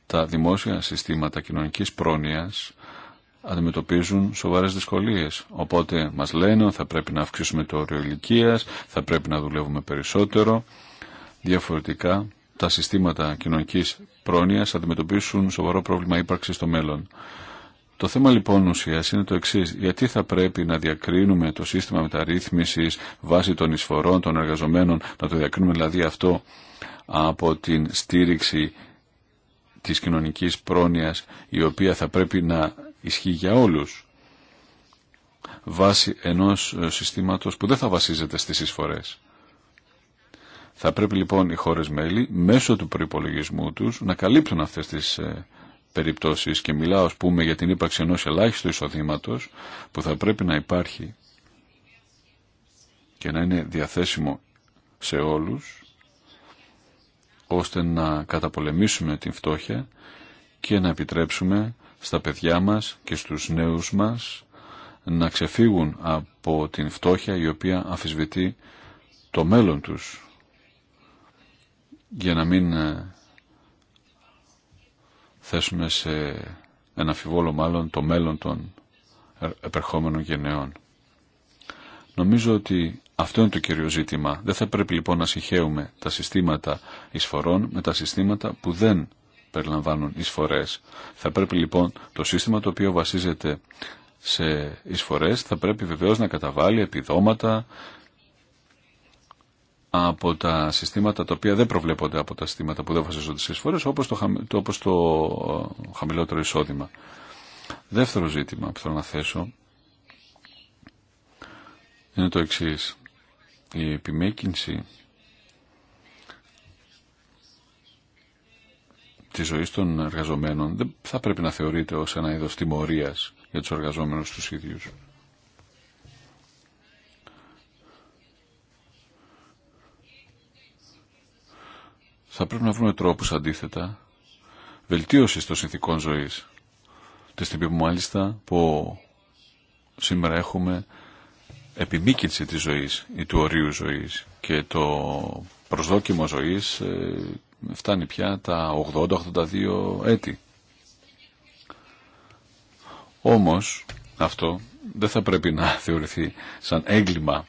τα δημόσια συστήματα κοινωνικής πρόνοιας αντιμετωπίζουν σοβαρές δυσκολίες. Οπότε μας λένε ότι θα πρέπει να αυξήσουμε το όριο θα πρέπει να δουλεύουμε περισσότερο. Διαφορετικά, τα συστήματα κοινωνικής πρόνοιας αντιμετωπίσουν σοβαρό πρόβλημα ύπαρξης στο μέλλον. Το θέμα λοιπόν ουσία είναι το εξή. Γιατί θα πρέπει να διακρίνουμε το σύστημα μεταρρύθμιση βάσει των εισφορών των εργαζομένων, να το διακρίνουμε δηλαδή αυτό από την στήριξη της κοινωνικής πρόνοιας η οποία θα πρέπει να ισχύει για όλους βάσει ενός συστήματος που δεν θα βασίζεται στις εισφορές. Θα πρέπει λοιπόν οι χώρες μέλη μέσω του προϋπολογισμού τους να καλύπτουν αυτές τις ε, περιπτώσεις και μιλάω ας πούμε για την ύπαρξη ενός ελάχιστου εισοδήματος που θα πρέπει να υπάρχει και να είναι διαθέσιμο σε όλους ώστε να καταπολεμήσουμε την φτώχεια και να επιτρέψουμε στα παιδιά μας και στους νέους μας να ξεφύγουν από την φτώχεια η οποία αφισβητεί το μέλλον τους για να μην ε, θέσουμε σε ένα αμφιβόλο μάλλον το μέλλον των ε, επερχόμενων γενεών. Νομίζω ότι αυτό είναι το κύριο ζήτημα. Δεν θα πρέπει λοιπόν να συγχέουμε τα συστήματα εισφορών με τα συστήματα που δεν περιλαμβάνουν εισφορές. Θα πρέπει λοιπόν το σύστημα το οποίο βασίζεται σε εισφορές θα πρέπει βεβαίως να καταβάλει επιδόματα από τα συστήματα τα οποία δεν προβλέπονται από τα συστήματα που δεν βασίζονται στις φορές όπως το, όπως το ε, χαμηλότερο εισόδημα. Δεύτερο ζήτημα που θέλω να θέσω είναι το εξής. Η επιμέκυνση της ζωής των εργαζομένων δεν θα πρέπει να θεωρείται ως ένα είδος τιμωρίας για τους εργαζόμενους τους ίδιους. θα πρέπει να βρούμε τρόπους αντίθετα βελτίωσης των συνθήκων ζωής. Τη στιγμή που μάλιστα που σήμερα έχουμε επιμήκυνση της ζωής ή του ορίου ζωής και το προσδόκιμο ζωής ε, φτάνει πια τα 80-82 έτη. Όμως αυτό δεν θα πρέπει να θεωρηθεί σαν έγκλημα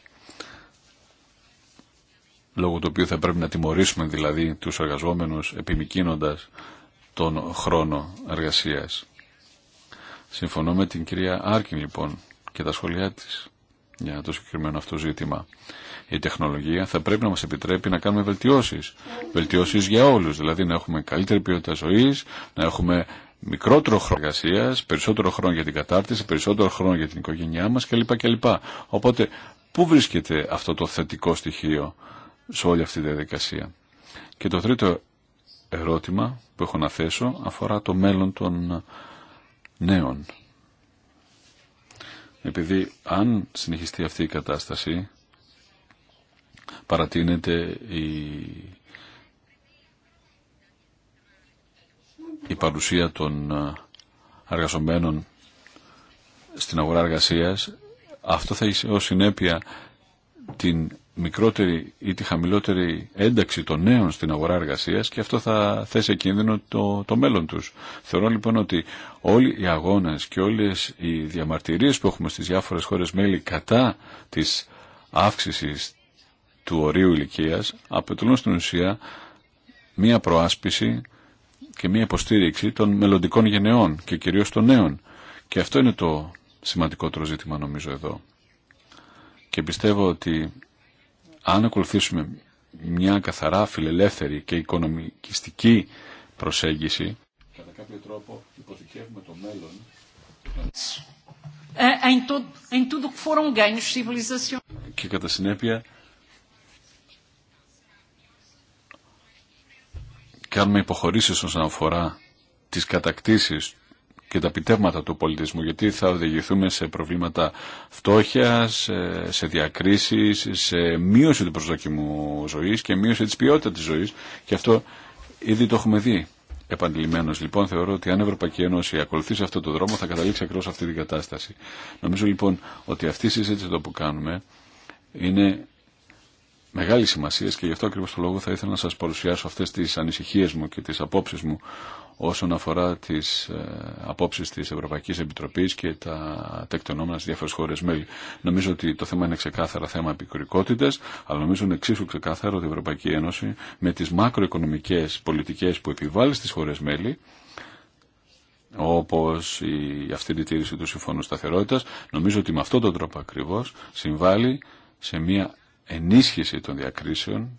λόγω του οποίου θα πρέπει να τιμωρήσουμε δηλαδή τους εργαζόμενους επιμικίνοντας τον χρόνο εργασίας. Συμφωνώ με την κυρία Άρκιν λοιπόν και τα σχόλιά της για το συγκεκριμένο αυτό ζήτημα. Η τεχνολογία θα πρέπει να μας επιτρέπει να κάνουμε βελτιώσεις. Βελτιώσεις για όλους, δηλαδή να έχουμε καλύτερη ποιότητα ζωής, να έχουμε μικρότερο χρόνο εργασία, περισσότερο χρόνο για την κατάρτιση, περισσότερο χρόνο για την οικογένειά μας κλπ. κλπ. Οπότε, πού βρίσκεται αυτό το θετικό στοιχείο σε όλη αυτή τη διαδικασία. Και το τρίτο ερώτημα που έχω να θέσω αφορά το μέλλον των νέων. Επειδή αν συνεχιστεί αυτή η κατάσταση παρατείνεται η, η παρουσία των εργαζομένων στην αγορά εργασίας αυτό θα έχει ως συνέπεια την μικρότερη ή τη χαμηλότερη ένταξη των νέων στην αγορά εργασίας και αυτό θα θέσει κίνδυνο το, το μέλλον τους. Θεωρώ λοιπόν ότι όλοι οι αγώνες και όλες οι διαμαρτυρίες που έχουμε στις διάφορες χώρες μέλη κατά της αύξησης του ορίου ηλικίας αποτελούν στην ουσία μία προάσπιση και μία υποστήριξη των μελλοντικών γενεών και κυρίως των νέων. Και αυτό είναι το σημαντικότερο ζήτημα νομίζω εδώ. Και πιστεύω ότι αν ακολουθήσουμε μια καθαρά φιλελεύθερη και οικονομικιστική προσέγγιση, κατά κάποιο τρόπο υποθηκεύουμε το μέλλον. Ε, και κατά συνέπεια κάνουμε υποχωρήσεις όσον αφορά τις κατακτήσεις και τα επιτεύγματα του πολιτισμού, γιατί θα οδηγηθούμε σε προβλήματα φτώχεια, σε διακρίσει σε μείωση του προσδοκιμού ζωή και μείωση τη ποιότητα τη ζωή. και αυτό ήδη το έχουμε δει. Επαντλημένος λοιπόν θεωρώ ότι αν η Ευρωπαϊκή Ένωση ακολουθήσει αυτό το δρόμο θα καταλήξει ακριβώς αυτή την κατάσταση. Νομίζω λοιπόν ότι αυτή η συζήτηση που κάνουμε είναι μεγάλη σημασία και γι' αυτό ακριβώ το λόγο θα ήθελα να σα παρουσιάσω αυτέ τι ανησυχίε μου και τι απόψει μου όσον αφορά τις ε, απόψεις της Ευρωπαϊκής Επιτροπής και τα τεκτονόμενα στις διάφορες χώρες μέλη. Νομίζω ότι το θέμα είναι ξεκάθαρα θέμα επικουρικότητας, αλλά νομίζω είναι εξίσου ξεκάθαρο ότι η Ευρωπαϊκή Ένωση με τις μακροοικονομικές πολιτικές που επιβάλλει στις χώρες μέλη όπως η αυστηρή τήρηση του Συμφώνου Σταθερότητας, νομίζω ότι με αυτόν τον τρόπο ακριβώς συμβάλλει σε μια ενίσχυση των διακρίσεων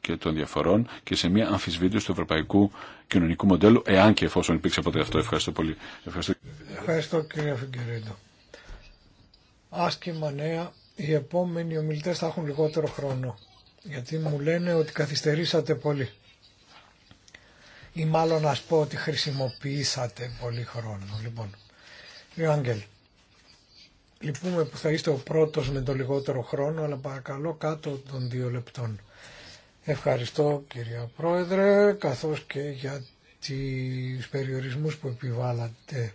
και των διαφορών και σε μια αμφισβήτηση του ευρωπαϊκού κοινωνικού μοντέλου, εάν και εφόσον υπήρξε ποτέ αυτό. Ευχαριστώ πολύ. Ευχαριστώ, Ευχαριστώ κύριε Φιγκερίντο. Άσχημα νέα, οι επόμενοι ομιλητέ θα έχουν λιγότερο χρόνο. Γιατί μου λένε ότι καθυστερήσατε πολύ. Ή μάλλον να πω ότι χρησιμοποιήσατε πολύ χρόνο. Λοιπόν, κύριε Άγγελ, λυπούμε που θα είστε ο πρώτος με το λιγότερο χρόνο, αλλά παρακαλώ κάτω των δύο λεπτών. Ευχαριστώ κυρία Πρόεδρε, καθώς και για τις περιορισμούς που επιβάλλατε.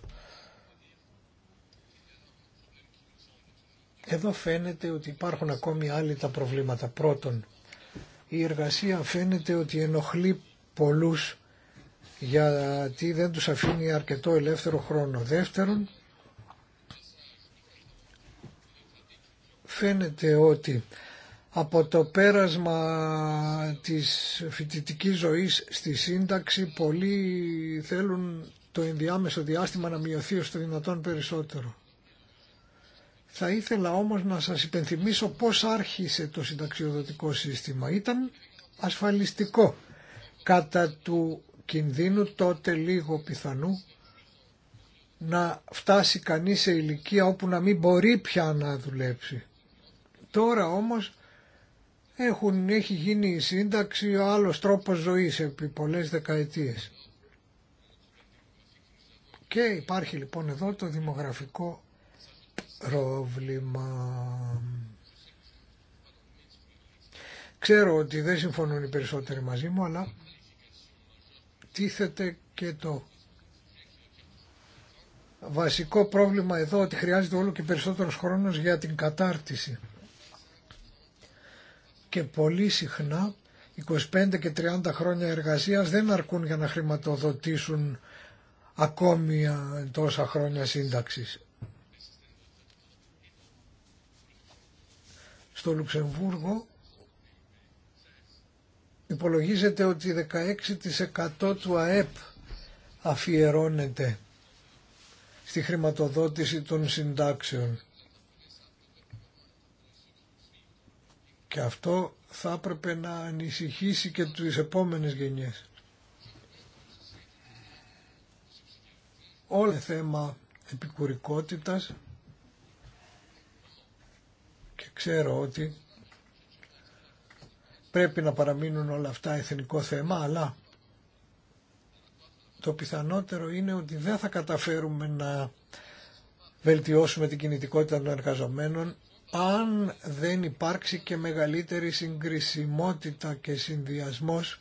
Εδώ φαίνεται ότι υπάρχουν ακόμη άλλοι τα προβλήματα. Πρώτον, η εργασία φαίνεται ότι ενοχλεί πολλούς γιατί δεν τους αφήνει αρκετό ελεύθερο χρόνο. Δεύτερον, φαίνεται ότι από το πέρασμα της φοιτητική ζωής στη σύνταξη πολλοί θέλουν το ενδιάμεσο διάστημα να μειωθεί ως το δυνατόν περισσότερο. Θα ήθελα όμως να σας υπενθυμίσω πώς άρχισε το συνταξιοδοτικό σύστημα. Ήταν ασφαλιστικό κατά του κινδύνου τότε λίγο πιθανού να φτάσει κανείς σε ηλικία όπου να μην μπορεί πια να δουλέψει. Τώρα όμως έχουν, έχει γίνει η σύνταξη ο άλλος τρόπος ζωής επί πολλές δεκαετίες. Και υπάρχει λοιπόν εδώ το δημογραφικό πρόβλημα. Ξέρω ότι δεν συμφωνούν οι περισσότεροι μαζί μου, αλλά τίθεται και το βασικό πρόβλημα εδώ ότι χρειάζεται όλο και περισσότερος χρόνος για την κατάρτιση και πολύ συχνά 25 και 30 χρόνια εργασίας δεν αρκούν για να χρηματοδοτήσουν ακόμη τόσα χρόνια σύνταξης. Στο Λουξεμβούργο υπολογίζεται ότι 16% του ΑΕΠ αφιερώνεται στη χρηματοδότηση των συντάξεων. Και αυτό θα έπρεπε να ανησυχήσει και τις επόμενες γενιές. Όλο θέμα επικουρικότητας και ξέρω ότι πρέπει να παραμείνουν όλα αυτά εθνικό θέμα, αλλά το πιθανότερο είναι ότι δεν θα καταφέρουμε να βελτιώσουμε την κινητικότητα των εργαζομένων αν δεν υπάρξει και μεγαλύτερη συγκρισιμότητα και συνδυασμός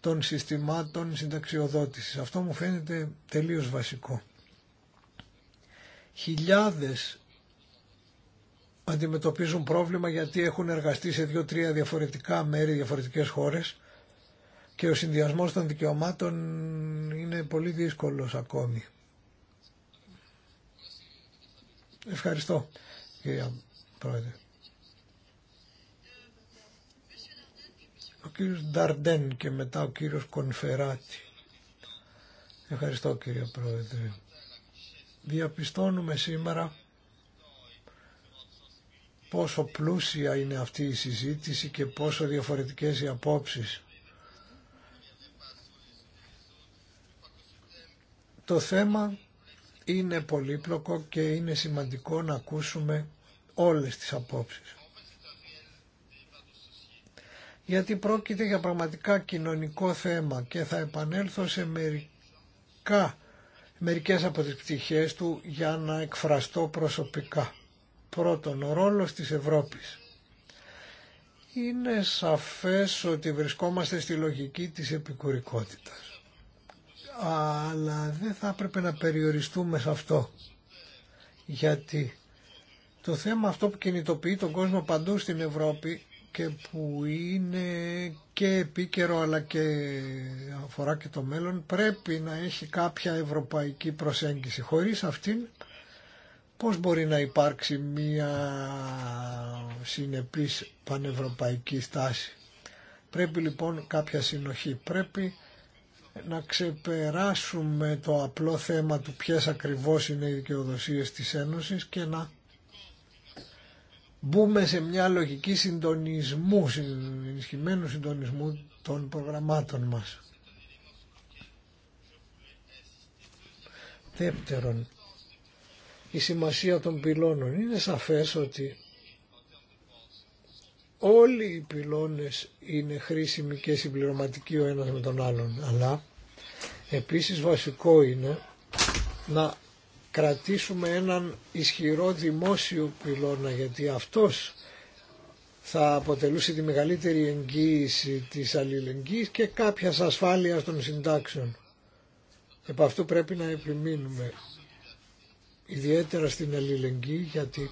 των συστημάτων συνταξιοδότησης. Αυτό μου φαίνεται τελείως βασικό. Χιλιάδες αντιμετωπίζουν πρόβλημα γιατί έχουν εργαστεί σε δύο-τρία διαφορετικά μέρη, διαφορετικές χώρες και ο συνδυασμός των δικαιωμάτων είναι πολύ δύσκολος ακόμη. Ευχαριστώ Πρόεδρε. Ο κύριος Νταρντέν και μετά ο κύριος Κονφεράτη. Ευχαριστώ κύριε Πρόεδρε. Διαπιστώνουμε σήμερα πόσο πλούσια είναι αυτή η συζήτηση και πόσο διαφορετικές οι απόψεις. Το θέμα είναι πολύπλοκο και είναι σημαντικό να ακούσουμε όλες τις απόψεις. Γιατί πρόκειται για πραγματικά κοινωνικό θέμα και θα επανέλθω σε μερικά, μερικές από τις πτυχές του για να εκφραστώ προσωπικά. Πρώτον, ο ρόλος της Ευρώπης. Είναι σαφές ότι βρισκόμαστε στη λογική της επικουρικότητας. Αλλά δεν θα έπρεπε να περιοριστούμε σε αυτό. Γιατί το θέμα αυτό που κινητοποιεί τον κόσμο παντού στην Ευρώπη και που είναι και επίκαιρο αλλά και αφορά και το μέλλον πρέπει να έχει κάποια ευρωπαϊκή προσέγγιση. Χωρίς αυτήν πώς μπορεί να υπάρξει μία συνεπής πανευρωπαϊκή στάση. Πρέπει λοιπόν κάποια συνοχή. Πρέπει να ξεπεράσουμε το απλό θέμα του ποιες ακριβώς είναι οι δικαιοδοσίες της Ένωσης και να μπούμε σε μια λογική συντονισμού, ενισχυμένου συντονισμού των προγραμμάτων μας. Δεύτερον, η σημασία των πυλώνων. Είναι σαφές ότι όλοι οι πυλώνες είναι χρήσιμοι και συμπληρωματικοί ο ένας με τον άλλον, αλλά επίσης βασικό είναι να κρατήσουμε έναν ισχυρό δημόσιο πυλώνα γιατί αυτός θα αποτελούσε τη μεγαλύτερη εγγύηση της αλληλεγγύης και κάποια ασφάλεια των συντάξεων. Επ' αυτού πρέπει να επιμείνουμε ιδιαίτερα στην αλληλεγγύη γιατί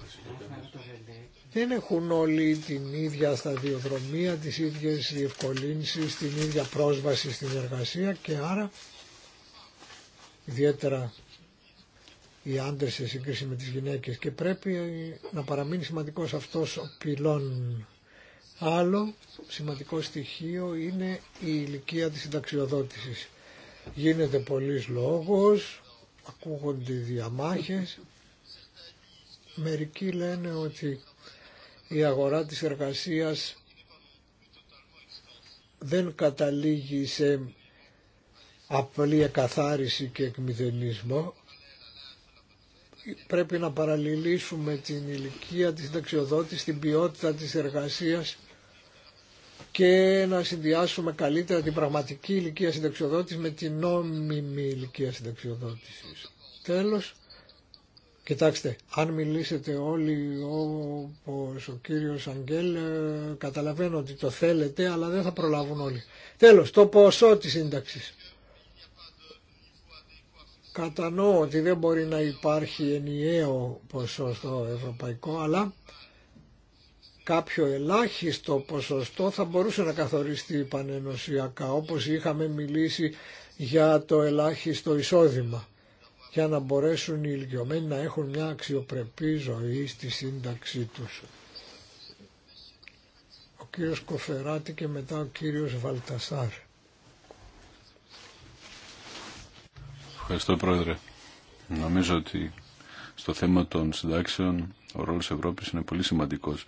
δεν έχουν όλοι την ίδια σταδιοδρομία, τις ίδιες διευκολύνσεις, την ίδια πρόσβαση στην εργασία και άρα ιδιαίτερα οι άντρες σε σύγκριση με τις γυναίκες και πρέπει να παραμείνει σημαντικός αυτός ο πυλών. Άλλο σημαντικό στοιχείο είναι η ηλικία της συνταξιοδότησης. Γίνεται πολλής λόγος, ακούγονται διαμάχες. Μερικοί λένε ότι η αγορά της εργασίας δεν καταλήγει σε απλή εκαθάριση και εκμηδενισμό, πρέπει να παραλληλήσουμε την ηλικία της συνταξιοδότης, την ποιότητα της εργασίας και να συνδυάσουμε καλύτερα την πραγματική ηλικία συνταξιοδότης με την νόμιμη ηλικία συνταξιοδότησης. Τέλος, κοιτάξτε, αν μιλήσετε όλοι όπως ο κύριος Αγγέλ, ε, καταλαβαίνω ότι το θέλετε, αλλά δεν θα προλάβουν όλοι. Τέλος, το ποσό της σύνταξης. Κατανοώ ότι δεν μπορεί να υπάρχει ενιαίο ποσοστό ευρωπαϊκό, αλλά κάποιο ελάχιστο ποσοστό θα μπορούσε να καθοριστεί πανενοσιακά, όπως είχαμε μιλήσει για το ελάχιστο εισόδημα, για να μπορέσουν οι ηλικιωμένοι να έχουν μια αξιοπρεπή ζωή στη σύνταξή τους. Ο κύριος Κοφεράτη και μετά ο κύριος Βαλτασάρ. Ευχαριστώ Πρόεδρε. Νομίζω ότι στο θέμα των συντάξεων ο ρόλος Ευρώπης είναι πολύ σημαντικός.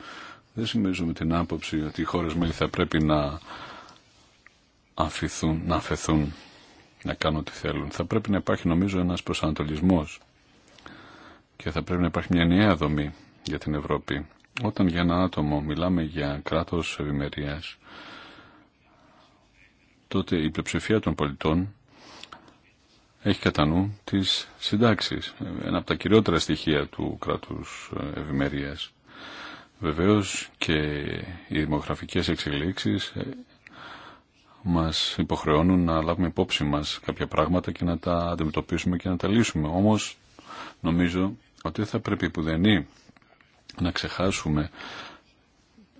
Δεν με την άποψη ότι οι χώρες μέλη θα πρέπει να αφηθούν, να αφαιθούν, να κάνουν ό,τι θέλουν. Θα πρέπει να υπάρχει νομίζω ένας προσανατολισμός και θα πρέπει να υπάρχει μια νέα δομή για την Ευρώπη. Όταν για ένα άτομο μιλάμε για κράτος ευημερίας, τότε η πλειοψηφία των πολιτών έχει κατά νου τις συντάξεις, ένα από τα κυριότερα στοιχεία του κράτους ευημερία. Βεβαίως και οι δημογραφικές εξελίξεις ε, μας υποχρεώνουν να λάβουμε υπόψη μας κάποια πράγματα και να τα αντιμετωπίσουμε και να τα λύσουμε. Όμως νομίζω ότι θα πρέπει που να ξεχάσουμε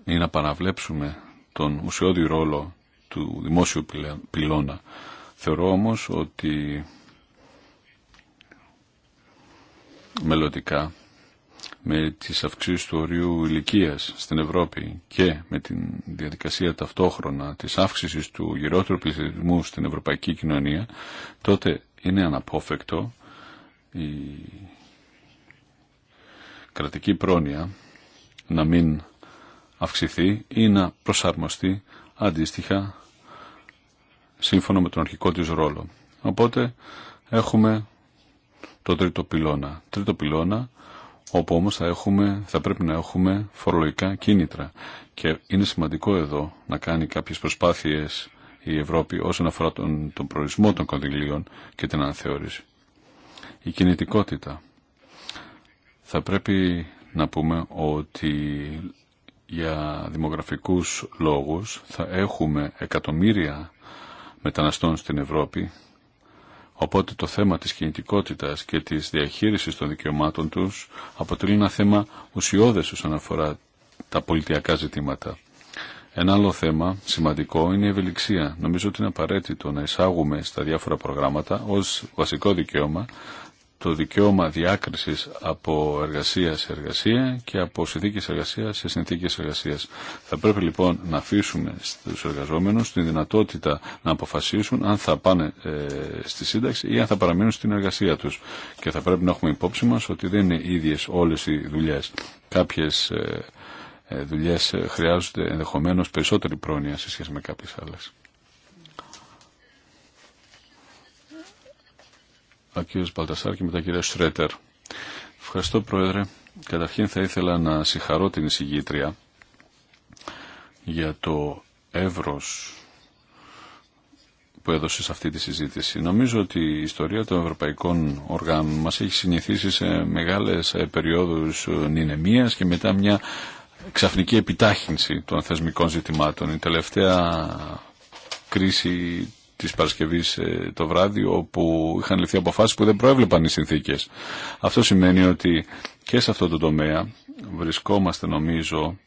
ή να παραβλέψουμε τον ουσιώδη ρόλο του δημόσιου πυλώνα. Θεωρώ όμως ότι μελλοντικά με τις αυξήσεις του ορίου ηλικίας στην Ευρώπη και με τη διαδικασία ταυτόχρονα της αύξησης του γυρότερου πληθυσμού στην ευρωπαϊκή κοινωνία, τότε είναι αναπόφευκτο η κρατική πρόνοια να μην αυξηθεί ή να προσαρμοστεί αντίστοιχα σύμφωνα με τον αρχικό της ρόλο. Οπότε έχουμε το τρίτο πυλώνα. Τρίτο πυλώνα όπου όμως θα, έχουμε, θα πρέπει να έχουμε φορολογικά κίνητρα. Και είναι σημαντικό εδώ να κάνει κάποιες προσπάθειες η Ευρώπη όσον αφορά τον, τον προορισμό των κονδυλίων και την αναθεώρηση. Η κινητικότητα. Θα πρέπει να πούμε ότι για δημογραφικούς λόγους θα έχουμε εκατομμύρια μεταναστών στην Ευρώπη Οπότε το θέμα της κινητικότητας και της διαχείρισης των δικαιωμάτων τους αποτελεί ένα θέμα ουσιώδες όσον αφορά τα πολιτιακά ζητήματα. Ένα άλλο θέμα σημαντικό είναι η ευελιξία. Νομίζω ότι είναι απαραίτητο να εισάγουμε στα διάφορα προγράμματα ως βασικό δικαίωμα το δικαίωμα διάκρισης από εργασία σε εργασία και από συνθήκες εργασία σε συνθήκες εργασία. Θα πρέπει λοιπόν να αφήσουμε στους εργαζόμενους τη δυνατότητα να αποφασίσουν αν θα πάνε ε, στη σύνταξη ή αν θα παραμείνουν στην εργασία τους. Και θα πρέπει να έχουμε υπόψη μας ότι δεν είναι ίδιες όλες οι δουλειές. Κάποιες ε, ε, ε χρειάζονται ενδεχομένως περισσότερη πρόνοια σε σχέση με κάποιες άλλες. ο κ. Παλτασάρ και μετά κυρία Στρέτερ. Ευχαριστώ Πρόεδρε. Καταρχήν θα ήθελα να συγχαρώ την εισηγήτρια για το εύρος που έδωσε σε αυτή τη συζήτηση. Νομίζω ότι η ιστορία των ευρωπαϊκών οργάνων μας έχει συνηθίσει σε μεγάλες περιόδους νηνεμίας και μετά μια ξαφνική επιτάχυνση των θεσμικών ζητημάτων. Η τελευταία κρίση της Παρασκευής ε, το βράδυ όπου είχαν ληφθεί αποφάσεις που δεν προέβλεπαν οι συνθήκες. Αυτό σημαίνει ότι και σε αυτό το τομέα βρισκόμαστε νομίζω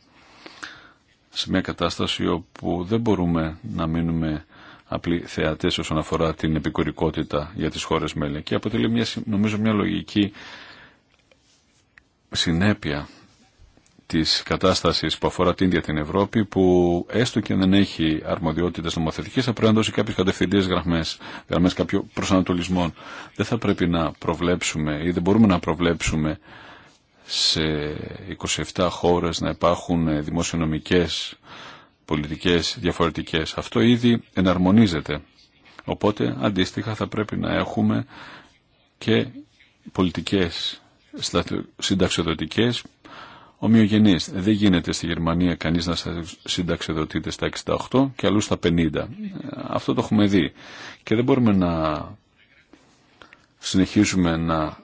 σε μια κατάσταση όπου δεν μπορούμε να μείνουμε απλοί θεατές όσον αφορά την επικουρικότητα για τις χώρες μέλη και αποτελεί μια, νομίζω μια λογική συνέπεια της κατάστασης που αφορά την ίδια την Ευρώπη που έστω και δεν έχει αρμοδιότητες νομοθετικές θα πρέπει να δώσει κάποιες κατευθυντές γραμμές, γραμμές κάποιων προσανατολισμών. Δεν θα πρέπει να προβλέψουμε ή δεν μπορούμε να προβλέψουμε σε 27 χώρες να υπάρχουν δημοσιονομικές πολιτικές διαφορετικές. Αυτό ήδη εναρμονίζεται. Οπότε αντίστοιχα θα πρέπει να έχουμε και πολιτικές συνταξιοδοτικές ομοιογενείς. Δεν γίνεται στη Γερμανία κανεί να συνταξιδοτείται στα 68 και αλλού στα 50. Αυτό το έχουμε δει. Και δεν μπορούμε να συνεχίζουμε να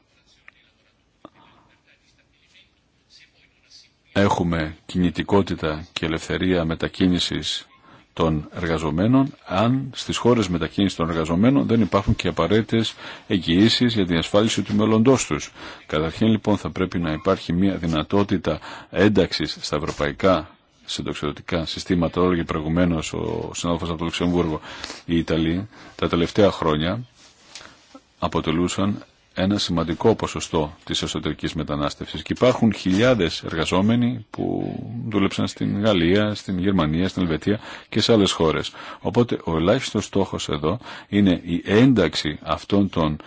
έχουμε κινητικότητα και ελευθερία μετακίνησης των εργαζομένων αν στις χώρες μετακίνησης των εργαζομένων δεν υπάρχουν και απαραίτητες εγγυήσει για την ασφάλιση του μέλλοντός τους. Καταρχήν λοιπόν θα πρέπει να υπάρχει μια δυνατότητα ένταξης στα ευρωπαϊκά συντοξιδοτικά συστήματα, όλο προηγουμένω ο συνάδελφος από το Λουξεμβούργο, η Ιταλοί, τα τελευταία χρόνια αποτελούσαν ένα σημαντικό ποσοστό της εσωτερικής μετανάστευσης και υπάρχουν χιλιάδες εργαζόμενοι που δούλεψαν στην Γαλλία, στην Γερμανία, στην Ελβετία και σε άλλες χώρες. Οπότε ο ελάχιστο στόχος εδώ είναι η ένταξη αυτών των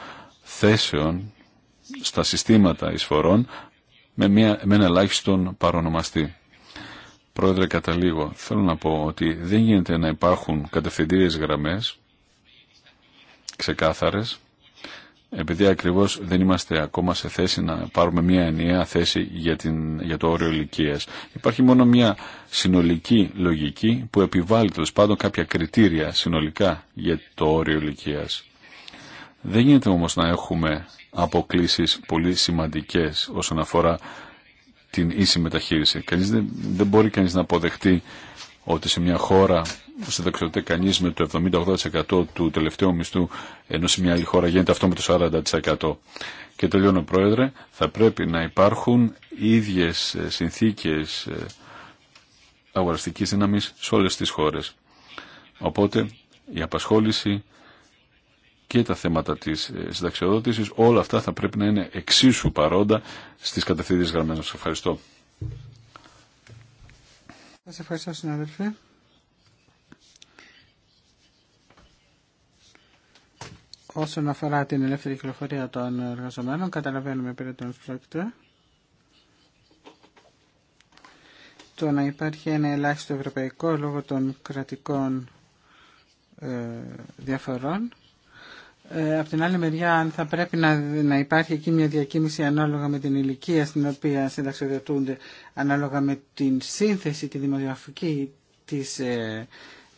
θέσεων στα συστήματα εισφορών με, μια, με ένα ελάχιστον παρονομαστή. Πρόεδρε, καταλήγω. θέλω να πω ότι δεν γίνεται να υπάρχουν κατευθυντήριες γραμμές ξεκάθαρες επειδή ακριβώς δεν είμαστε ακόμα σε θέση να πάρουμε μια ενιαία θέση για, την, για το όριο ηλικία. Υπάρχει μόνο μια συνολική λογική που επιβάλλει τέλο πάντων κάποια κριτήρια συνολικά για το όριο ηλικία. Δεν γίνεται όμως να έχουμε αποκλήσεις πολύ σημαντικές όσον αφορά την ίση μεταχείριση. Κανείς δεν, δεν μπορεί κανείς να αποδεχτεί ότι σε μια χώρα συνταξιδοτεί κανεί με το 70-80% του τελευταίου μισθού, ενώ σε μια άλλη χώρα γίνεται αυτό με το 40%. Και τελειώνω, Πρόεδρε, θα πρέπει να υπάρχουν ίδιες ε, συνθήκες ε, αγοραστική δύναμη σε όλε τις χώρες. Οπότε η απασχόληση και τα θέματα της ε, συνταξιοδότησης, όλα αυτά θα πρέπει να είναι εξίσου παρόντα στι κατευθύνσεις γραμμένε. Σας ευχαριστώ. Σας ευχαριστώ συνάδελφε. Όσον αφορά την ελεύθερη κυκλοφορία των εργαζομένων, καταλαβαίνουμε πέρα τον πρόκειται. Το να υπάρχει ένα ελάχιστο ευρωπαϊκό λόγω των κρατικών ε, διαφορών ε, απ' την άλλη μεριά, αν θα πρέπει να, υπάρχει εκεί μια διακίνηση ανάλογα με την ηλικία στην οποία συνταξιοδοτούνται, ανάλογα με την σύνθεση, τη δημογραφική της ε,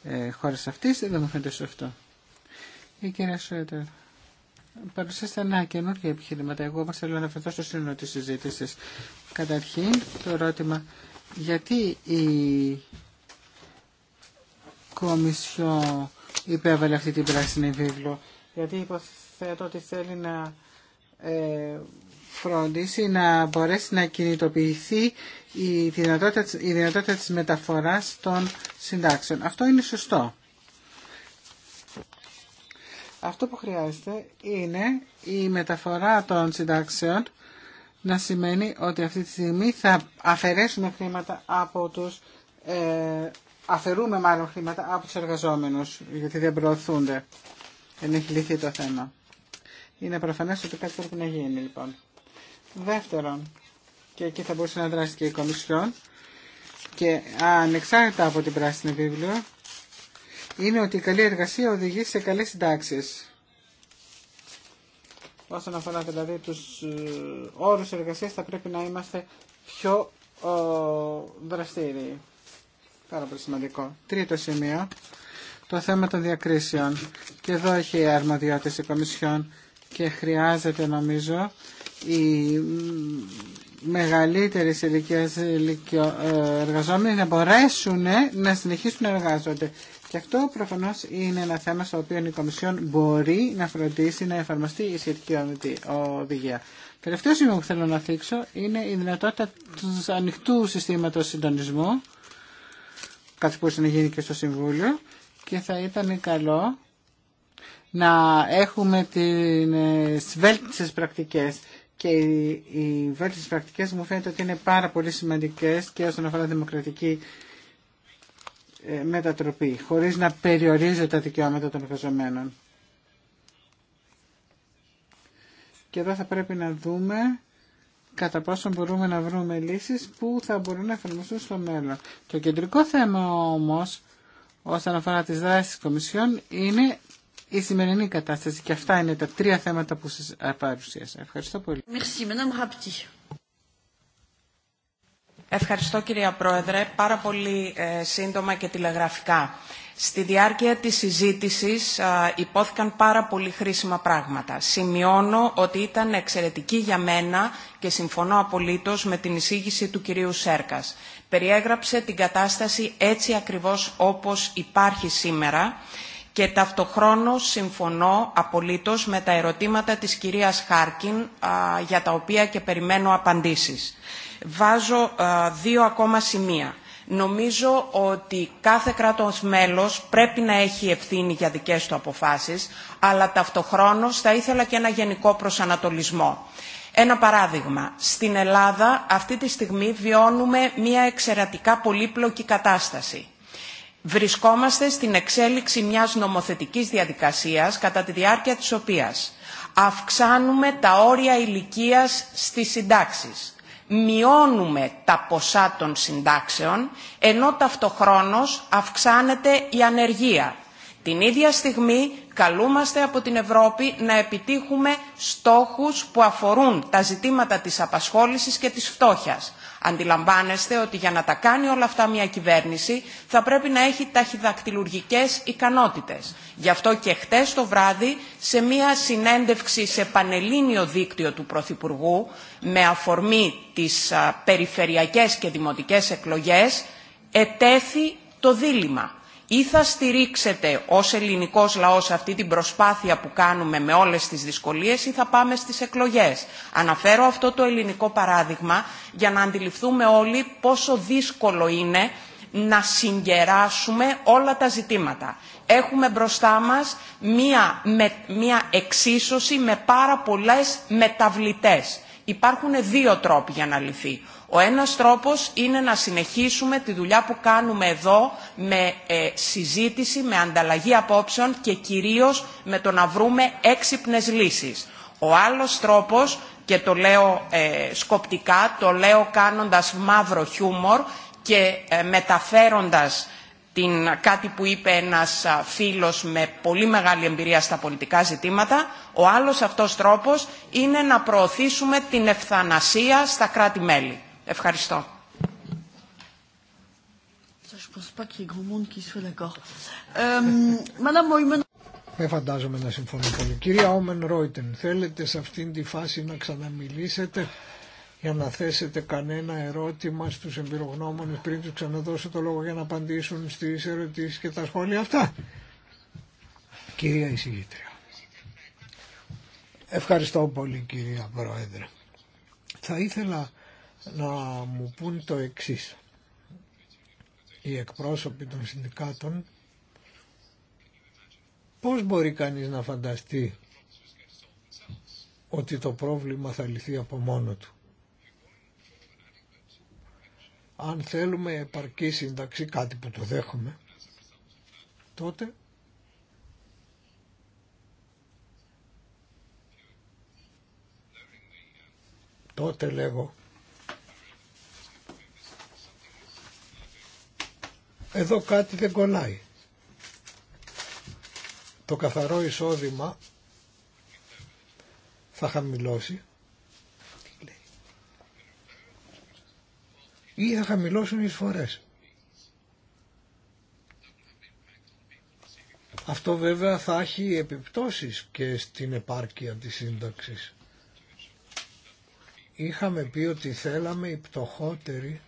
ε, χώρας αυτής, δεν μου φαίνεται σωστό. Η κυρία Σουέτερ, παρουσιάστε ένα καινούργιο επιχειρήματα. Εγώ όμως θέλω να αναφερθώ στο σύνολο της συζήτησης. Καταρχήν, το ερώτημα, γιατί η Κομισιό υπέβαλε αυτή την πράσινη βίβλο γιατί υποθέτω ότι θέλει να ε, φροντίσει να μπορέσει να κινητοποιηθεί η δυνατότητα, η δυνατότητα της μεταφοράς των συντάξεων. Αυτό είναι σωστό. Αυτό που χρειάζεται είναι η μεταφορά των συντάξεων να σημαίνει ότι αυτή τη στιγμή θα αφαιρέσουμε χρήματα από τους ε, αφαιρούμε μάλλον χρήματα από τους εργαζόμενους γιατί δεν προωθούνται δεν έχει λυθεί το θέμα. Είναι προφανές ότι κάτι πρέπει να γίνει λοιπόν. Δεύτερον, και εκεί θα μπορούσε να δράσει και η Κομισιόν, και ανεξάρτητα από την πράσινη βίβλιο, είναι ότι η καλή εργασία οδηγεί σε καλές συντάξει. Όσον αφορά δηλαδή τους ε, όρους εργασίας θα πρέπει να είμαστε πιο ε, δραστήριοι. Πάρα πολύ σημαντικό. Τρίτο σημείο το θέμα των διακρίσεων. Και εδώ έχει η η Κομισιόν και χρειάζεται νομίζω οι μεγαλύτερε ηλικίε ε, εργαζόμενοι να μπορέσουν ε, να συνεχίσουν να εργάζονται. Και αυτό προφανώ είναι ένα θέμα στο οποίο η Κομισιόν μπορεί να φροντίσει να εφαρμοστεί η σχετική οδηγία. Τελευταίο σημείο που θέλω να θίξω είναι η δυνατότητα του ανοιχτού συστήματο συντονισμού, κάτι που γίνει και στο Συμβούλιο, και θα ήταν καλό να έχουμε ε, τις βέλτιστες πρακτικές και οι βέλτιστες πρακτικές μου φαίνεται ότι είναι πάρα πολύ σημαντικές και όσον αφορά δημοκρατική ε, μετατροπή, χωρίς να περιορίζεται τα δικαιώματα των εργαζομένων. Και εδώ θα πρέπει να δούμε κατά πόσο μπορούμε να βρούμε λύσεις που θα μπορούν να εφαρμοστούν στο μέλλον. Το κεντρικό θέμα όμως όσον αφορά τις δράσεις της Κομισιόν είναι η σημερινή κατάσταση. Και αυτά είναι τα τρία θέματα που σας ε, παρουσίασα. Ευχαριστώ πολύ. Ευχαριστώ κυρία Πρόεδρε. Πάρα πολύ ε, σύντομα και τηλεγραφικά. Στη διάρκεια της συζήτησης α, ε, υπόθηκαν πάρα πολύ χρήσιμα πράγματα. Σημειώνω ότι ήταν εξαιρετική για μένα και συμφωνώ απολύτως με την εισήγηση του κυρίου Σέρκας περιέγραψε την κατάσταση έτσι ακριβώς όπως υπάρχει σήμερα και ταυτοχρόνως συμφωνώ απολύτως με τα ερωτήματα της κυρίας Χάρκιν για τα οποία και περιμένω απαντήσεις. Βάζω δύο ακόμα σημεία. Νομίζω ότι κάθε κράτος μέλος πρέπει να έχει ευθύνη για δικές του αποφάσεις, αλλά ταυτοχρόνως θα ήθελα και ένα γενικό προσανατολισμό. Ένα παράδειγμα. Στην Ελλάδα αυτή τη στιγμή βιώνουμε μια εξαιρετικά πολύπλοκη κατάσταση. Βρισκόμαστε στην εξέλιξη μιας νομοθετικής διαδικασίας κατά τη διάρκεια της οποίας αυξάνουμε τα όρια ηλικίας στις συντάξεις. Μειώνουμε τα ποσά των συντάξεων, ενώ ταυτοχρόνως αυξάνεται η ανεργία. Την ίδια στιγμή καλούμαστε από την Ευρώπη να επιτύχουμε στόχους που αφορούν τα ζητήματα της απασχόλησης και της φτώχειας. Αντιλαμβάνεστε ότι για να τα κάνει όλα αυτά μια κυβέρνηση θα πρέπει να έχει ταχυδακτηλουργικές ικανότητες. Γι' αυτό και χτες το βράδυ σε μια συνέντευξη σε πανελλήνιο δίκτυο του Πρωθυπουργού με αφορμή τις περιφερειακές και δημοτικές εκλογές ετέθη το δίλημα ή θα στηρίξετε ως ελληνικός λαός αυτή την προσπάθεια που κάνουμε με όλες τις δυσκολίες ή θα πάμε στις εκλογές. Αναφέρω αυτό το ελληνικό παράδειγμα για να αντιληφθούμε όλοι πόσο δύσκολο είναι να συγκεράσουμε όλα τα ζητήματα. Έχουμε μπροστά μας μία, εξίσωση με πάρα πολλές μεταβλητές. Υπάρχουν δύο τρόποι για να λυθεί. Ο ένας τρόπος είναι να συνεχίσουμε τη δουλειά που κάνουμε εδώ με ε, συζήτηση, με ανταλλαγή απόψεων και κυρίως με το να βρούμε έξυπνες λύσεις. Ο άλλος τρόπος, και το λέω ε, σκοπτικά, το λέω κάνοντας μαύρο χιούμορ και ε, μεταφέροντας την, κάτι που είπε ένας φίλος με πολύ μεγάλη εμπειρία στα πολιτικά ζητήματα, ο άλλος αυτός τρόπος είναι να προωθήσουμε την ευθανασία στα κράτη-μέλη. Ευχαριστώ. Δεν euh, φαντάζομαι να συμφωνώ πολύ. Κυρία Όμεν Ρόιτεν, θέλετε σε αυτήν τη φάση να ξαναμιλήσετε για να θέσετε κανένα ερώτημα στους εμπειρογνώμονες πριν τους ξαναδώσω το λόγο για να απαντήσουν στις ερωτήσεις και τα σχόλια αυτά. Κυρία Εισηγήτρια. Ευχαριστώ πολύ κυρία Πρόεδρε. Θα ήθελα να μου πούν το εξής. Οι εκπρόσωποι των συνδικάτων πώς μπορεί κανείς να φανταστεί ότι το πρόβλημα θα λυθεί από μόνο του. Αν θέλουμε επαρκή σύνταξη, κάτι που το δέχομαι, τότε τότε λέγω εδώ κάτι δεν κολλάει. Το καθαρό εισόδημα θα χαμηλώσει ή θα χαμηλώσουν οι εισφορές. Αυτό βέβαια θα έχει επιπτώσεις και στην επάρκεια της σύνταξης. Είχαμε πει ότι θέλαμε οι πτωχότεροι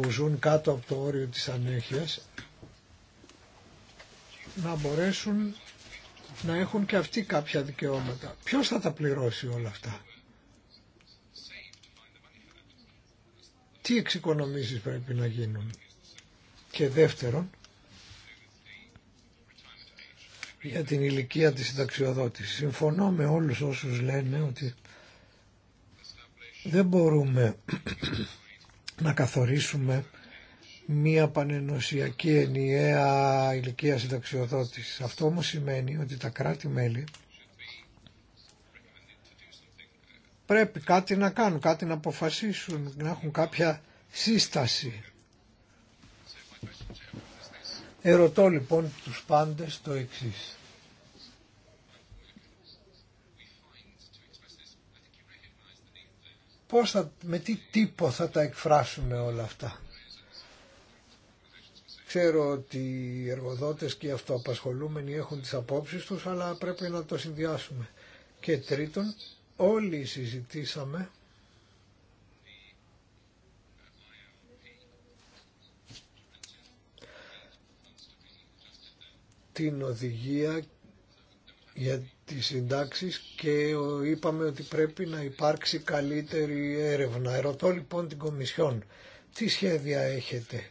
που ζουν κάτω από το όριο της ανέχειας να μπορέσουν να έχουν και αυτοί κάποια δικαιώματα. Ποιος θα τα πληρώσει όλα αυτά. Τι εξοικονομήσεις πρέπει να γίνουν. Και δεύτερον, για την ηλικία της συνταξιοδότησης. Συμφωνώ με όλους όσους λένε ότι δεν μπορούμε να καθορίσουμε μία πανενωσιακή ενιαία ηλικία συνταξιοδότηση. Αυτό όμως σημαίνει ότι τα κράτη-μέλη πρέπει κάτι να κάνουν, κάτι να αποφασίσουν, να έχουν κάποια σύσταση. Ερωτώ λοιπόν τους πάντες το εξής. πώς θα, με τι τύπο θα τα εκφράσουμε όλα αυτά. Ξέρω ότι οι εργοδότες και οι αυτοαπασχολούμενοι έχουν τις απόψεις τους, αλλά πρέπει να το συνδυάσουμε. Και τρίτον, όλοι συζητήσαμε την οδηγία για τις συντάξεις και είπαμε ότι πρέπει να υπάρξει καλύτερη έρευνα. Ερωτώ λοιπόν την Κομισιόν, τι σχέδια έχετε.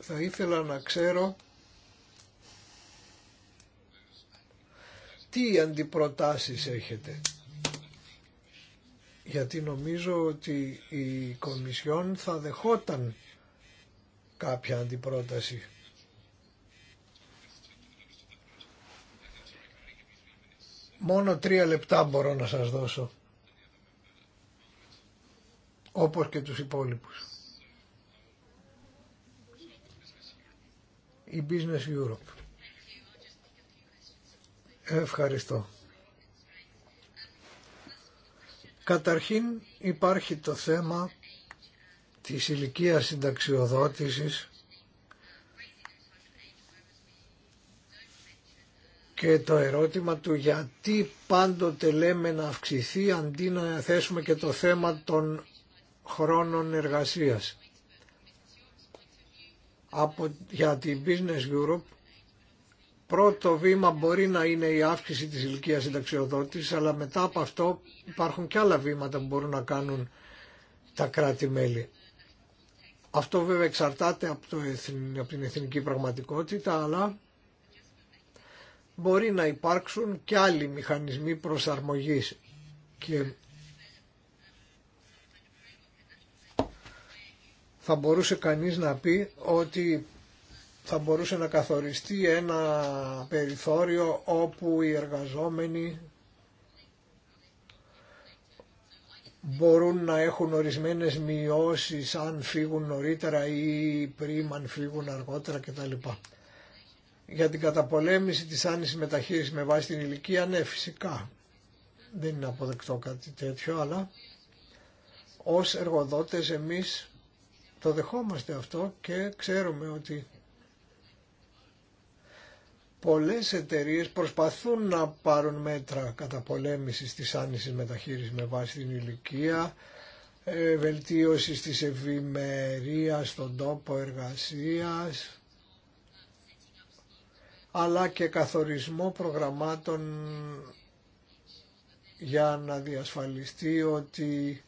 Θα ήθελα να ξέρω τι αντιπροτάσεις έχετε. Γιατί νομίζω ότι η Κομισιόν θα δεχόταν κάποια αντιπρόταση. Μόνο τρία λεπτά μπορώ να σας δώσω. Όπως και τους υπόλοιπους. Η Business Europe. Ευχαριστώ. Καταρχήν υπάρχει το θέμα της ηλικίας συνταξιοδότησης και το ερώτημα του γιατί πάντοτε λέμε να αυξηθεί αντί να θέσουμε και το θέμα των χρόνων εργασίας. Από, για την Business Europe πρώτο βήμα μπορεί να είναι η αύξηση της ηλικία συνταξιοδότησης αλλά μετά από αυτό υπάρχουν και άλλα βήματα που μπορούν να κάνουν τα κράτη-μέλη. Αυτό βέβαια εξαρτάται από, το, από την εθνική πραγματικότητα αλλά μπορεί να υπάρξουν και άλλοι μηχανισμοί προσαρμογής και θα μπορούσε κανείς να πει ότι θα μπορούσε να καθοριστεί ένα περιθώριο όπου οι εργαζόμενοι μπορούν να έχουν ορισμένες μειώσεις αν φύγουν νωρίτερα ή πριν αν φύγουν αργότερα κτλ για την καταπολέμηση της άνηση μεταχείρισης με βάση την ηλικία, ναι φυσικά δεν είναι αποδεκτό κάτι τέτοιο, αλλά ως εργοδότες εμείς το δεχόμαστε αυτό και ξέρουμε ότι πολλές εταιρείες προσπαθούν να πάρουν μέτρα καταπολέμησης της άνησης μεταχείρισης με βάση την ηλικία, ε, βελτίωση της ευημερίας στον τόπο εργασίας, αλλά και καθορισμό προγραμμάτων για να διασφαλιστεί ότι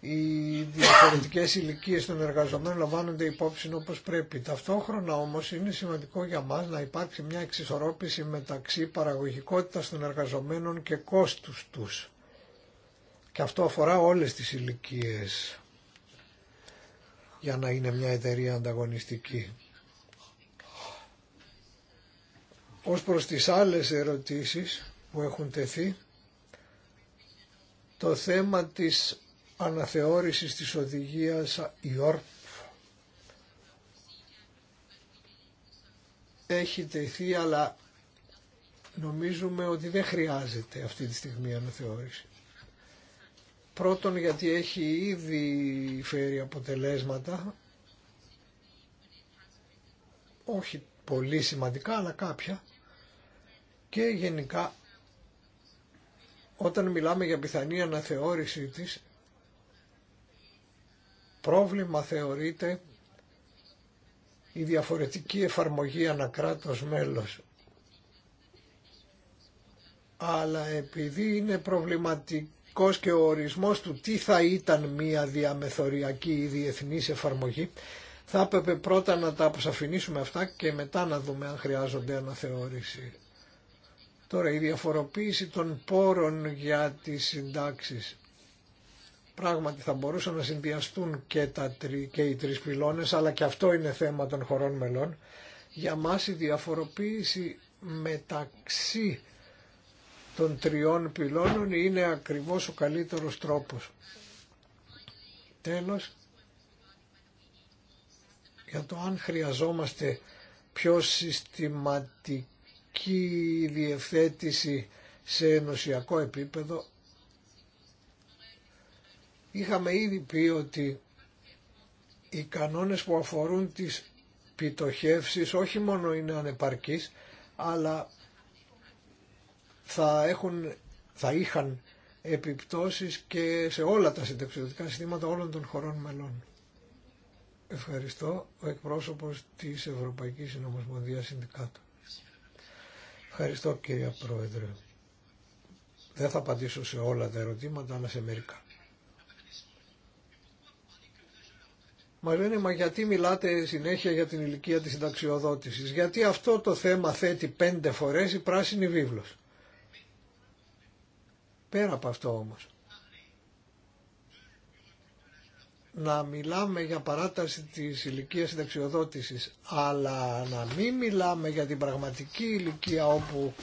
οι διαφορετικές ηλικίε των εργαζομένων λαμβάνονται υπόψη όπως πρέπει. Ταυτόχρονα όμως είναι σημαντικό για μας να υπάρξει μια εξισορρόπηση μεταξύ παραγωγικότητας των εργαζομένων και κόστους τους. Και αυτό αφορά όλες τις ηλικίε για να είναι μια εταιρεία ανταγωνιστική. Ως προς τις άλλες ερωτήσεις που έχουν τεθεί, το θέμα της αναθεώρησης της οδηγίας ΙΟΡΠ έχει τεθεί αλλά νομίζουμε ότι δεν χρειάζεται αυτή τη στιγμή αναθεώρηση. Πρώτον γιατί έχει ήδη φέρει αποτελέσματα, όχι πολύ σημαντικά αλλά κάποια, και γενικά όταν μιλάμε για πιθανή αναθεώρηση της πρόβλημα θεωρείται η διαφορετική εφαρμογή ανακράτος μέλος. Αλλά επειδή είναι προβληματικός και ο ορισμός του τι θα ήταν μια διαμεθοριακή ή διεθνής εφαρμογή, θα έπρεπε πρώτα να τα αποσαφηνίσουμε αυτά και μετά να δούμε αν χρειάζονται αναθεώρηση. Τώρα η διαφοροποίηση των πόρων για τις συντάξεις. Πράγματι θα μπορούσαν να συνδυαστούν και, τα, και οι τρεις πυλώνες, αλλά και αυτό είναι θέμα των χωρών μελών. Για μας η διαφοροποίηση μεταξύ των τριών πυλώνων είναι ακριβώς ο καλύτερος τρόπος. Τέλος, για το αν χρειαζόμαστε πιο συστηματική η διευθέτηση σε ενωσιακό επίπεδο. Είχαμε ήδη πει ότι οι κανόνες που αφορούν τις πιτοχεύσεις όχι μόνο είναι ανεπαρκείς, αλλά θα, έχουν, θα είχαν επιπτώσεις και σε όλα τα συντεξιδοτικά συστήματα όλων των χωρών μελών. Ευχαριστώ ο εκπρόσωπος της Ευρωπαϊκής Συνομοσπονδίας Συνδικάτου. Ευχαριστώ κύριε Πρόεδρε. Δεν θα απαντήσω σε όλα τα ερωτήματα, αλλά σε μερικά. Μα λένε, μα γιατί μιλάτε συνέχεια για την ηλικία της συνταξιοδότησης. Γιατί αυτό το θέμα θέτει πέντε φορές η πράσινη βίβλος. Πέρα από αυτό όμως. να μιλάμε για παράταση της ηλικίας συνταξιοδότησης αλλά να μην μιλάμε για την πραγματική ηλικία όπου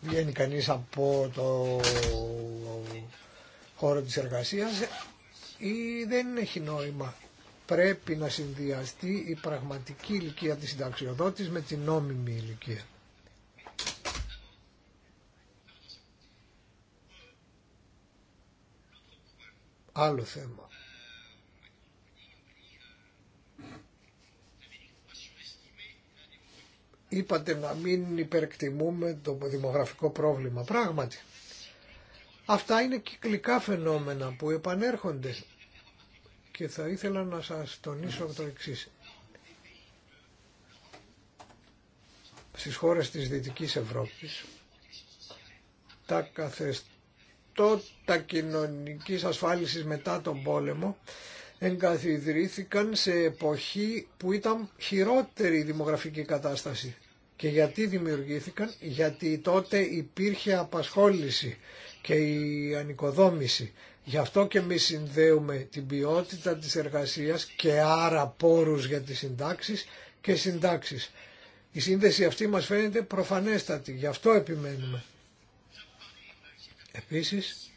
βγαίνει κανείς από το χώρο της εργασίας ή δεν έχει νόημα. Πρέπει να συνδυαστεί η πραγματική ηλικία της συνταξιοδότης με την νόμιμη ηλικία. Άλλο θέμα. είπατε να μην υπερκτιμούμε το δημογραφικό πρόβλημα. Πράγματι, αυτά είναι κυκλικά φαινόμενα που επανέρχονται και θα ήθελα να σας τονίσω το εξή. Στις χώρες της Δυτικής Ευρώπης τα καθεστώτα κοινωνικής ασφάλισης μετά τον πόλεμο εγκαθιδρύθηκαν σε εποχή που ήταν χειρότερη η δημογραφική κατάσταση. Και γιατί δημιουργήθηκαν, γιατί τότε υπήρχε απασχόληση και η ανοικοδόμηση. Γι' αυτό και μη συνδέουμε την ποιότητα της εργασίας και άρα πόρους για τις συντάξεις και συντάξεις. Η σύνδεση αυτή μας φαίνεται προφανέστατη, γι' αυτό επιμένουμε. Επίσης,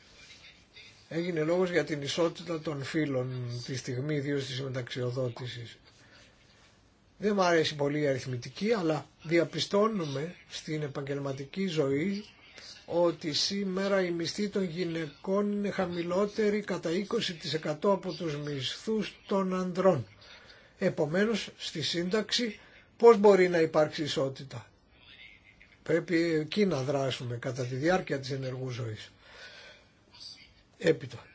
έγινε λόγος για την ισότητα των φύλων τη στιγμή ιδίως της μεταξιοδότησης. Δεν μου αρέσει πολύ η αριθμητική, αλλά διαπιστώνουμε στην επαγγελματική ζωή ότι σήμερα οι μισθοί των γυναικών είναι χαμηλότεροι κατά 20% από τους μισθούς των ανδρών. Επομένως, στη σύνταξη πώς μπορεί να υπάρξει ισότητα. Πρέπει εκεί να δράσουμε κατά τη διάρκεια της ενεργού ζωής. Έπειτα.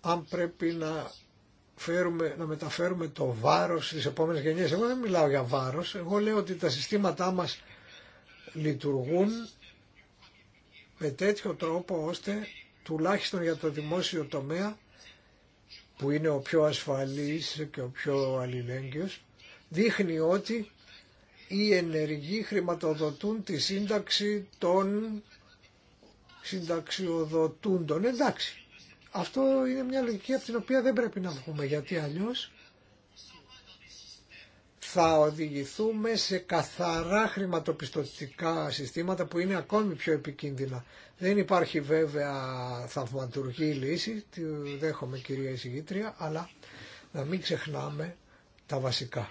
Αν πρέπει να φέρουμε, να μεταφέρουμε το βάρος στις επόμενες γενιές. Εγώ δεν μιλάω για βάρος, εγώ λέω ότι τα συστήματά μας λειτουργούν με τέτοιο τρόπο ώστε τουλάχιστον για το δημόσιο τομέα που είναι ο πιο ασφαλής και ο πιο αλληλέγγυος δείχνει ότι οι ενεργοί χρηματοδοτούν τη σύνταξη των συνταξιοδοτούντων. Εντάξει, αυτό είναι μια λογική από την οποία δεν πρέπει να βγούμε γιατί αλλιώς θα οδηγηθούμε σε καθαρά χρηματοπιστωτικά συστήματα που είναι ακόμη πιο επικίνδυνα. Δεν υπάρχει βέβαια θαυματουργή λύση, τη δέχομαι κυρία εισηγήτρια, αλλά να μην ξεχνάμε τα βασικά.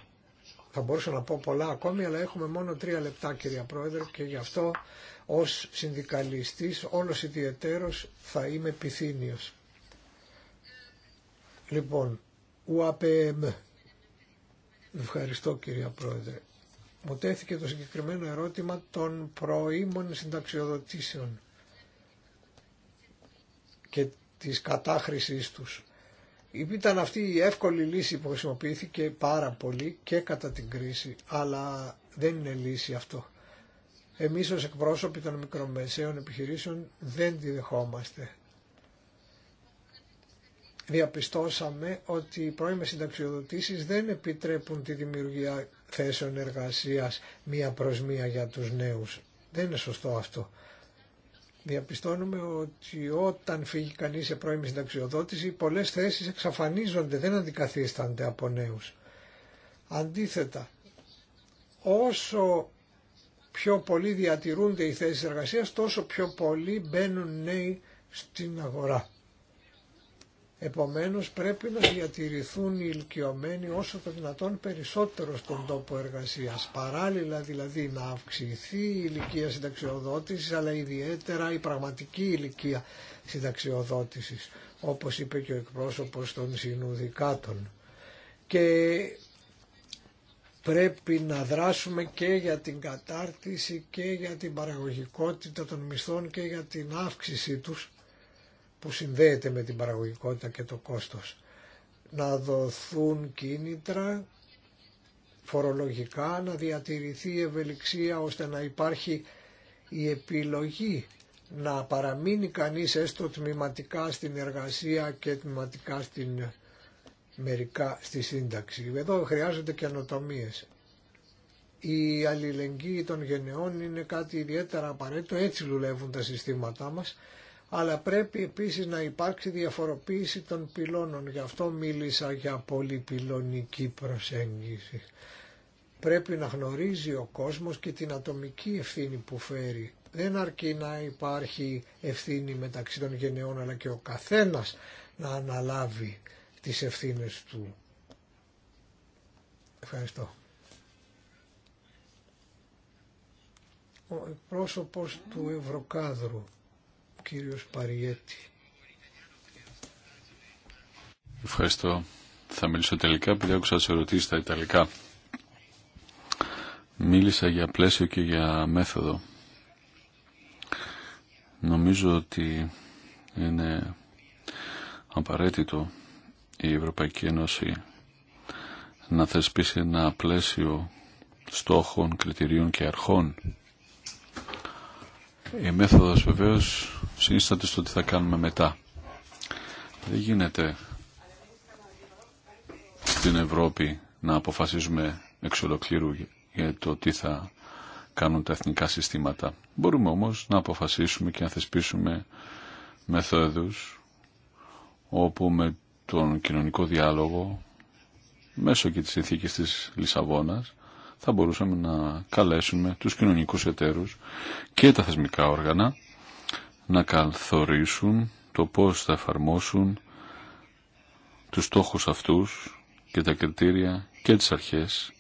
Θα μπορούσα να πω πολλά ακόμη, αλλά έχουμε μόνο τρία λεπτά κυρία Πρόεδρε και γι' αυτό ως συνδικαλιστής όλος ιδιαιτέρως θα είμαι επιθύνιος. Λοιπόν, ΟΑΠΕΜ. Ευχαριστώ κυρία Πρόεδρε. Μου τέθηκε το συγκεκριμένο ερώτημα των προήμων συνταξιοδοτήσεων και της κατάχρησής τους. Ήταν αυτή η εύκολη λύση που χρησιμοποιήθηκε πάρα πολύ και κατά την κρίση, αλλά δεν είναι λύση αυτό. Εμείς ως εκπρόσωποι των μικρομεσαίων επιχειρήσεων δεν τη δεχόμαστε διαπιστώσαμε ότι οι πρώιμες συνταξιοδοτήσεις δεν επιτρέπουν τη δημιουργία θέσεων εργασίας μία προς μία για τους νέους. Δεν είναι σωστό αυτό. Διαπιστώνουμε ότι όταν φύγει κανείς σε πρώιμη συνταξιοδότηση πολλές θέσεις εξαφανίζονται, δεν αντικαθίστανται από νέους. Αντίθετα, όσο πιο πολύ διατηρούνται οι θέσεις εργασίας, τόσο πιο πολύ μπαίνουν νέοι στην αγορά. Επομένως πρέπει να διατηρηθούν οι ηλικιωμένοι όσο το δυνατόν περισσότερο στον τόπο εργασίας. Παράλληλα δηλαδή να αυξηθεί η ηλικία συνταξιοδότησης αλλά ιδιαίτερα η πραγματική ηλικία συνταξιοδότησης όπως είπε και ο εκπρόσωπος των συνουδικάτων. Και πρέπει να δράσουμε και για την κατάρτιση και για την παραγωγικότητα των μισθών και για την αύξηση τους που συνδέεται με την παραγωγικότητα και το κόστος. Να δοθούν κίνητρα φορολογικά, να διατηρηθεί η ευελιξία ώστε να υπάρχει η επιλογή να παραμείνει κανείς έστω τμηματικά στην εργασία και τμηματικά στην μερικά στη σύνταξη. Εδώ χρειάζονται και ανοτομίες. Η αλληλεγγύη των γενεών είναι κάτι ιδιαίτερα απαραίτητο, έτσι δουλεύουν τα συστήματά μας αλλά πρέπει επίσης να υπάρξει διαφοροποίηση των πυλώνων. Γι' αυτό μίλησα για πολυπυλωνική προσέγγιση. Πρέπει να γνωρίζει ο κόσμος και την ατομική ευθύνη που φέρει. Δεν αρκεί να υπάρχει ευθύνη μεταξύ των γενεών, αλλά και ο καθένας να αναλάβει τις ευθύνες του. Ευχαριστώ. Ο πρόσωπος του Ευρωκάδρου κύριος Παριέτη. Ευχαριστώ. Θα μιλήσω τελικά, επειδή άκουσα τις ερωτήσεις στα Ιταλικά. Μίλησα για πλαίσιο και για μέθοδο. Νομίζω ότι είναι απαραίτητο η Ευρωπαϊκή Ένωση να θεσπίσει ένα πλαίσιο στόχων, κριτηρίων και αρχών. Η μέθοδος βεβαίως συνίσταται στο τι θα κάνουμε μετά. Δεν γίνεται στην Ευρώπη να αποφασίζουμε εξ ολοκλήρου για το τι θα κάνουν τα εθνικά συστήματα. Μπορούμε όμως να αποφασίσουμε και να θεσπίσουμε μεθόδους όπου με τον κοινωνικό διάλογο μέσω και της ηθικής της Λισαβόνας θα μπορούσαμε να καλέσουμε τους κοινωνικούς εταίρους και τα θεσμικά όργανα να καθορίσουν το πώς θα εφαρμόσουν τους στόχους αυτούς και τα κριτήρια και τις αρχές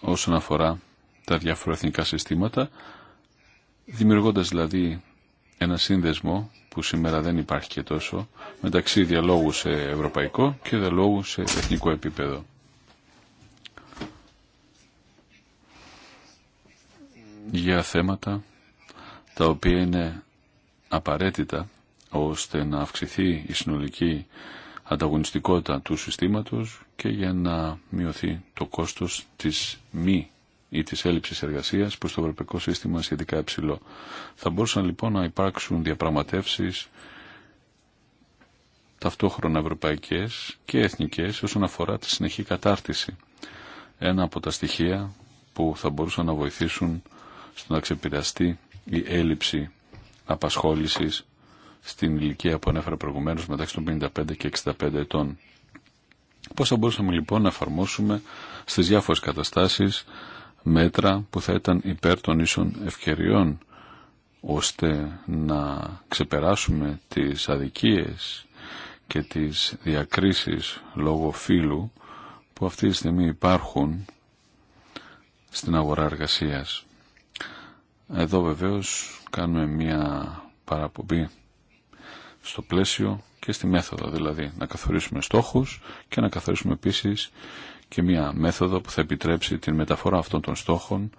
όσον αφορά τα διάφορα εθνικά συστήματα, δημιουργώντας δηλαδή ένα σύνδεσμο που σήμερα δεν υπάρχει και τόσο μεταξύ διαλόγου σε ευρωπαϊκό και διαλόγου σε εθνικό επίπεδο. Για θέματα τα οποία είναι απαραίτητα ώστε να αυξηθεί η συνολική ανταγωνιστικότητα του συστήματος και για να μειωθεί το κόστος της μη ή της έλλειψης εργασίας που το ευρωπαϊκό σύστημα σχετικά υψηλό. Θα μπορούσαν λοιπόν να υπάρξουν διαπραγματεύσεις ταυτόχρονα ευρωπαϊκές και εθνικές όσον αφορά τη συνεχή κατάρτιση. Ένα από τα στοιχεία που θα μπορούσαν να βοηθήσουν στο να ξεπηραστεί η έλλειψη απασχόλησης στην ηλικία που ανέφερα προηγουμένως μεταξύ των 55 και 65 ετών. Πώς θα μπορούσαμε λοιπόν να εφαρμόσουμε στις διάφορες καταστάσεις μέτρα που θα ήταν υπέρ των ίσων ευκαιριών ώστε να ξεπεράσουμε τις αδικίες και τις διακρίσεις λόγω φύλου που αυτή τη στιγμή υπάρχουν στην αγορά εργασίας. Εδώ βεβαίως κάνουμε μια παραπομπή στο πλαίσιο και στη μέθοδο, δηλαδή να καθορίσουμε στόχους και να καθορίσουμε επίσης και μια μέθοδο που θα επιτρέψει την μεταφορά αυτών των στόχων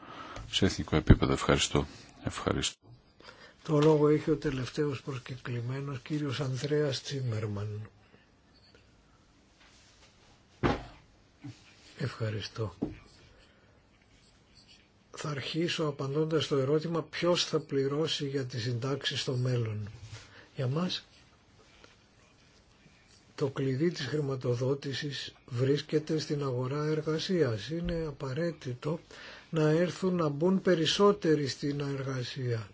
σε εθνικό επίπεδο. Ευχαριστώ. Ευχαριστώ. Το λόγο έχει ο τελευταίος προσκεκλημένος κύριος Ανδρέας Τσίμερμαν. Ευχαριστώ θα αρχίσω απαντώντας στο ερώτημα ποιος θα πληρώσει για τις συντάξει στο μέλλον. Για μας το κλειδί της χρηματοδότησης βρίσκεται στην αγορά εργασίας. Είναι απαραίτητο να έρθουν να μπουν περισσότεροι στην εργασία.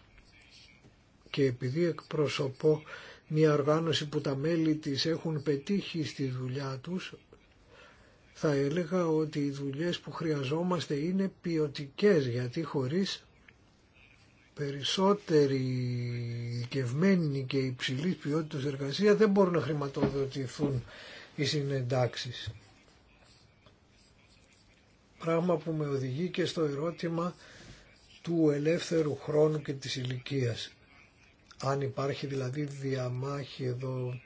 Και επειδή εκπροσωπώ μια οργάνωση που τα μέλη της έχουν πετύχει στη δουλειά τους, θα έλεγα ότι οι δουλειές που χρειαζόμαστε είναι ποιοτικές, γιατί χωρίς περισσότερη ειδικευμένη και υψηλή ποιότητα εργασία δεν μπορούν να χρηματοδοτηθούν οι συνεντάξεις. Πράγμα που με οδηγεί και στο ερώτημα του ελεύθερου χρόνου και της ηλικία. Αν υπάρχει δηλαδή διαμάχη εδώ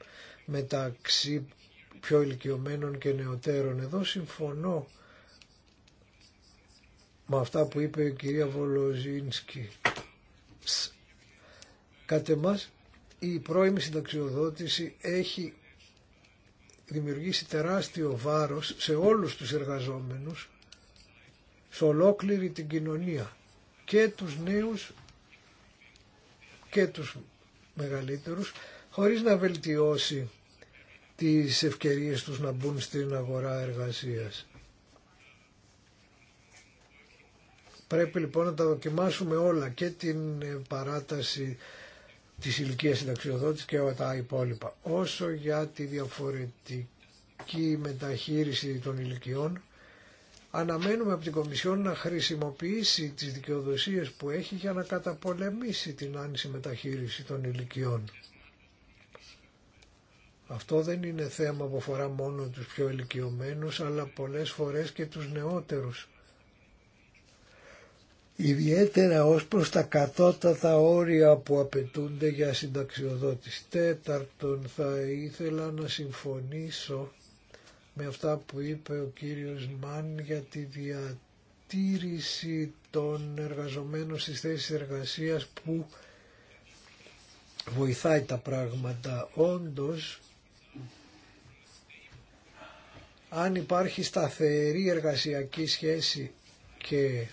μεταξύ πιο ηλικιωμένων και νεωτέρων. Εδώ συμφωνώ με αυτά που είπε η κυρία Βολοζίνσκι. Κατ' εμάς η πρώιμη συνταξιοδότηση έχει δημιουργήσει τεράστιο βάρος σε όλους τους εργαζόμενους, σε ολόκληρη την κοινωνία και τους νέους και τους μεγαλύτερους, χωρίς να βελτιώσει τις ευκαιρίες τους να μπουν στην αγορά εργασίας. Πρέπει λοιπόν να τα δοκιμάσουμε όλα και την παράταση της ηλικίας συνταξιοδότης και τα υπόλοιπα. Όσο για τη διαφορετική μεταχείριση των ηλικιών, αναμένουμε από την Κομισιόν να χρησιμοποιήσει τις δικαιοδοσίες που έχει για να καταπολεμήσει την άνηση μεταχείριση των ηλικιών. Αυτό δεν είναι θέμα που αφορά μόνο τους πιο ηλικιωμένους, αλλά πολλές φορές και τους νεότερους. Ιδιαίτερα ως προς τα κατώτατα όρια που απαιτούνται για συνταξιοδότηση. Τέταρτον, θα ήθελα να συμφωνήσω με αυτά που είπε ο κύριος Μαν για τη διατήρηση των εργαζομένων στις θέσεις εργασίας που βοηθάει τα πράγματα. Όντως αν υπάρχει σταθερή εργασιακή σχέση και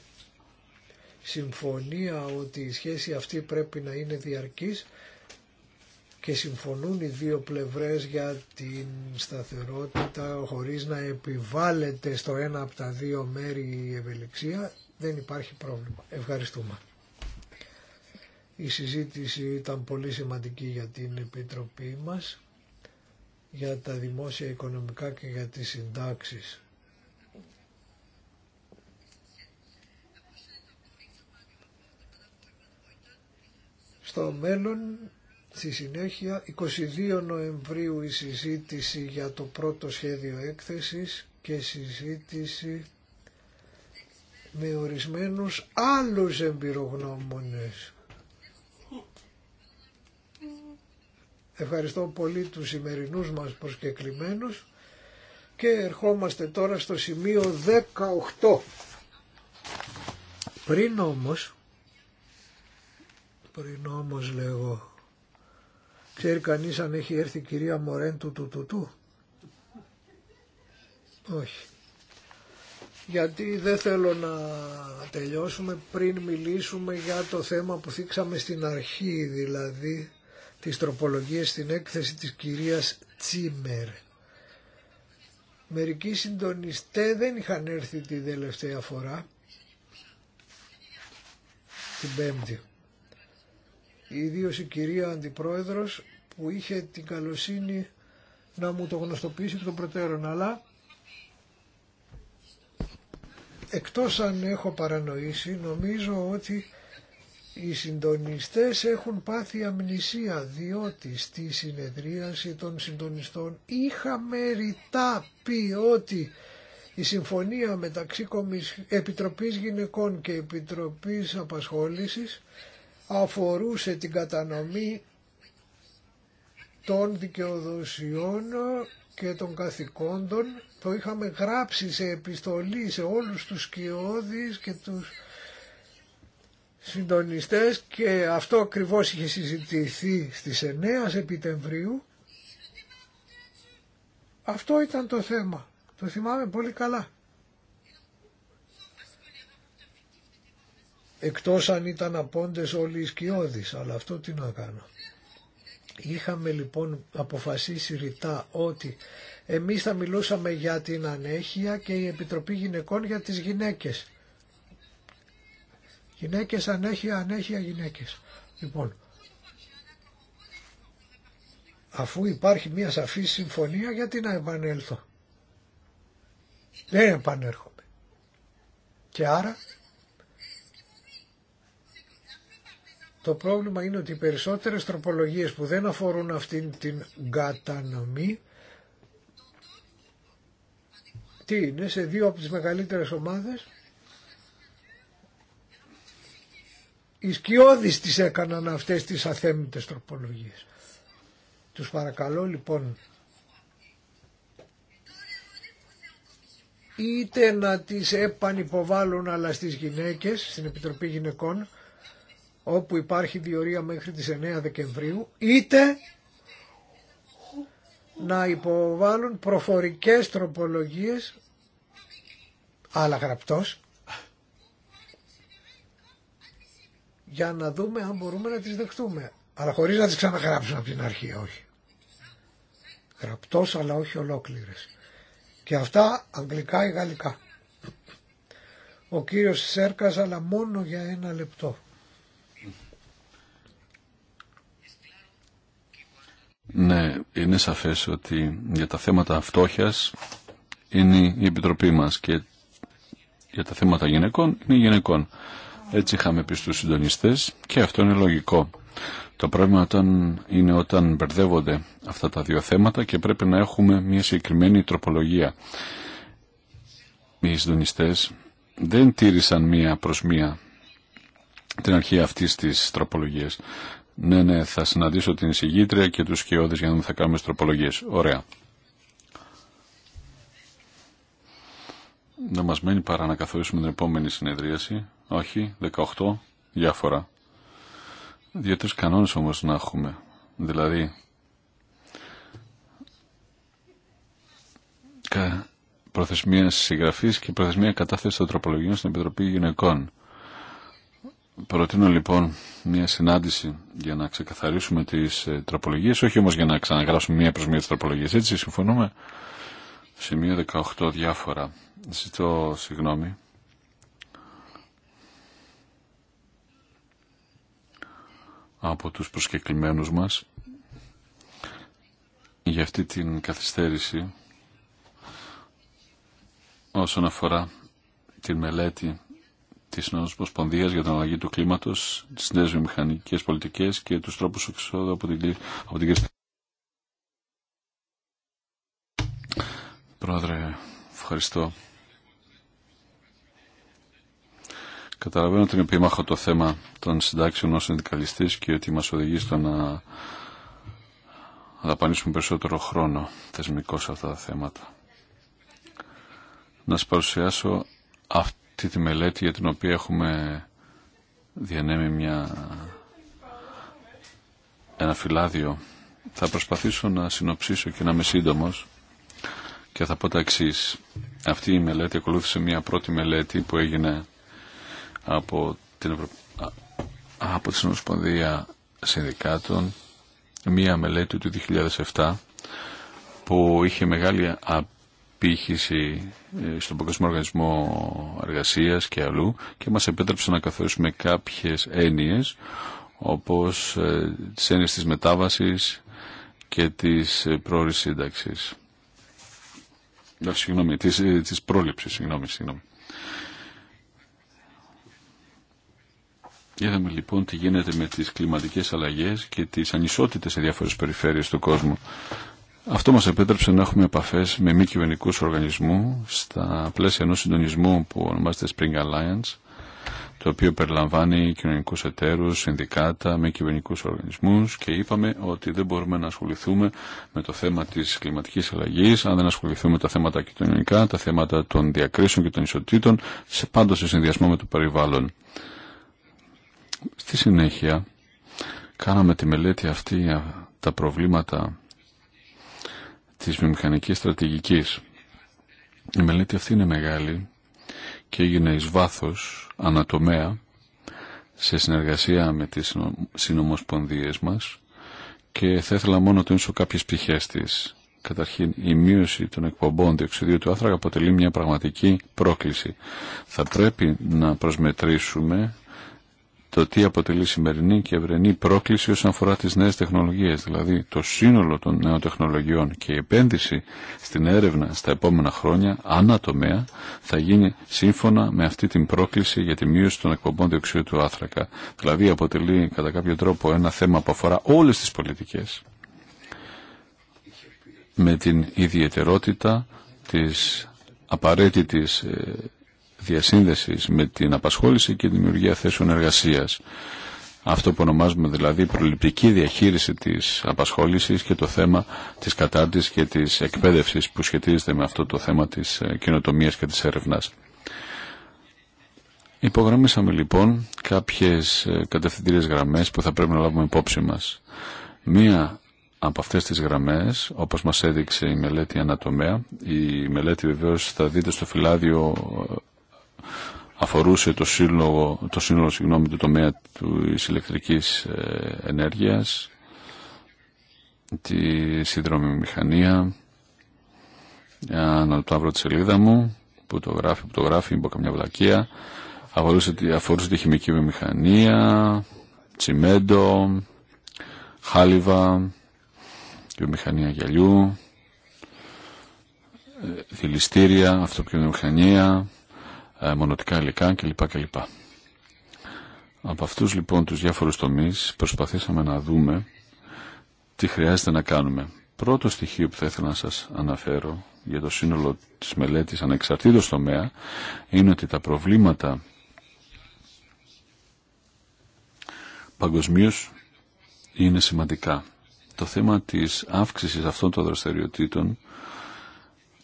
συμφωνία ότι η σχέση αυτή πρέπει να είναι διαρκής και συμφωνούν οι δύο πλευρές για την σταθερότητα χωρίς να επιβάλλεται στο ένα από τα δύο μέρη η ευελιξία, δεν υπάρχει πρόβλημα. Ευχαριστούμε. Η συζήτηση ήταν πολύ σημαντική για την Επιτροπή μας για τα δημόσια οικονομικά και για τις συντάξεις. Στο μέλλον, στη συνέχεια, 22 Νοεμβρίου η συζήτηση για το πρώτο σχέδιο έκθεσης και συζήτηση με ορισμένους άλλους εμπειρογνώμονες Ευχαριστώ πολύ τους σημερινούς μας προσκεκλημένους και ερχόμαστε τώρα στο σημείο 18. Πριν όμως, πριν όμως λέγω, ξέρει κανείς αν έχει έρθει η κυρία Μωρέν του του του του. Όχι. Γιατί δεν θέλω να τελειώσουμε πριν μιλήσουμε για το θέμα που θίξαμε στην αρχή, δηλαδή τις τροπολογίες στην έκθεση της κυρίας Τσίμερ. Μερικοί συντονιστέ δεν είχαν έρθει τη τελευταία φορά, την Πέμπτη. Ιδίω η κυρία Αντιπρόεδρος που είχε την καλοσύνη να μου το γνωστοποιήσει τον προτέρων, αλλά εκτός αν έχω παρανοήσει νομίζω ότι οι συντονιστές έχουν πάθει αμνησία διότι στη συνεδρίαση των συντονιστών είχαμε ρητά πει ότι η συμφωνία μεταξύ Επιτροπής Γυναικών και Επιτροπής Απασχόλησης αφορούσε την κατανομή των δικαιοδοσιών και των καθηκόντων. Το είχαμε γράψει σε επιστολή σε όλους τους κοιόδης και τους συντονιστές και αυτό ακριβώς είχε συζητηθεί στις 9 Σεπτεμβρίου. Αυτό ήταν το θέμα. Το θυμάμαι πολύ καλά. Εκτός αν ήταν απόντες όλοι οι σκιώδεις, αλλά αυτό τι να κάνω. Είχαμε λοιπόν αποφασίσει ρητά ότι εμείς θα μιλούσαμε για την ανέχεια και η Επιτροπή Γυναικών για τις γυναίκες. Γυναίκες ανέχεια, ανέχεια γυναίκες. Λοιπόν, αφού υπάρχει μια σαφή συμφωνία γιατί να επανέλθω. Δεν επανέρχομαι. Και άρα το πρόβλημα είναι ότι οι περισσότερες τροπολογίες που δεν αφορούν αυτήν την κατανομή τι είναι σε δύο από τις μεγαλύτερες ομάδες οι σκιώδεις τις έκαναν αυτές τις αθέμητες τροπολογίες. Τους παρακαλώ λοιπόν είτε να τις επανυποβάλλουν αλλά στις γυναίκες, στην Επιτροπή Γυναικών, όπου υπάρχει διορία μέχρι τις 9 Δεκεμβρίου, είτε να υποβάλουν προφορικές τροπολογίες, αλλά γραπτός, για να δούμε αν μπορούμε να τις δεχτούμε. Αλλά χωρίς να τις ξαναγράψουμε από την αρχή, όχι. Γραπτός αλλά όχι ολόκληρες. Και αυτά αγγλικά ή γαλλικά. Ο κύριος Σέρκας αλλά μόνο για ένα λεπτό. Ναι, είναι σαφές ότι για τα θέματα φτώχειας είναι η Επιτροπή μας και για τα θέματα γυναικών είναι γυναικών. Έτσι είχαμε πει στους συντονιστές και αυτό είναι λογικό. Το πρόβλημα όταν είναι όταν μπερδεύονται αυτά τα δύο θέματα και πρέπει να έχουμε μια συγκεκριμένη τροπολογία. Οι συντονιστές δεν τήρησαν μία προς μία την αρχή αυτής της τροπολογίας. Ναι, ναι, θα συναντήσω την εισηγήτρια και τους σκιώδες για να δούμε θα κάνουμε τροπολογίες. Ωραία. Να μας μένει παρά να καθορίσουμε την επόμενη συνεδρίαση όχι, 18, διάφορα. Δύο-τρεις κανόνες όμως να έχουμε. Δηλαδή, προθεσμία συγγραφής και προθεσμία κατάθεση των τροπολογιών στην Επιτροπή Γυναικών. Προτείνω λοιπόν μια συνάντηση για να ξεκαθαρίσουμε τις ε, τροπολογίες, όχι όμως για να ξαναγράψουμε μία προς μία τις τροπολογίες. Έτσι συμφωνούμε. Σημείο 18 διάφορα. Ζητώ συγγνώμη από τους προσκεκλημένους μας για αυτή την καθυστέρηση όσον αφορά την μελέτη της Νέας Ποσπονδίας για την αλλαγή του κλίματος, τις νέες βιομηχανικές πολιτικές και τους τρόπους εξόδου από την, από Πρόεδρε, ευχαριστώ. Καταλαβαίνω ότι είναι επίμαχο το θέμα των συντάξεων ως συνδικαλιστής και ότι μας οδηγεί στο να δαπανίσουμε περισσότερο χρόνο θεσμικό σε αυτά τα θέματα. Να σας παρουσιάσω αυτή τη μελέτη για την οποία έχουμε διανέμει μια... ένα φυλάδιο. Θα προσπαθήσω να συνοψίσω και να είμαι σύντομο και θα πω τα εξή. Αυτή η μελέτη ακολούθησε μια πρώτη μελέτη που έγινε από την, Ευρω... από τη Συνοσπονδία Συνδικάτων μία μελέτη του 2007 που είχε μεγάλη απήχηση ε, στον Παγκοσμίο Οργανισμό Εργασίας και αλλού και μας επέτρεψε να καθορίσουμε κάποιες έννοιες όπως ε, τις έννοιες της μετάβασης και της ε, πρόορης σύνταξης. Ε, συγγνώμη, της, της πρόληψης, συγγνώμη, συγγνώμη. Είδαμε λοιπόν τι γίνεται με τις κλιματικές αλλαγές και τις ανισότητες σε διάφορες περιφέρειες του κόσμου. Αυτό μας επέτρεψε να έχουμε επαφές με μη κυβερνικού οργανισμού στα πλαίσια ενός συντονισμού που ονομάζεται Spring Alliance το οποίο περιλαμβάνει κοινωνικούς εταίρους, συνδικάτα, μη κυβερνικού οργανισμούς και είπαμε ότι δεν μπορούμε να ασχοληθούμε με το θέμα της κλιματικής αλλαγής αν δεν ασχοληθούμε με τα θέματα κοινωνικά, τα θέματα των διακρίσεων και των ισοτήτων σε πάντως σε συνδυασμό με το περιβάλλον. Στη συνέχεια κάναμε τη μελέτη αυτή τα προβλήματα της βιομηχανικής στρατηγικής. Η μελέτη αυτή είναι μεγάλη και έγινε εις βάθος, ανατομέα, σε συνεργασία με τις συνομοσπονδίες μας και θα ήθελα μόνο να τονίσω κάποιες πτυχές της. Καταρχήν, η μείωση των εκπομπών διοξιδίου του άνθρακα αποτελεί μια πραγματική πρόκληση. Θα πρέπει να προσμετρήσουμε το τι αποτελεί σημερινή και ευρενή πρόκληση όσον αφορά τις νέες τεχνολογίες, δηλαδή το σύνολο των νέων τεχνολογιών και η επένδυση στην έρευνα στα επόμενα χρόνια, τομέα θα γίνει σύμφωνα με αυτή την πρόκληση για τη μείωση των εκπομπών διοξείου του άθρακα. Δηλαδή αποτελεί κατά κάποιο τρόπο ένα θέμα που αφορά όλες τις πολιτικές με την ιδιαιτερότητα της απαραίτητης ε, διασύνδεσης με την απασχόληση και δημιουργία θέσεων εργασίας. Αυτό που ονομάζουμε δηλαδή προληπτική διαχείριση της απασχόλησης και το θέμα της κατάρτισης και της εκπαίδευσης που σχετίζεται με αυτό το θέμα της ε, κοινοτομίας και της έρευνας. Υπογραμμίσαμε λοιπόν κάποιες ε, κατευθυντήριες γραμμές που θα πρέπει να λάβουμε υπόψη μας. Μία από αυτές τις γραμμές, όπως μας έδειξε η μελέτη ανατομέα, η μελέτη βεβαίως θα δείτε στο φυλάδιο ε, αφορούσε το, σύλλογο, το σύνολο συγγνώμη, του τομέα της ηλεκτρικής ε, ενέργειας, τη σύνδρομη μηχανία, Να το αύριο τη σελίδα μου, που το γράφει, που το γράφει, καμιά βλακεία, αφορούσε, αφορούσε τη χημική μηχανία τσιμέντο, χάλιβα, Μηχανία γυαλιού, ε, δηληστήρια, μηχανία ε, μονοτικά υλικά κλπ. κλπ. Από αυτούς λοιπόν τους διάφορους τομείς προσπαθήσαμε να δούμε τι χρειάζεται να κάνουμε. Πρώτο στοιχείο που θα ήθελα να σας αναφέρω για το σύνολο της μελέτης ανεξαρτήτως τομέα είναι ότι τα προβλήματα παγκοσμίω είναι σημαντικά. Το θέμα της αύξησης αυτών των δραστηριοτήτων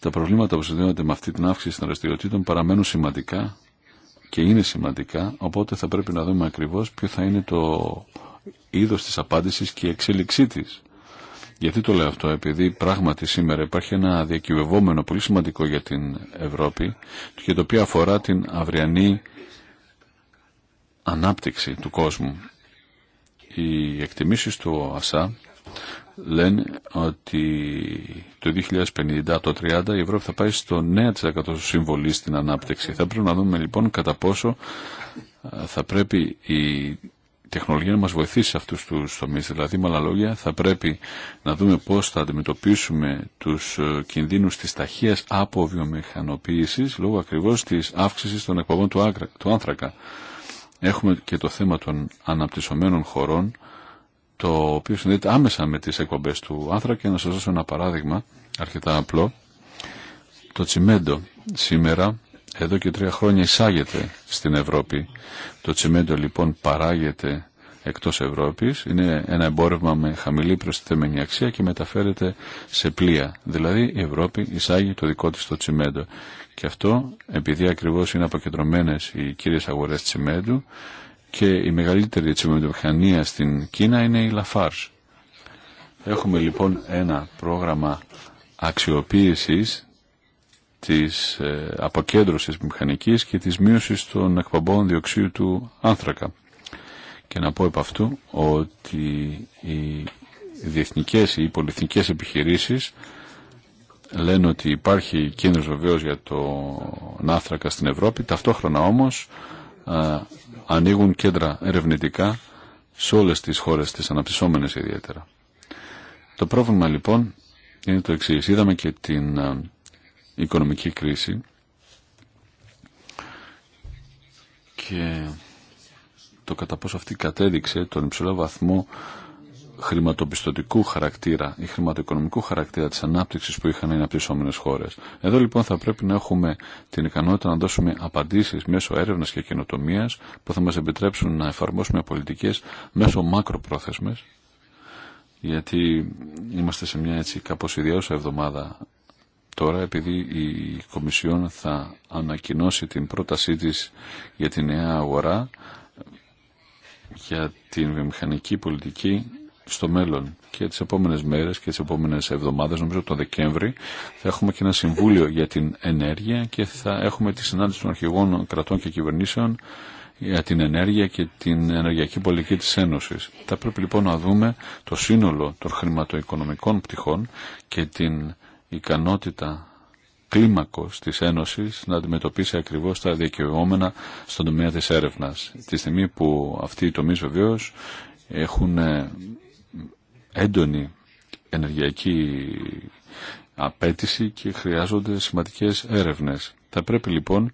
τα προβλήματα που συνδέονται με αυτή την αύξηση των δραστηριοτήτων παραμένουν σημαντικά και είναι σημαντικά, οπότε θα πρέπει να δούμε ακριβώς ποιο θα είναι το είδος της απάντησης και η εξέλιξή της. Γιατί το λέω αυτό, επειδή πράγματι σήμερα υπάρχει ένα διακυβευόμενο πολύ σημαντικό για την Ευρώπη και το οποίο αφορά την αυριανή ανάπτυξη του κόσμου. Οι εκτιμήσεις του ΑΣΑ λένε ότι το 2050, το 30, η Ευρώπη θα πάει στο 9% συμβολή στην ανάπτυξη. Θα πρέπει να δούμε λοιπόν κατά πόσο θα πρέπει η τεχνολογία να μας βοηθήσει σε αυτούς τους τομείς. Δηλαδή, με άλλα λόγια, θα πρέπει να δούμε πώς θα αντιμετωπίσουμε τους ε, κινδύνους της ταχείας από βιομηχανοποίησης λόγω ακριβώς της αύξησης των εκπομπών του άνθρακα. Έχουμε και το θέμα των αναπτυσσομένων χωρών το οποίο συνδέεται άμεσα με τις εκπομπές του άνθρακα και να σας δώσω ένα παράδειγμα αρκετά απλό. Το τσιμέντο σήμερα εδώ και τρία χρόνια εισάγεται στην Ευρώπη. Το τσιμέντο λοιπόν παράγεται εκτός Ευρώπης, είναι ένα εμπόρευμα με χαμηλή προστιθέμενη αξία και μεταφέρεται σε πλοία. Δηλαδή η Ευρώπη εισάγει το δικό της το τσιμέντο. Και αυτό επειδή ακριβώς είναι αποκεντρωμένες οι κύριες αγορές τσιμέντου, και η μεγαλύτερη βιομηχανία στην Κίνα είναι η Λαφάρς. Έχουμε λοιπόν ένα πρόγραμμα αξιοποίησης της ε, αποκέντρωσης μηχανικής και της μείωσης των εκπομπών διοξίου του άνθρακα. Και να πω επ' αυτού ότι οι διεθνικές ή πολυεθνικές επιχειρήσεις λένε ότι υπάρχει κίνδυνος βεβαίως για τον άνθρακα στην Ευρώπη, ταυτόχρονα όμως ανοίγουν κέντρα ερευνητικά σε όλες τις χώρες, τις αναπτυσσόμενες ιδιαίτερα. Το πρόβλημα λοιπόν είναι το εξή. Είδαμε και την ε, οικονομική κρίση και το κατά πόσο αυτή κατέδειξε τον υψηλό βαθμό χρηματοπιστωτικού χαρακτήρα ή χρηματοοικονομικού χαρακτήρα της ανάπτυξης που είχαν οι αναπτυσσόμενες χώρες. Εδώ λοιπόν θα πρέπει να έχουμε την ικανότητα να δώσουμε απαντήσεις μέσω έρευνας και καινοτομία που θα μας επιτρέψουν να εφαρμόσουμε πολιτικές μέσω μακροπρόθεσμες γιατί είμαστε σε μια έτσι κάπως ιδιαίωσα εβδομάδα τώρα επειδή η Κομισιόν θα ανακοινώσει την πρότασή τη για τη νέα αγορά για την βιομηχανική πολιτική στο μέλλον και τις επόμενες μέρες και τις επόμενες εβδομάδες, νομίζω το Δεκέμβρη, θα έχουμε και ένα συμβούλιο για την ενέργεια και θα έχουμε τη συνάντηση των αρχηγών κρατών και κυβερνήσεων για την ενέργεια και την ενεργειακή πολιτική της Ένωσης. Θα πρέπει λοιπόν να δούμε το σύνολο των χρηματοοικονομικών πτυχών και την ικανότητα κλίμακος της Ένωσης να αντιμετωπίσει ακριβώς τα δικαιωμένα στον τομέα της έρευνας. Τη στιγμή που αυτοί οι τομείς βεβαίω έχουν ε, έντονη ενεργειακή απέτηση και χρειάζονται σημαντικές έρευνες. Θα πρέπει λοιπόν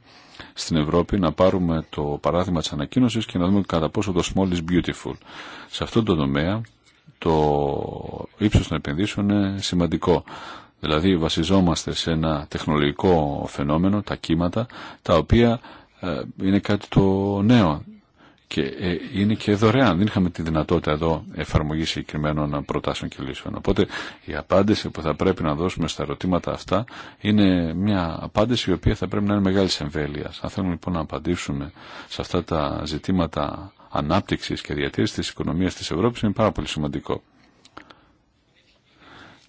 στην Ευρώπη να πάρουμε το παράδειγμα της ανακοίνωσης και να δούμε κατά πόσο το small is beautiful. Σε αυτόν τον τομέα το ύψος των επενδύσεων είναι σημαντικό. Δηλαδή βασιζόμαστε σε ένα τεχνολογικό φαινόμενο, τα κύματα, τα οποία ε, είναι κάτι το νέο και ε, είναι και δωρεάν. Δεν είχαμε τη δυνατότητα εδώ εφαρμογή συγκεκριμένων προτάσεων και λύσεων. Οπότε η απάντηση που θα πρέπει να δώσουμε στα ερωτήματα αυτά είναι μια απάντηση η οποία θα πρέπει να είναι μεγάλη εμβέλεια. Αν θέλουμε λοιπόν να απαντήσουμε σε αυτά τα ζητήματα ανάπτυξη και διατήρηση τη οικονομία τη Ευρώπη είναι πάρα πολύ σημαντικό.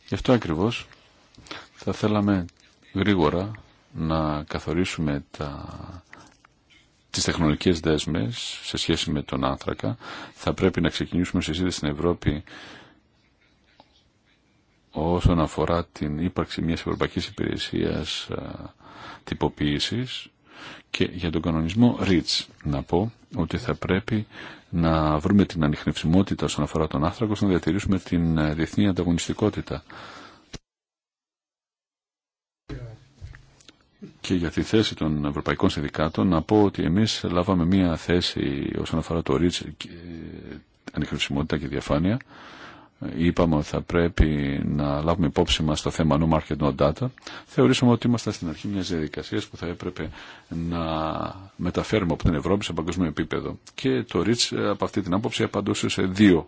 Γι' αυτό ακριβώ θα θέλαμε γρήγορα να καθορίσουμε τα τις τεχνολογικές δέσμες σε σχέση με τον άνθρακα θα πρέπει να ξεκινήσουμε συζήτηση στην Ευρώπη όσον αφορά την ύπαρξη μιας ευρωπαϊκής υπηρεσίας τυποποίησης και για τον κανονισμό REACH να πω ότι θα πρέπει να βρούμε την ανιχνευσιμότητα όσον αφορά τον άνθρακο, να διατηρήσουμε την ε, διεθνή ανταγωνιστικότητα. και για τη θέση των Ευρωπαϊκών Συνδικάτων να πω ότι εμείς λάβαμε μία θέση όσον αφορά το ρίτς ανεχρησιμότητα και διαφάνεια είπαμε ότι θα πρέπει να λάβουμε υπόψη μας το θέμα no market no data, θεωρήσαμε ότι είμαστε στην αρχή μιας διαδικασίας που θα έπρεπε να μεταφέρουμε από την Ευρώπη σε παγκόσμιο επίπεδο. Και το REACH από αυτή την άποψη απαντούσε σε δύο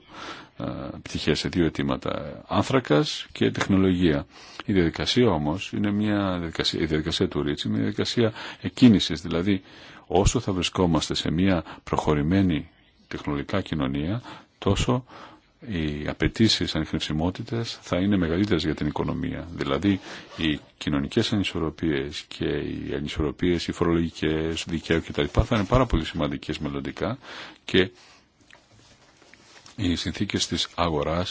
ε, πτυχές, σε δύο αιτήματα, άνθρακας και τεχνολογία. Η διαδικασία όμως είναι μια διαδικασία, η διαδικασία του REACH είναι μια διαδικασία εκκίνησης, δηλαδή όσο θα βρισκόμαστε σε μια προχωρημένη τεχνολογικά κοινωνία, τόσο οι απαιτήσει ανιχνευσιμότητα θα είναι μεγαλύτερε για την οικονομία. Δηλαδή, οι κοινωνικέ ανισορροπίε και οι ανισορροπίε, οι φορολογικέ, δικαίου κτλ. θα είναι πάρα πολύ σημαντικέ μελλοντικά και οι συνθήκε τη αγορά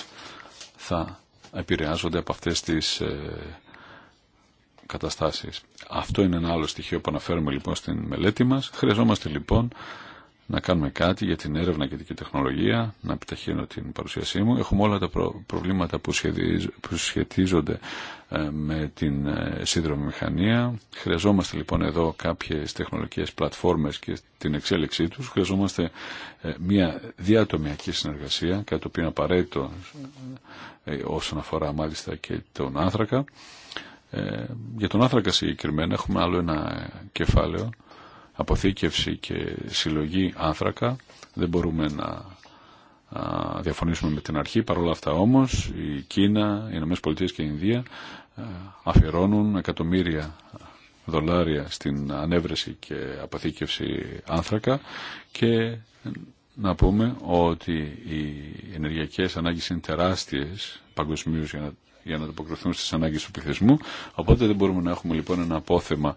θα επηρεάζονται από αυτέ τι ε, καταστάσει. Αυτό είναι ένα άλλο στοιχείο που αναφέρουμε λοιπόν στην μελέτη μα. Χρειαζόμαστε λοιπόν να κάνουμε κάτι για την έρευνα και την τεχνολογία, να επιταχύνω την παρουσίασή μου. Έχουμε όλα τα προβλήματα που σχετίζονται ε, με την ε, σύνδρομη μηχανία. Χρειαζόμαστε λοιπόν εδώ κάποιες τεχνολογικές πλατφόρμες και την εξέλιξή τους. Χρειαζόμαστε ε, μια διατομιακή συνεργασία, κάτι το οποίο είναι απαραίτητο όσον αφορά μάλιστα και τον άνθρακα. Για τον άνθρακα συγκεκριμένα έχουμε άλλο ένα κεφάλαιο αποθήκευση και συλλογή άνθρακα. Δεν μπορούμε να διαφωνήσουμε με την αρχή. Παρ' όλα αυτά όμως η Κίνα, οι Ηνωμένες Πολιτείες και η Ινδία αφιερώνουν εκατομμύρια δολάρια στην ανέβρεση και αποθήκευση άνθρακα και να πούμε ότι οι ενεργειακές ανάγκες είναι τεράστιες παγκοσμίως για να, για να ανταποκριθούν στις ανάγκες του πληθυσμού οπότε δεν μπορούμε να έχουμε λοιπόν ένα απόθεμα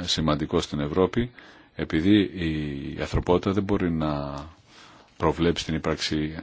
σημαντικό στην Ευρώπη επειδή η ανθρωπότητα δεν μπορεί να προβλέψει την ύπαρξη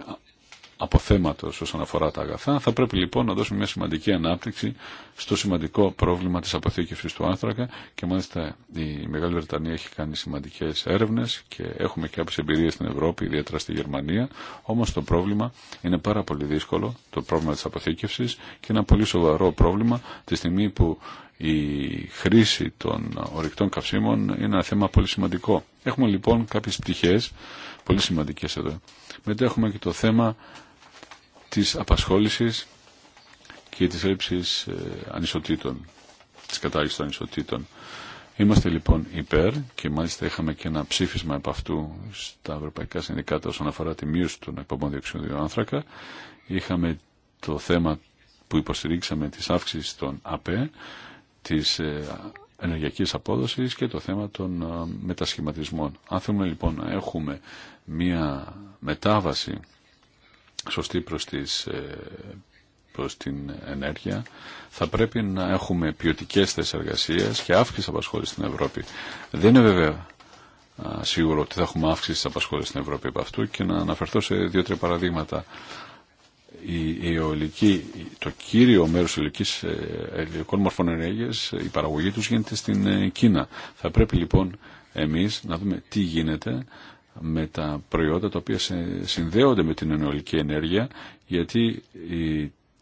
αποθέματος όσον αφορά τα αγαθά, θα πρέπει λοιπόν να δώσουμε μια σημαντική ανάπτυξη στο σημαντικό πρόβλημα της αποθήκευσης του άνθρακα και μάλιστα η Μεγάλη Βρετανία έχει κάνει σημαντικές έρευνες και έχουμε και κάποιες εμπειρίες στην Ευρώπη, ιδιαίτερα στη Γερμανία, όμως το πρόβλημα είναι πάρα πολύ δύσκολο, το πρόβλημα της αποθήκευσης και ένα πολύ σοβαρό πρόβλημα τη στιγμή που η χρήση των ορυκτών καυσίμων είναι ένα θέμα πολύ σημαντικό. Έχουμε λοιπόν κάποιε πτυχές πολύ σημαντικές εδώ. Μετά έχουμε και το θέμα της απασχόλησης και της έλλειψης ε, ανισοτήτων, της κατάργησης των ανισοτήτων. Είμαστε λοιπόν υπέρ και μάλιστα είχαμε και ένα ψήφισμα από αυτού στα Ευρωπαϊκά Συνδικάτα όσον αφορά τη μείωση των εκπομπών διοξιδίου άνθρακα. Είχαμε το θέμα που υποστηρίξαμε της αύξησης των ΑΠΕ, της ε, ενεργειακής απόδοσης και το θέμα των ε, μετασχηματισμών. Αν θέλουμε λοιπόν να έχουμε μία μετάβαση σωστή προς, ε, προς την ενέργεια. Θα πρέπει να έχουμε ποιοτικές θέσει εργασίας και αύξηση απασχόληση στην Ευρώπη. Δεν είναι βέβαια σίγουρο ότι θα έχουμε αύξηση της απασχόληση στην Ευρώπη από αυτού και να αναφερθώ σε δύο-τρία παραδείγματα. Η, η το κύριο μέρος ελληνική ελληνικών μορφών ενέργειας, η παραγωγή τους γίνεται στην ε, Κίνα. Θα πρέπει λοιπόν εμείς να δούμε τι γίνεται με τα προϊόντα τα οποία συνδέονται με την ενολική ενέργεια γιατί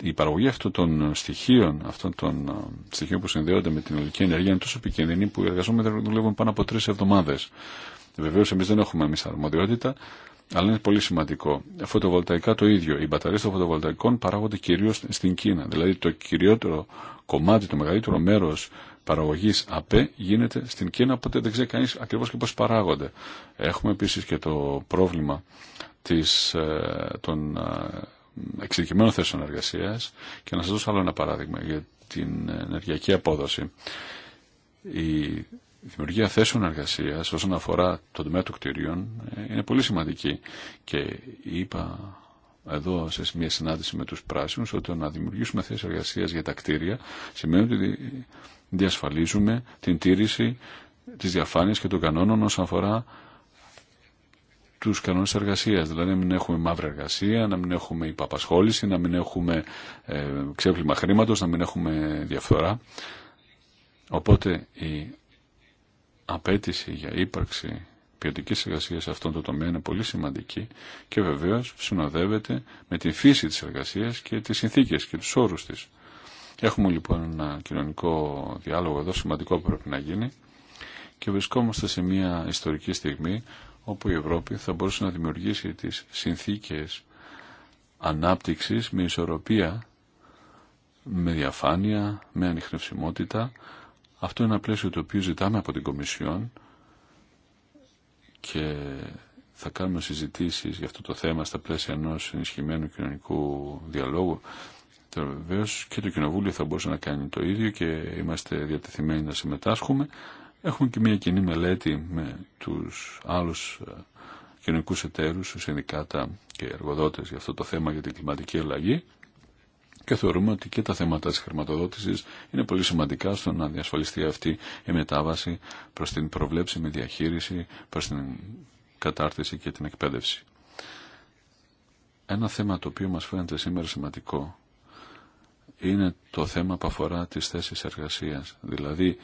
η, παραγωγή αυτών των στοιχείων, αυτών των στοιχείων που συνδέονται με την ενολική ενέργεια είναι τόσο επικίνδυνη που οι εργαζόμενοι δουλεύουν πάνω από τρεις εβδομάδες. Βεβαίω εμεί δεν έχουμε εμεί αρμοδιότητα, αλλά είναι πολύ σημαντικό. Φωτοβολταϊκά το ίδιο. Οι μπαταρίε των φωτοβολταϊκών παράγονται κυρίω στην Κίνα. Δηλαδή το κυριότερο κομμάτι, το μεγαλύτερο μέρο Παραγωγή ΑΠΕ γίνεται στην Κίνα, οπότε δεν ξέρει κανείς ακριβώς και πώ παράγονται. Έχουμε επίση και το πρόβλημα της, ε, των ε, εξειδικευμένων θέσεων εργασία και να σα δώσω άλλο ένα παράδειγμα για την ενεργειακή απόδοση. Η δημιουργία θέσεων εργασία όσον αφορά τον τομέα των κτηρίων ε, είναι πολύ σημαντική και είπα εδώ σε μια συνάντηση με τους πράσινους ότι να δημιουργήσουμε θέσεις εργασίας για τα κτίρια σημαίνει ότι διασφαλίζουμε την τήρηση της διαφάνειας και των κανόνων όσον αφορά τους κανόνες εργασίας. Δηλαδή να μην έχουμε μαύρη εργασία, να μην έχουμε υπαπασχόληση, να μην έχουμε ε, ξέπλυμα χρήματος, να μην έχουμε διαφθορά. Οπότε η απέτηση για ύπαρξη ποιοτική εργασία σε αυτόν τον τομέα είναι πολύ σημαντική και βεβαίως συνοδεύεται με τη φύση της εργασίας και τις συνθήκες και τους όρους της. Έχουμε λοιπόν ένα κοινωνικό διάλογο εδώ σημαντικό που πρέπει να γίνει και βρισκόμαστε σε μια ιστορική στιγμή όπου η Ευρώπη θα μπορούσε να δημιουργήσει τις συνθήκες ανάπτυξης με ισορροπία, με διαφάνεια, με ανιχνευσιμότητα. Αυτό είναι ένα πλαίσιο το οποίο ζητάμε από την Κομισιόν και θα κάνουμε συζητήσεις για αυτό το θέμα στα πλαίσια ενός ενισχυμένου κοινωνικού διαλόγου Τώρα βεβαίω και το Κοινοβούλιο θα μπορούσε να κάνει το ίδιο και είμαστε διατεθειμένοι να συμμετάσχουμε. Έχουμε και μια κοινή μελέτη με τους άλλους ε, κοινωνικού εταίρους, συνδικάτα και εργοδότες για αυτό το θέμα για την κλιματική αλλαγή και θεωρούμε ότι και τα θέματα της χρηματοδότησης είναι πολύ σημαντικά στο να διασφαλιστεί αυτή η μετάβαση προς την με διαχείριση, προς την κατάρτιση και την εκπαίδευση. Ένα θέμα το οποίο μας φαίνεται σήμερα σημαντικό είναι το θέμα που αφορά τις θέσεις εργασίας. Δηλαδή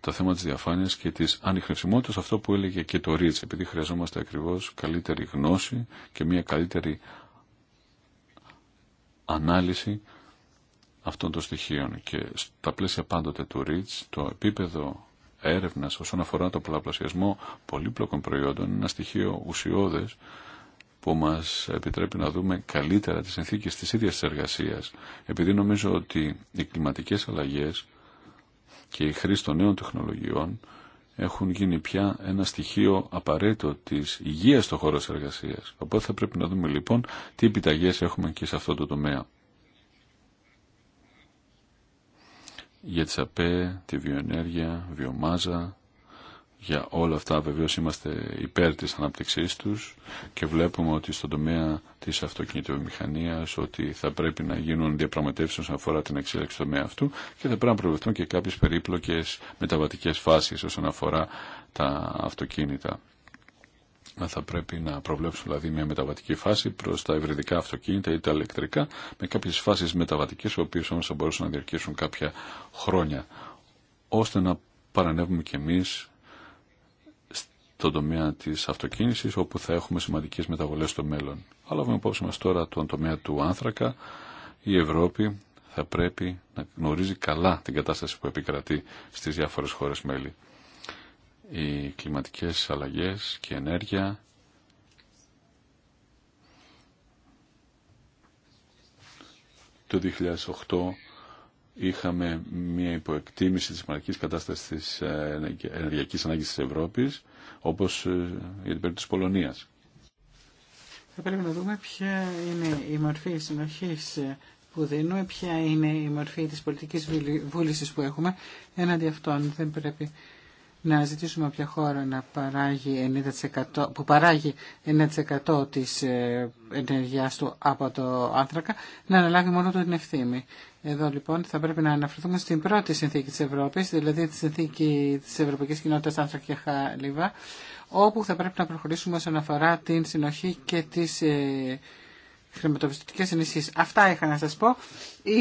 το θέμα της διαφάνειας και της ανιχνευσιμότητα, αυτό που έλεγε και το Ρίτς, επειδή χρειαζόμαστε ακριβώς καλύτερη γνώση και μια καλύτερη ανάλυση αυτών των στοιχείων. Και στα πλαίσια πάντοτε του Ρίτς, το επίπεδο έρευνας όσον αφορά το πολλαπλασιασμό πολύπλοκων προϊόντων είναι ένα στοιχείο ουσιώδες που μας επιτρέπει να δούμε καλύτερα τις συνθήκες της ίδιας της εργασίας. Επειδή νομίζω ότι οι κλιματικές αλλαγές και η χρήση των νέων τεχνολογιών έχουν γίνει πια ένα στοιχείο απαραίτητο της υγείας στον χώρο της εργασίας. Οπότε θα πρέπει να δούμε λοιπόν τι επιταγές έχουμε και σε αυτό το τομέα. Για τις ΑΠΕ, τη βιοενέργεια, βιομάζα, για όλα αυτά βεβαίως είμαστε υπέρ της ανάπτυξής τους και βλέπουμε ότι στον τομέα της αυτοκινητομηχανίας ότι θα πρέπει να γίνουν διαπραγματεύσεις όσον αφορά την εξέλιξη του τομέα αυτού και θα πρέπει να προβληθούν και κάποιες περίπλοκες μεταβατικές φάσεις όσον αφορά τα αυτοκίνητα. Θα πρέπει να προβλέψουμε δηλαδή μια μεταβατική φάση προ τα ευρυδικά αυτοκίνητα ή τα ηλεκτρικά, με κάποιε φάσει μεταβατικέ, οι οποίε όμω θα μπορούσαν να διαρκήσουν κάποια χρόνια, ώστε να παρανεύουμε κι εμείς τον τομέα της αυτοκίνησης όπου θα έχουμε σημαντικές μεταβολές στο μέλλον. Αλλά με υπόψη μας τώρα τον τομέα του άνθρακα η Ευρώπη θα πρέπει να γνωρίζει καλά την κατάσταση που επικρατεί στις διάφορες χώρες μέλη. Οι κλιματικές αλλαγές και ενέργεια το 2008 είχαμε μια υποεκτίμηση της μαρικής κατάστασης της ε, ενεργειακής ανάγκης της Ευρώπης όπως ε, για την περίπτωση της Πολωνίας. Θα πρέπει να δούμε ποια είναι η μορφή συνοχής που δίνουμε, ποια είναι η μορφή της πολιτικής βούλησης που έχουμε. Έναντι αυτών δεν πρέπει να ζητήσουμε από χώρα να παράγει 90%, που παράγει 90% της ε, ενεργειάς του από το άνθρακα να αναλάβει μόνο του την ευθύνη. Εδώ λοιπόν θα πρέπει να αναφερθούμε στην πρώτη συνθήκη της Ευρώπης, δηλαδή τη συνθήκη της Ευρωπαϊκής Κοινότητας Άνθρακα και Χάλιβα, όπου θα πρέπει να προχωρήσουμε όσον αφορά την συνοχή και τις ε, χρηματοπιστωτικέ ενισχύσει. Αυτά είχα να σα πω. Η...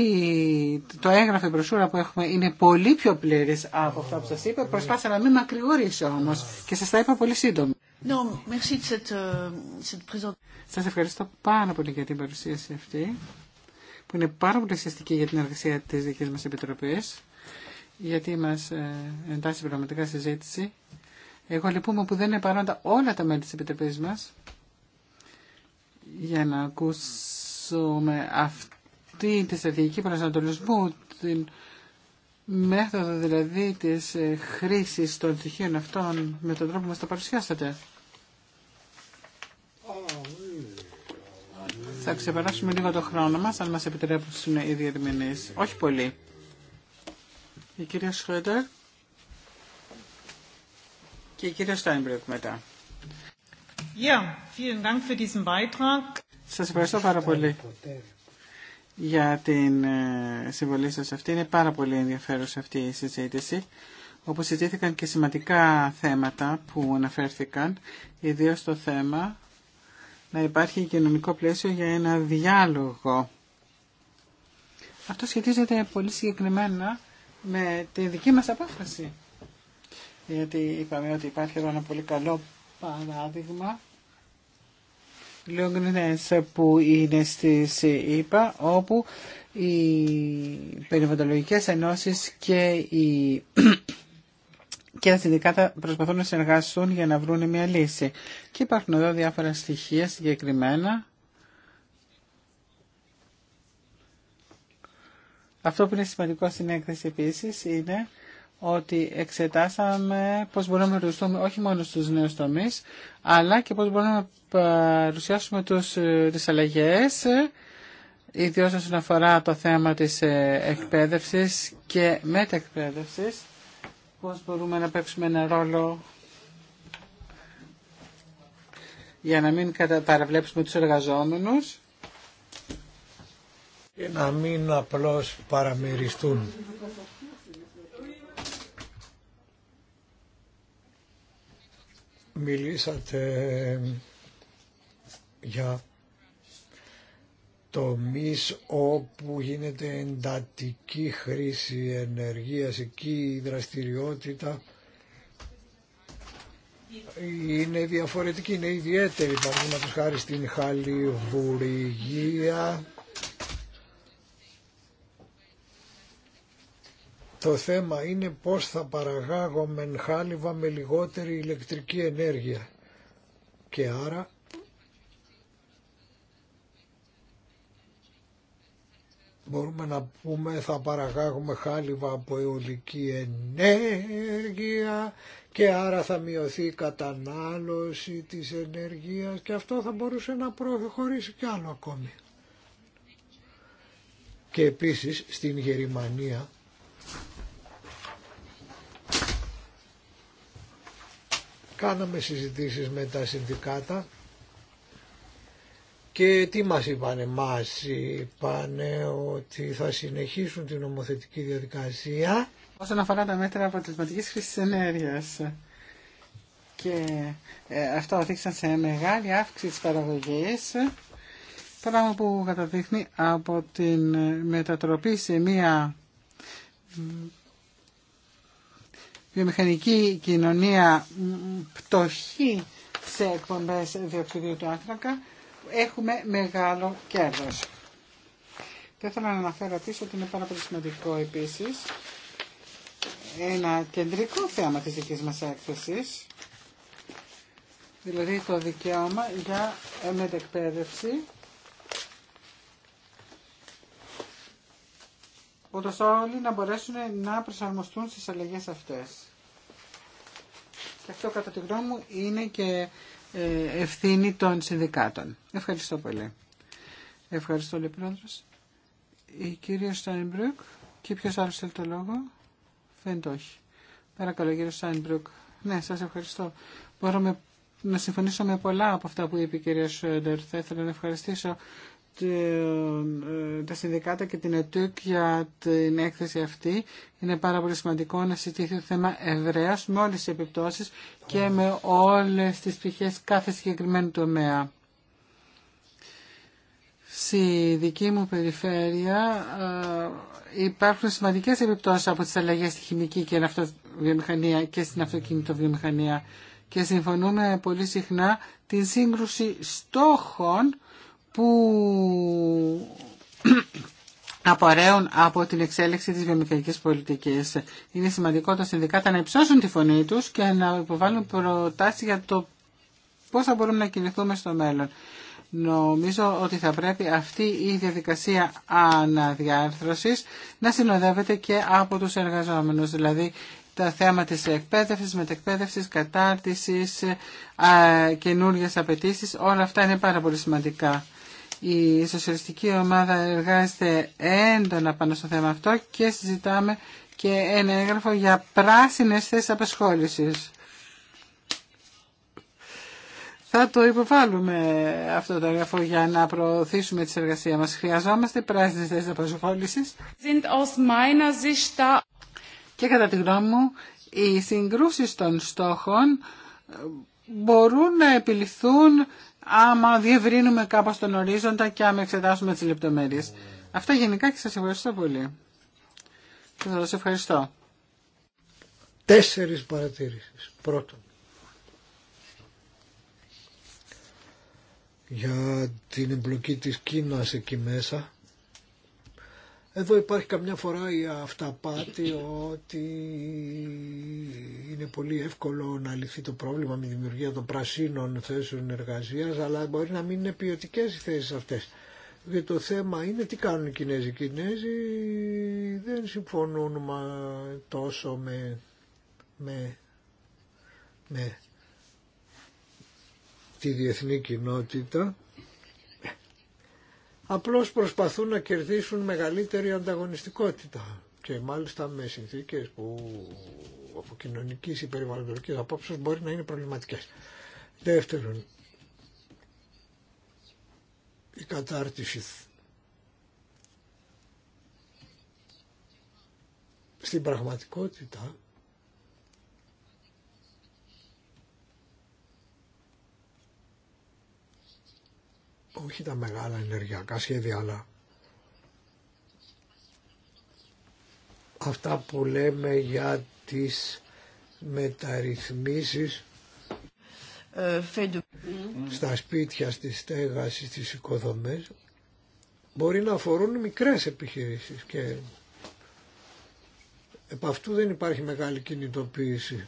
Το έγγραφο, η προσούρα που έχουμε είναι πολύ πιο πλήρης από αυτά που σα είπα. Προσπάθησα να μην με μακρηγορήσω όμως και σα τα είπα πολύ σύντομα. No, euh, ευχαριστώ πάρα πολύ για την παρουσίαση αυτή που είναι πάρα πολύ ουσιαστική για την εργασία τη δική μα επιτροπή γιατί μας ε, εντάσσει πραγματικά συζήτηση. Εγώ λυπούμαι που δεν είναι παρόντα όλα τα μέλη τη Επιτροπής μα για να ακούσουμε αυτή τη στρατηγική προσανατολισμού, την μέθοδο δηλαδή της ε, χρήσης των στοιχείων αυτών με τον τρόπο που μας τα παρουσιάσατε. Θα ξεπεράσουμε λίγο το χρόνο μας, αν μας επιτρέψουν οι διερμηνείς. Όχι πολύ. Η κυρία Σχέντερ και η κυρία Στάιμπρεκ μετά. Σα Σας ευχαριστώ πάρα πολύ για την ε, συμβολή σας αυτή. Είναι πάρα πολύ ενδιαφέρουσα αυτή η συζήτηση, όπω συζητήθηκαν και σημαντικά θέματα που αναφέρθηκαν, ιδίως το θέμα να υπάρχει κοινωνικό πλαίσιο για ένα διάλογο. Αυτό σχετίζεται πολύ συγκεκριμένα με τη δική μας απόφαση. Γιατί είπαμε ότι υπάρχει εδώ ένα πολύ καλό παράδειγμα Λιόγκρινες που είναι στη ΣΥΠΑ όπου οι περιβαλλοντικές ενώσεις και οι και τα συνδικάτα προσπαθούν να συνεργαστούν για να βρουν μια λύση. Και υπάρχουν εδώ διάφορα στοιχεία συγκεκριμένα. Αυτό που είναι σημαντικό στην έκθεση επίσης είναι ότι εξετάσαμε πώς μπορούμε να ρωτηθούμε όχι μόνο στους νέους τομείς, αλλά και πώς μπορούμε να παρουσιάσουμε τους, ε, τις αλλαγές, ιδίως όσον αφορά το θέμα της ε, εκπαίδευσης και μεταεκπαίδευσης, πώς μπορούμε να παίξουμε ένα ρόλο για να μην παραβλέψουμε τους εργαζόμενους και να μην απλώς παραμεριστούν. Μιλήσατε ε, για τομείς όπου γίνεται εντατική χρήση ενεργείας, εκεί η δραστηριότητα είναι διαφορετική, είναι ιδιαίτερη παραδείγματος χάρη στην Χαλιβουργία Το θέμα είναι πώς θα παραγάγουμε χάλιβα με λιγότερη ηλεκτρική ενέργεια και άρα μπορούμε να πούμε θα παραγάγουμε χάλιβα από αιωλική ενέργεια και άρα θα μειωθεί η κατανάλωση της ενέργειας και αυτό θα μπορούσε να προχωρήσει κι άλλο ακόμη. Και επίσης στην Γερμανία Κάναμε συζητήσεις με τα συνδικάτα και τι μας είπανε, μας είπανε ότι θα συνεχίσουν την νομοθετική διαδικασία. Όσον αφορά τα μέτρα αποτελεσματικής χρήσης ενέργειας και ε, αυτό οδήγησαν σε μεγάλη αύξηση της παραγωγής, πράγμα που καταδείχνει από την μετατροπή σε μία βιομηχανική κοινωνία πτωχή σε εκπομπές διοξιδίου του άνθρακα, έχουμε μεγάλο κέρδος. Και θέλω να αναφέρω επίση ότι είναι πάρα πολύ σημαντικό επίσης ένα κεντρικό θέμα της δικής μας έκθεσης, δηλαδή το δικαίωμα για μετεκπαίδευση, ούτως όλοι να μπορέσουν να προσαρμοστούν στις αλλαγές αυτές. Και αυτό κατά τη γνώμη μου είναι και ε, ευθύνη των συνδικάτων. Ευχαριστώ πολύ. Ευχαριστώ λέει πρόεδρος. Η κυρία Στάινμπρουκ και ποιος άλλο θέλει το λόγο. Φαίνεται όχι. Παρακαλώ κύριε Στάινμπρουκ. Ναι, σας ευχαριστώ. Μπορώ να συμφωνήσω με πολλά από αυτά που είπε η κυρία Σόντερ. Θα ήθελα να ευχαριστήσω ε, τα συνδικάτα και την ΕΤΟΥΚ για την έκθεση αυτή. Είναι πάρα πολύ σημαντικό να συζητηθεί το θέμα ευρέως με όλε τι επιπτώσει και με όλες τι πτυχέ κάθε συγκεκριμένου τομέα. Στη δική μου περιφέρεια ε, υπάρχουν σημαντικέ επιπτώσει από τι αλλαγέ στη χημική και στην αυτοβιομηχανία και στην αυτοκινητοβιομηχανία και συμφωνούμε πολύ συχνά την σύγκρουση στόχων που απορρέουν από την εξέλιξη της βιομηχανικής πολιτικής. Είναι σημαντικό τα συνδικάτα να υψώσουν τη φωνή τους και να υποβάλουν προτάσεις για το πώς θα μπορούμε να κινηθούμε στο μέλλον. Νομίζω ότι θα πρέπει αυτή η διαδικασία αναδιάρθρωσης να συνοδεύεται και από τους εργαζόμενους, δηλαδή τα θέματα της εκπαίδευσης, μετεκπαίδευσης, κατάρτισης, καινούργιες απαιτήσει, όλα αυτά είναι πάρα πολύ σημαντικά. Η σοσιαλιστική ομάδα εργάζεται έντονα πάνω στο θέμα αυτό και συζητάμε και ένα έγγραφο για πράσινες θέσεις απασχόλησης. Θα το υποβάλουμε αυτό το έγγραφο για να προωθήσουμε τη συνεργασία μας. Χρειαζόμαστε πράσινες θέσεις απασχόλησης. Και κατά τη γνώμη μου, οι συγκρούσεις των στόχων μπορούν να επιληθούν άμα διευρύνουμε κάπως τον ορίζοντα και άμα εξετάσουμε τις λεπτομέρειες. Αυτά γενικά και σα ευχαριστώ πολύ. Και σα ευχαριστώ. Τέσσερις παρατήρησει: Πρώτον, για την εμπλοκή της Κίνας εκεί μέσα εδώ υπάρχει καμιά φορά η αυταπάτη ότι είναι πολύ εύκολο να λυθεί το πρόβλημα με τη δημιουργία των πρασίνων θέσεων εργασίας, αλλά μπορεί να μην είναι ποιοτικέ οι θέσεις αυτές. γιατί το θέμα είναι τι κάνουν οι Κινέζοι. Οι Κινέζοι δεν συμφωνούν μα, τόσο με, με, με τη διεθνή κοινότητα απλώς προσπαθούν να κερδίσουν μεγαλύτερη ανταγωνιστικότητα και μάλιστα με συνθήκες που από κοινωνική ή περιβαλλοντική απόψεως μπορεί να είναι προβληματικές. Δεύτερον, η περιβαλλοντικη αποψεως μπορει να ειναι προβληματικέ. δευτερον η καταρτιση στην πραγματικότητα όχι τα μεγάλα ενεργειακά σχέδια, αλλά αυτά που λέμε για τις μεταρρυθμίσεις στα σπίτια, στη στέγαση, στις οικοδομές μπορεί να αφορούν μικρές επιχειρήσεις και επ' αυτού δεν υπάρχει μεγάλη κινητοποίηση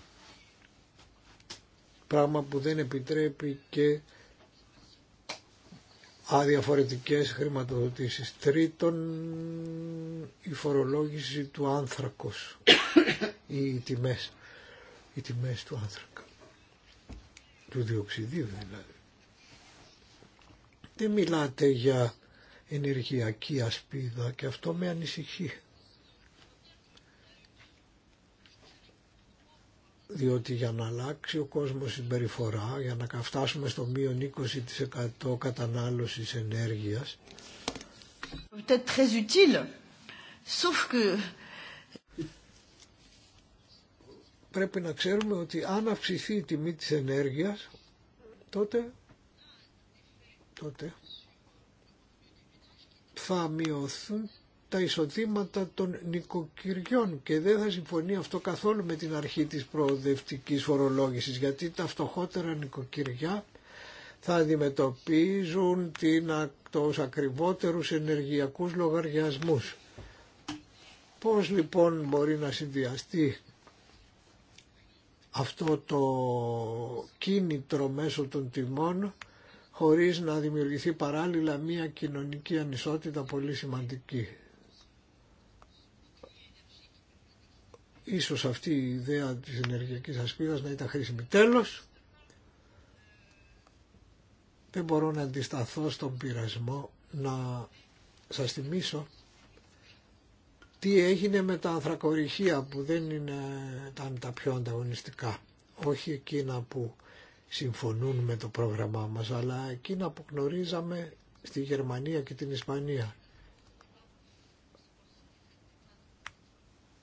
πράγμα που δεν επιτρέπει και αδιαφορετικές χρηματοδοτήσεις. Τρίτον, η φορολόγηση του άνθρακος ή οι τιμές, οι τιμές του άνθρακα, του διοξιδίου δηλαδή. Δεν μιλάτε για ενεργειακή ασπίδα και αυτό με ανησυχεί. διότι για να αλλάξει ο κόσμος συμπεριφορά, για να φτάσουμε στο μείον 20% κατανάλωσης ενέργειας. Πρέπει να ξέρουμε ότι αν αυξηθεί η τιμή της ενέργειας, τότε, τότε θα μειωθούν τα εισοδήματα των νοικοκυριών και δεν θα συμφωνεί αυτό καθόλου με την αρχή της προοδευτικής φορολόγησης γιατί τα φτωχότερα νοικοκυριά θα αντιμετωπίζουν την, τους ακριβότερους ενεργειακούς λογαριασμούς. Πώς λοιπόν μπορεί να συνδυαστεί αυτό το κίνητρο μέσω των τιμών χωρίς να δημιουργηθεί παράλληλα μια κοινωνική ανισότητα πολύ σημαντική. Ίσως αυτή η ιδέα της ενεργειακής ασπίδας να ήταν χρήσιμη. Τέλος, δεν μπορώ να αντισταθώ στον πειρασμό να σας θυμίσω τι έγινε με τα ανθρακοριχεία που δεν είναι ήταν τα πιο ανταγωνιστικά. Όχι εκείνα που συμφωνούν με το πρόγραμμά μας, αλλά εκείνα που γνωρίζαμε στη Γερμανία και την Ισπανία.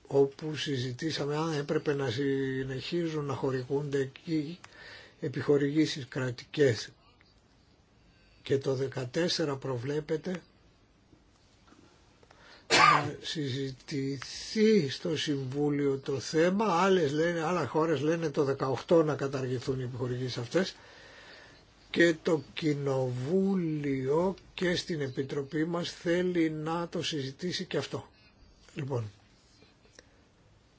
όπου συζητήσαμε αν έπρεπε να συνεχίζουν να χορηγούνται εκεί επιχορηγήσεις κρατικές. Και το 14 προβλέπεται να συζητηθεί στο Συμβούλιο το θέμα. Άλλες λένε, άλλα χώρες λένε το 18 να καταργηθούν οι επιχορηγήσεις αυτές και το Κοινοβούλιο και στην Επιτροπή μας θέλει να το συζητήσει και αυτό. Λοιπόν,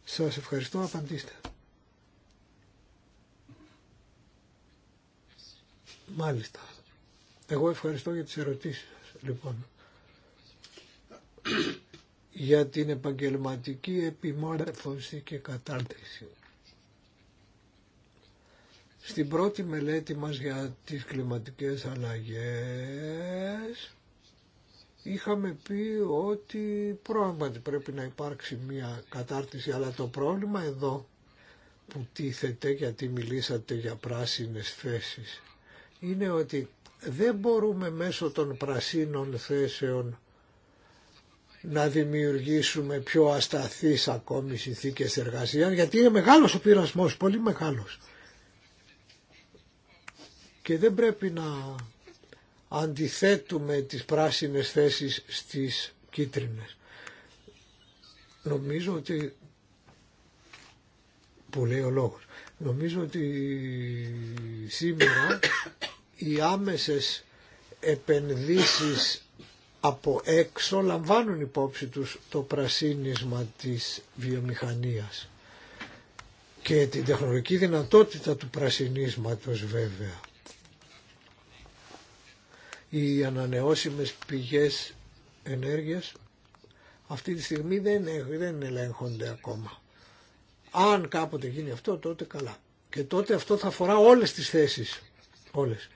σας ευχαριστώ. Απαντήστε. Μάλιστα. Εγώ ευχαριστώ για τις ερωτήσεις λοιπόν. για την επαγγελματική επιμόρφωση και κατάρτιση. Στην πρώτη μελέτη μας για τις κλιματικές αλλαγές είχαμε πει ότι πράγματι πρέπει να υπάρξει μια κατάρτιση, αλλά το πρόβλημα εδώ που τίθεται, γιατί μιλήσατε για πράσινες θέσεις, είναι ότι δεν μπορούμε μέσω των πρασίνων θέσεων να δημιουργήσουμε πιο ασταθείς ακόμη συνθήκες εργασίας, γιατί είναι μεγάλος ο πειρασμός, πολύ μεγάλος. Και δεν πρέπει να αντιθέτουμε τις πράσινες θέσεις στις κίτρινες. Νομίζω ότι που λόγος. Νομίζω ότι σήμερα οι άμεσες επενδύσεις από έξω λαμβάνουν υπόψη τους το πρασίνισμα της βιομηχανίας και την τεχνολογική δυνατότητα του πρασινίσματος βέβαια οι ανανεώσιμες πηγές ενέργειας αυτή τη στιγμή δεν, δεν ελέγχονται ακόμα. Αν κάποτε γίνει αυτό τότε καλά. Και τότε αυτό θα αφορά όλες τις θέσεις. Όλες.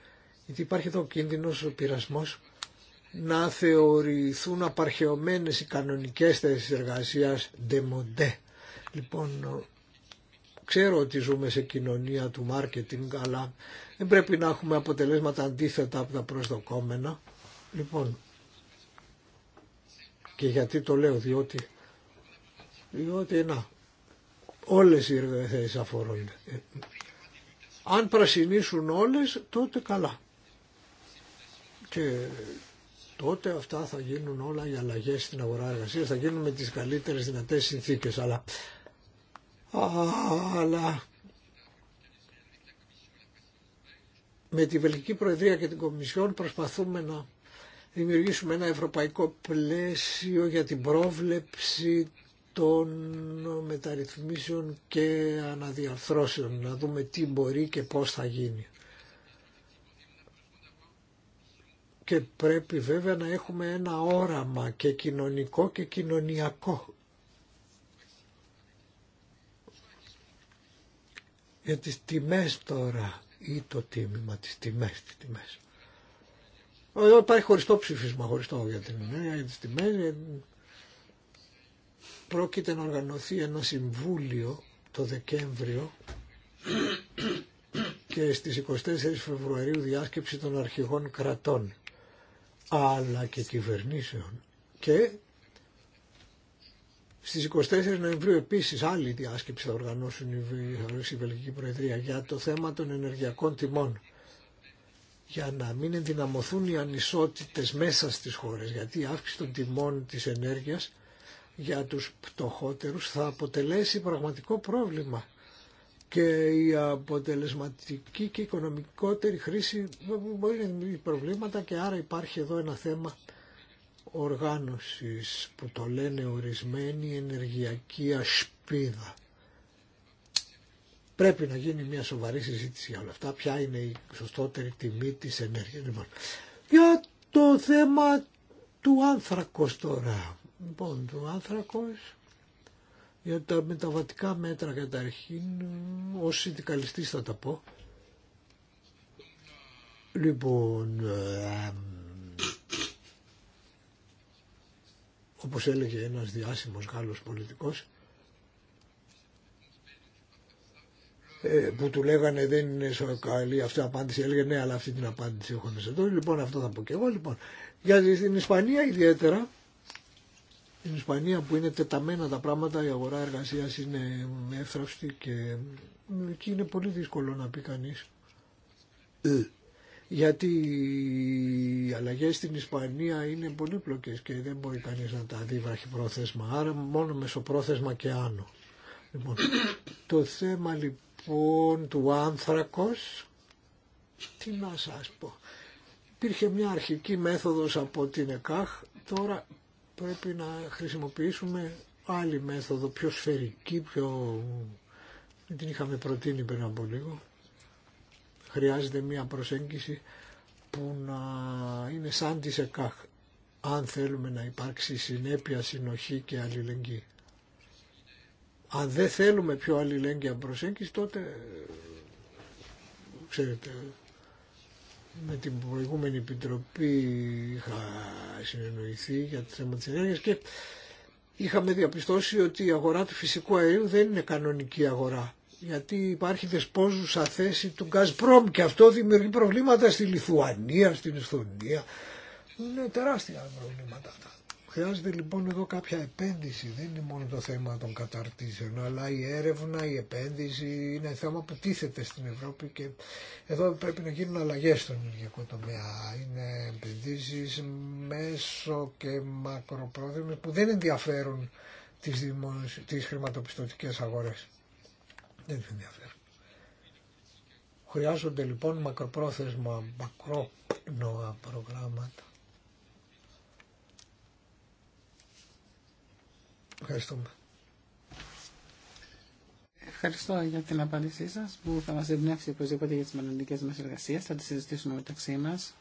Γιατί υπάρχει εδώ ο κίνδυνος, ο πειρασμός να θεωρηθούν απαρχαιωμένες οι κανονικές θέσεις εργασίας μοντέ. Λοιπόν, ξέρω ότι ζούμε σε κοινωνία του marketing, αλλά δεν πρέπει να έχουμε αποτελέσματα αντίθετα από τα προσδοκόμενα. Λοιπόν, και γιατί το λέω, διότι, διότι να, όλες οι αφορούν. αφορούν. Αν πρασινίσουν όλες, τότε καλά. Και τότε αυτά θα γίνουν όλα οι αλλαγέ στην αγορά εργασία, θα γίνουν με τις καλύτερες δυνατές συνθήκες. Αλλά, αλλά με τη Βελγική Προεδρία και την Κομισιόν προσπαθούμε να δημιουργήσουμε ένα ευρωπαϊκό πλαίσιο για την πρόβλεψη των μεταρρυθμίσεων και αναδιαρθρώσεων, να δούμε τι μπορεί και πώς θα γίνει. Και πρέπει βέβαια να έχουμε ένα όραμα και κοινωνικό και κοινωνιακό. Για τις τιμές τώρα ή το τίμημα, τις τιμές, τις τιμές. Εδώ υπάρχει χωριστό ψηφίσμα, χωριστό για την ενέργεια, για τις τιμές. Ε, πρόκειται να οργανωθεί ένα συμβούλιο το Δεκέμβριο και στις 24 Φεβρουαρίου διάσκεψη των αρχηγών κρατών αλλά και κυβερνήσεων και Στι 24 Νοεμβρίου επίση άλλη διάσκεψη θα οργανώσουν η Βελγική Προεδρία για το θέμα των ενεργειακών τιμών για να μην ενδυναμωθούν οι ανισότητε μέσα στι χώρε γιατί η αύξηση των τιμών τη ενέργεια για τους πτωχότερους θα αποτελέσει πραγματικό πρόβλημα και η αποτελεσματική και οικονομικότερη χρήση μπορεί να δημιουργεί προβλήματα και άρα υπάρχει εδώ ένα θέμα οργάνωσης που το λένε ορισμένη ενεργειακή ασπίδα. Πρέπει να γίνει μια σοβαρή συζήτηση για όλα αυτά. Ποια είναι η σωστότερη τιμή της ενέργειας. Λοιπόν, για το θέμα του άνθρακος τώρα. Λοιπόν, του άνθρακος για τα μεταβατικά μέτρα καταρχήν, ως συνδικαλιστής θα τα πω. Λοιπόν, ε, όπως έλεγε ένας διάσημος Γάλλος πολιτικός, ε, που του λέγανε δεν είναι καλή αυτή η απάντηση, έλεγε ναι αλλά αυτή την απάντηση έχω να σε λοιπόν αυτό θα πω και εγώ λοιπόν. Για την Ισπανία ιδιαίτερα, στην Ισπανία που είναι τεταμένα τα πράγματα, η αγορά εργασίας είναι εύθραυστη και εκεί είναι πολύ δύσκολο να πει κανείς. Ε γιατί οι αλλαγέ στην Ισπανία είναι πολύπλοκες και δεν μπορεί κανεί να τα δει πρόθεσμα. άρα μόνο μεσοπρόθεσμα και άνω. Λοιπόν, το θέμα λοιπόν του άνθρακος, τι να σας πω, υπήρχε μια αρχική μέθοδος από την ΕΚΑΧ, τώρα πρέπει να χρησιμοποιήσουμε άλλη μέθοδο, πιο σφαιρική, πιο... την είχαμε προτείνει πριν από λίγο. Χρειάζεται μια προσέγγιση που να είναι σαν τη ΕΚΑΧ, αν θέλουμε να υπάρξει συνέπεια, συνοχή και αλληλεγγύη. Αν δεν θέλουμε πιο αλληλέγγυα προσέγγιση, τότε, ξέρετε, με την προηγούμενη επιτροπή είχα συνεννοηθεί για το θέμα της ενέργειας και είχαμε διαπιστώσει ότι η αγορά του φυσικού αερίου δεν είναι κανονική αγορά γιατί υπάρχει δεσπόζουσα θέση του Γκάσπρομ και αυτό δημιουργεί προβλήματα στη Λιθουανία, στην Ισθονία. Είναι τεράστια προβλήματα αυτά. Χρειάζεται λοιπόν εδώ κάποια επένδυση, δεν είναι μόνο το θέμα των καταρτήσεων, αλλά η έρευνα, η επένδυση είναι θέμα που τίθεται στην Ευρώπη και εδώ πρέπει να γίνουν αλλαγές στον ενεργειακό τομέα. Είναι επενδύσεις μέσω και μακροπρόθεσμες που δεν ενδιαφέρουν τις, τις χρηματοπιστωτικές αγορές. Δεν θα ενδιαφέρει. Χρειάζονται λοιπόν μακροπρόθεσμα, μακρόπνοα προγράμματα. Ευχαριστούμε. Ευχαριστώ για την απάντησή σας που θα μας εμπνεύσει οπωσδήποτε για τις μελλοντικές μας εργασίες. Θα τις συζητήσουμε μεταξύ μας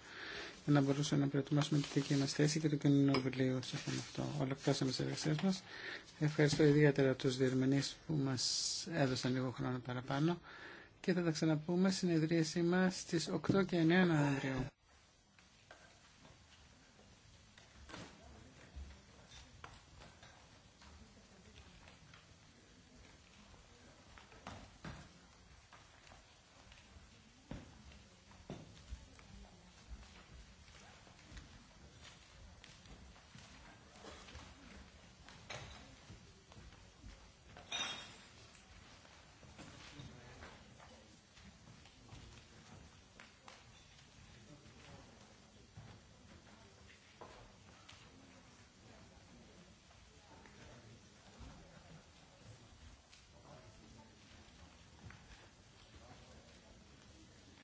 να μπορούσαμε να προετοιμάσουμε τη δική μα θέση και το κοινό βιβλίο σε αυτό. Ολοκληρώσαμε τι εργασίε μα. Ευχαριστώ ιδιαίτερα του διερμηνεί που μα έδωσαν λίγο χρόνο παραπάνω και θα τα ξαναπούμε στην συνεδρίασή μα στι 8 και 9 Νοεμβρίου.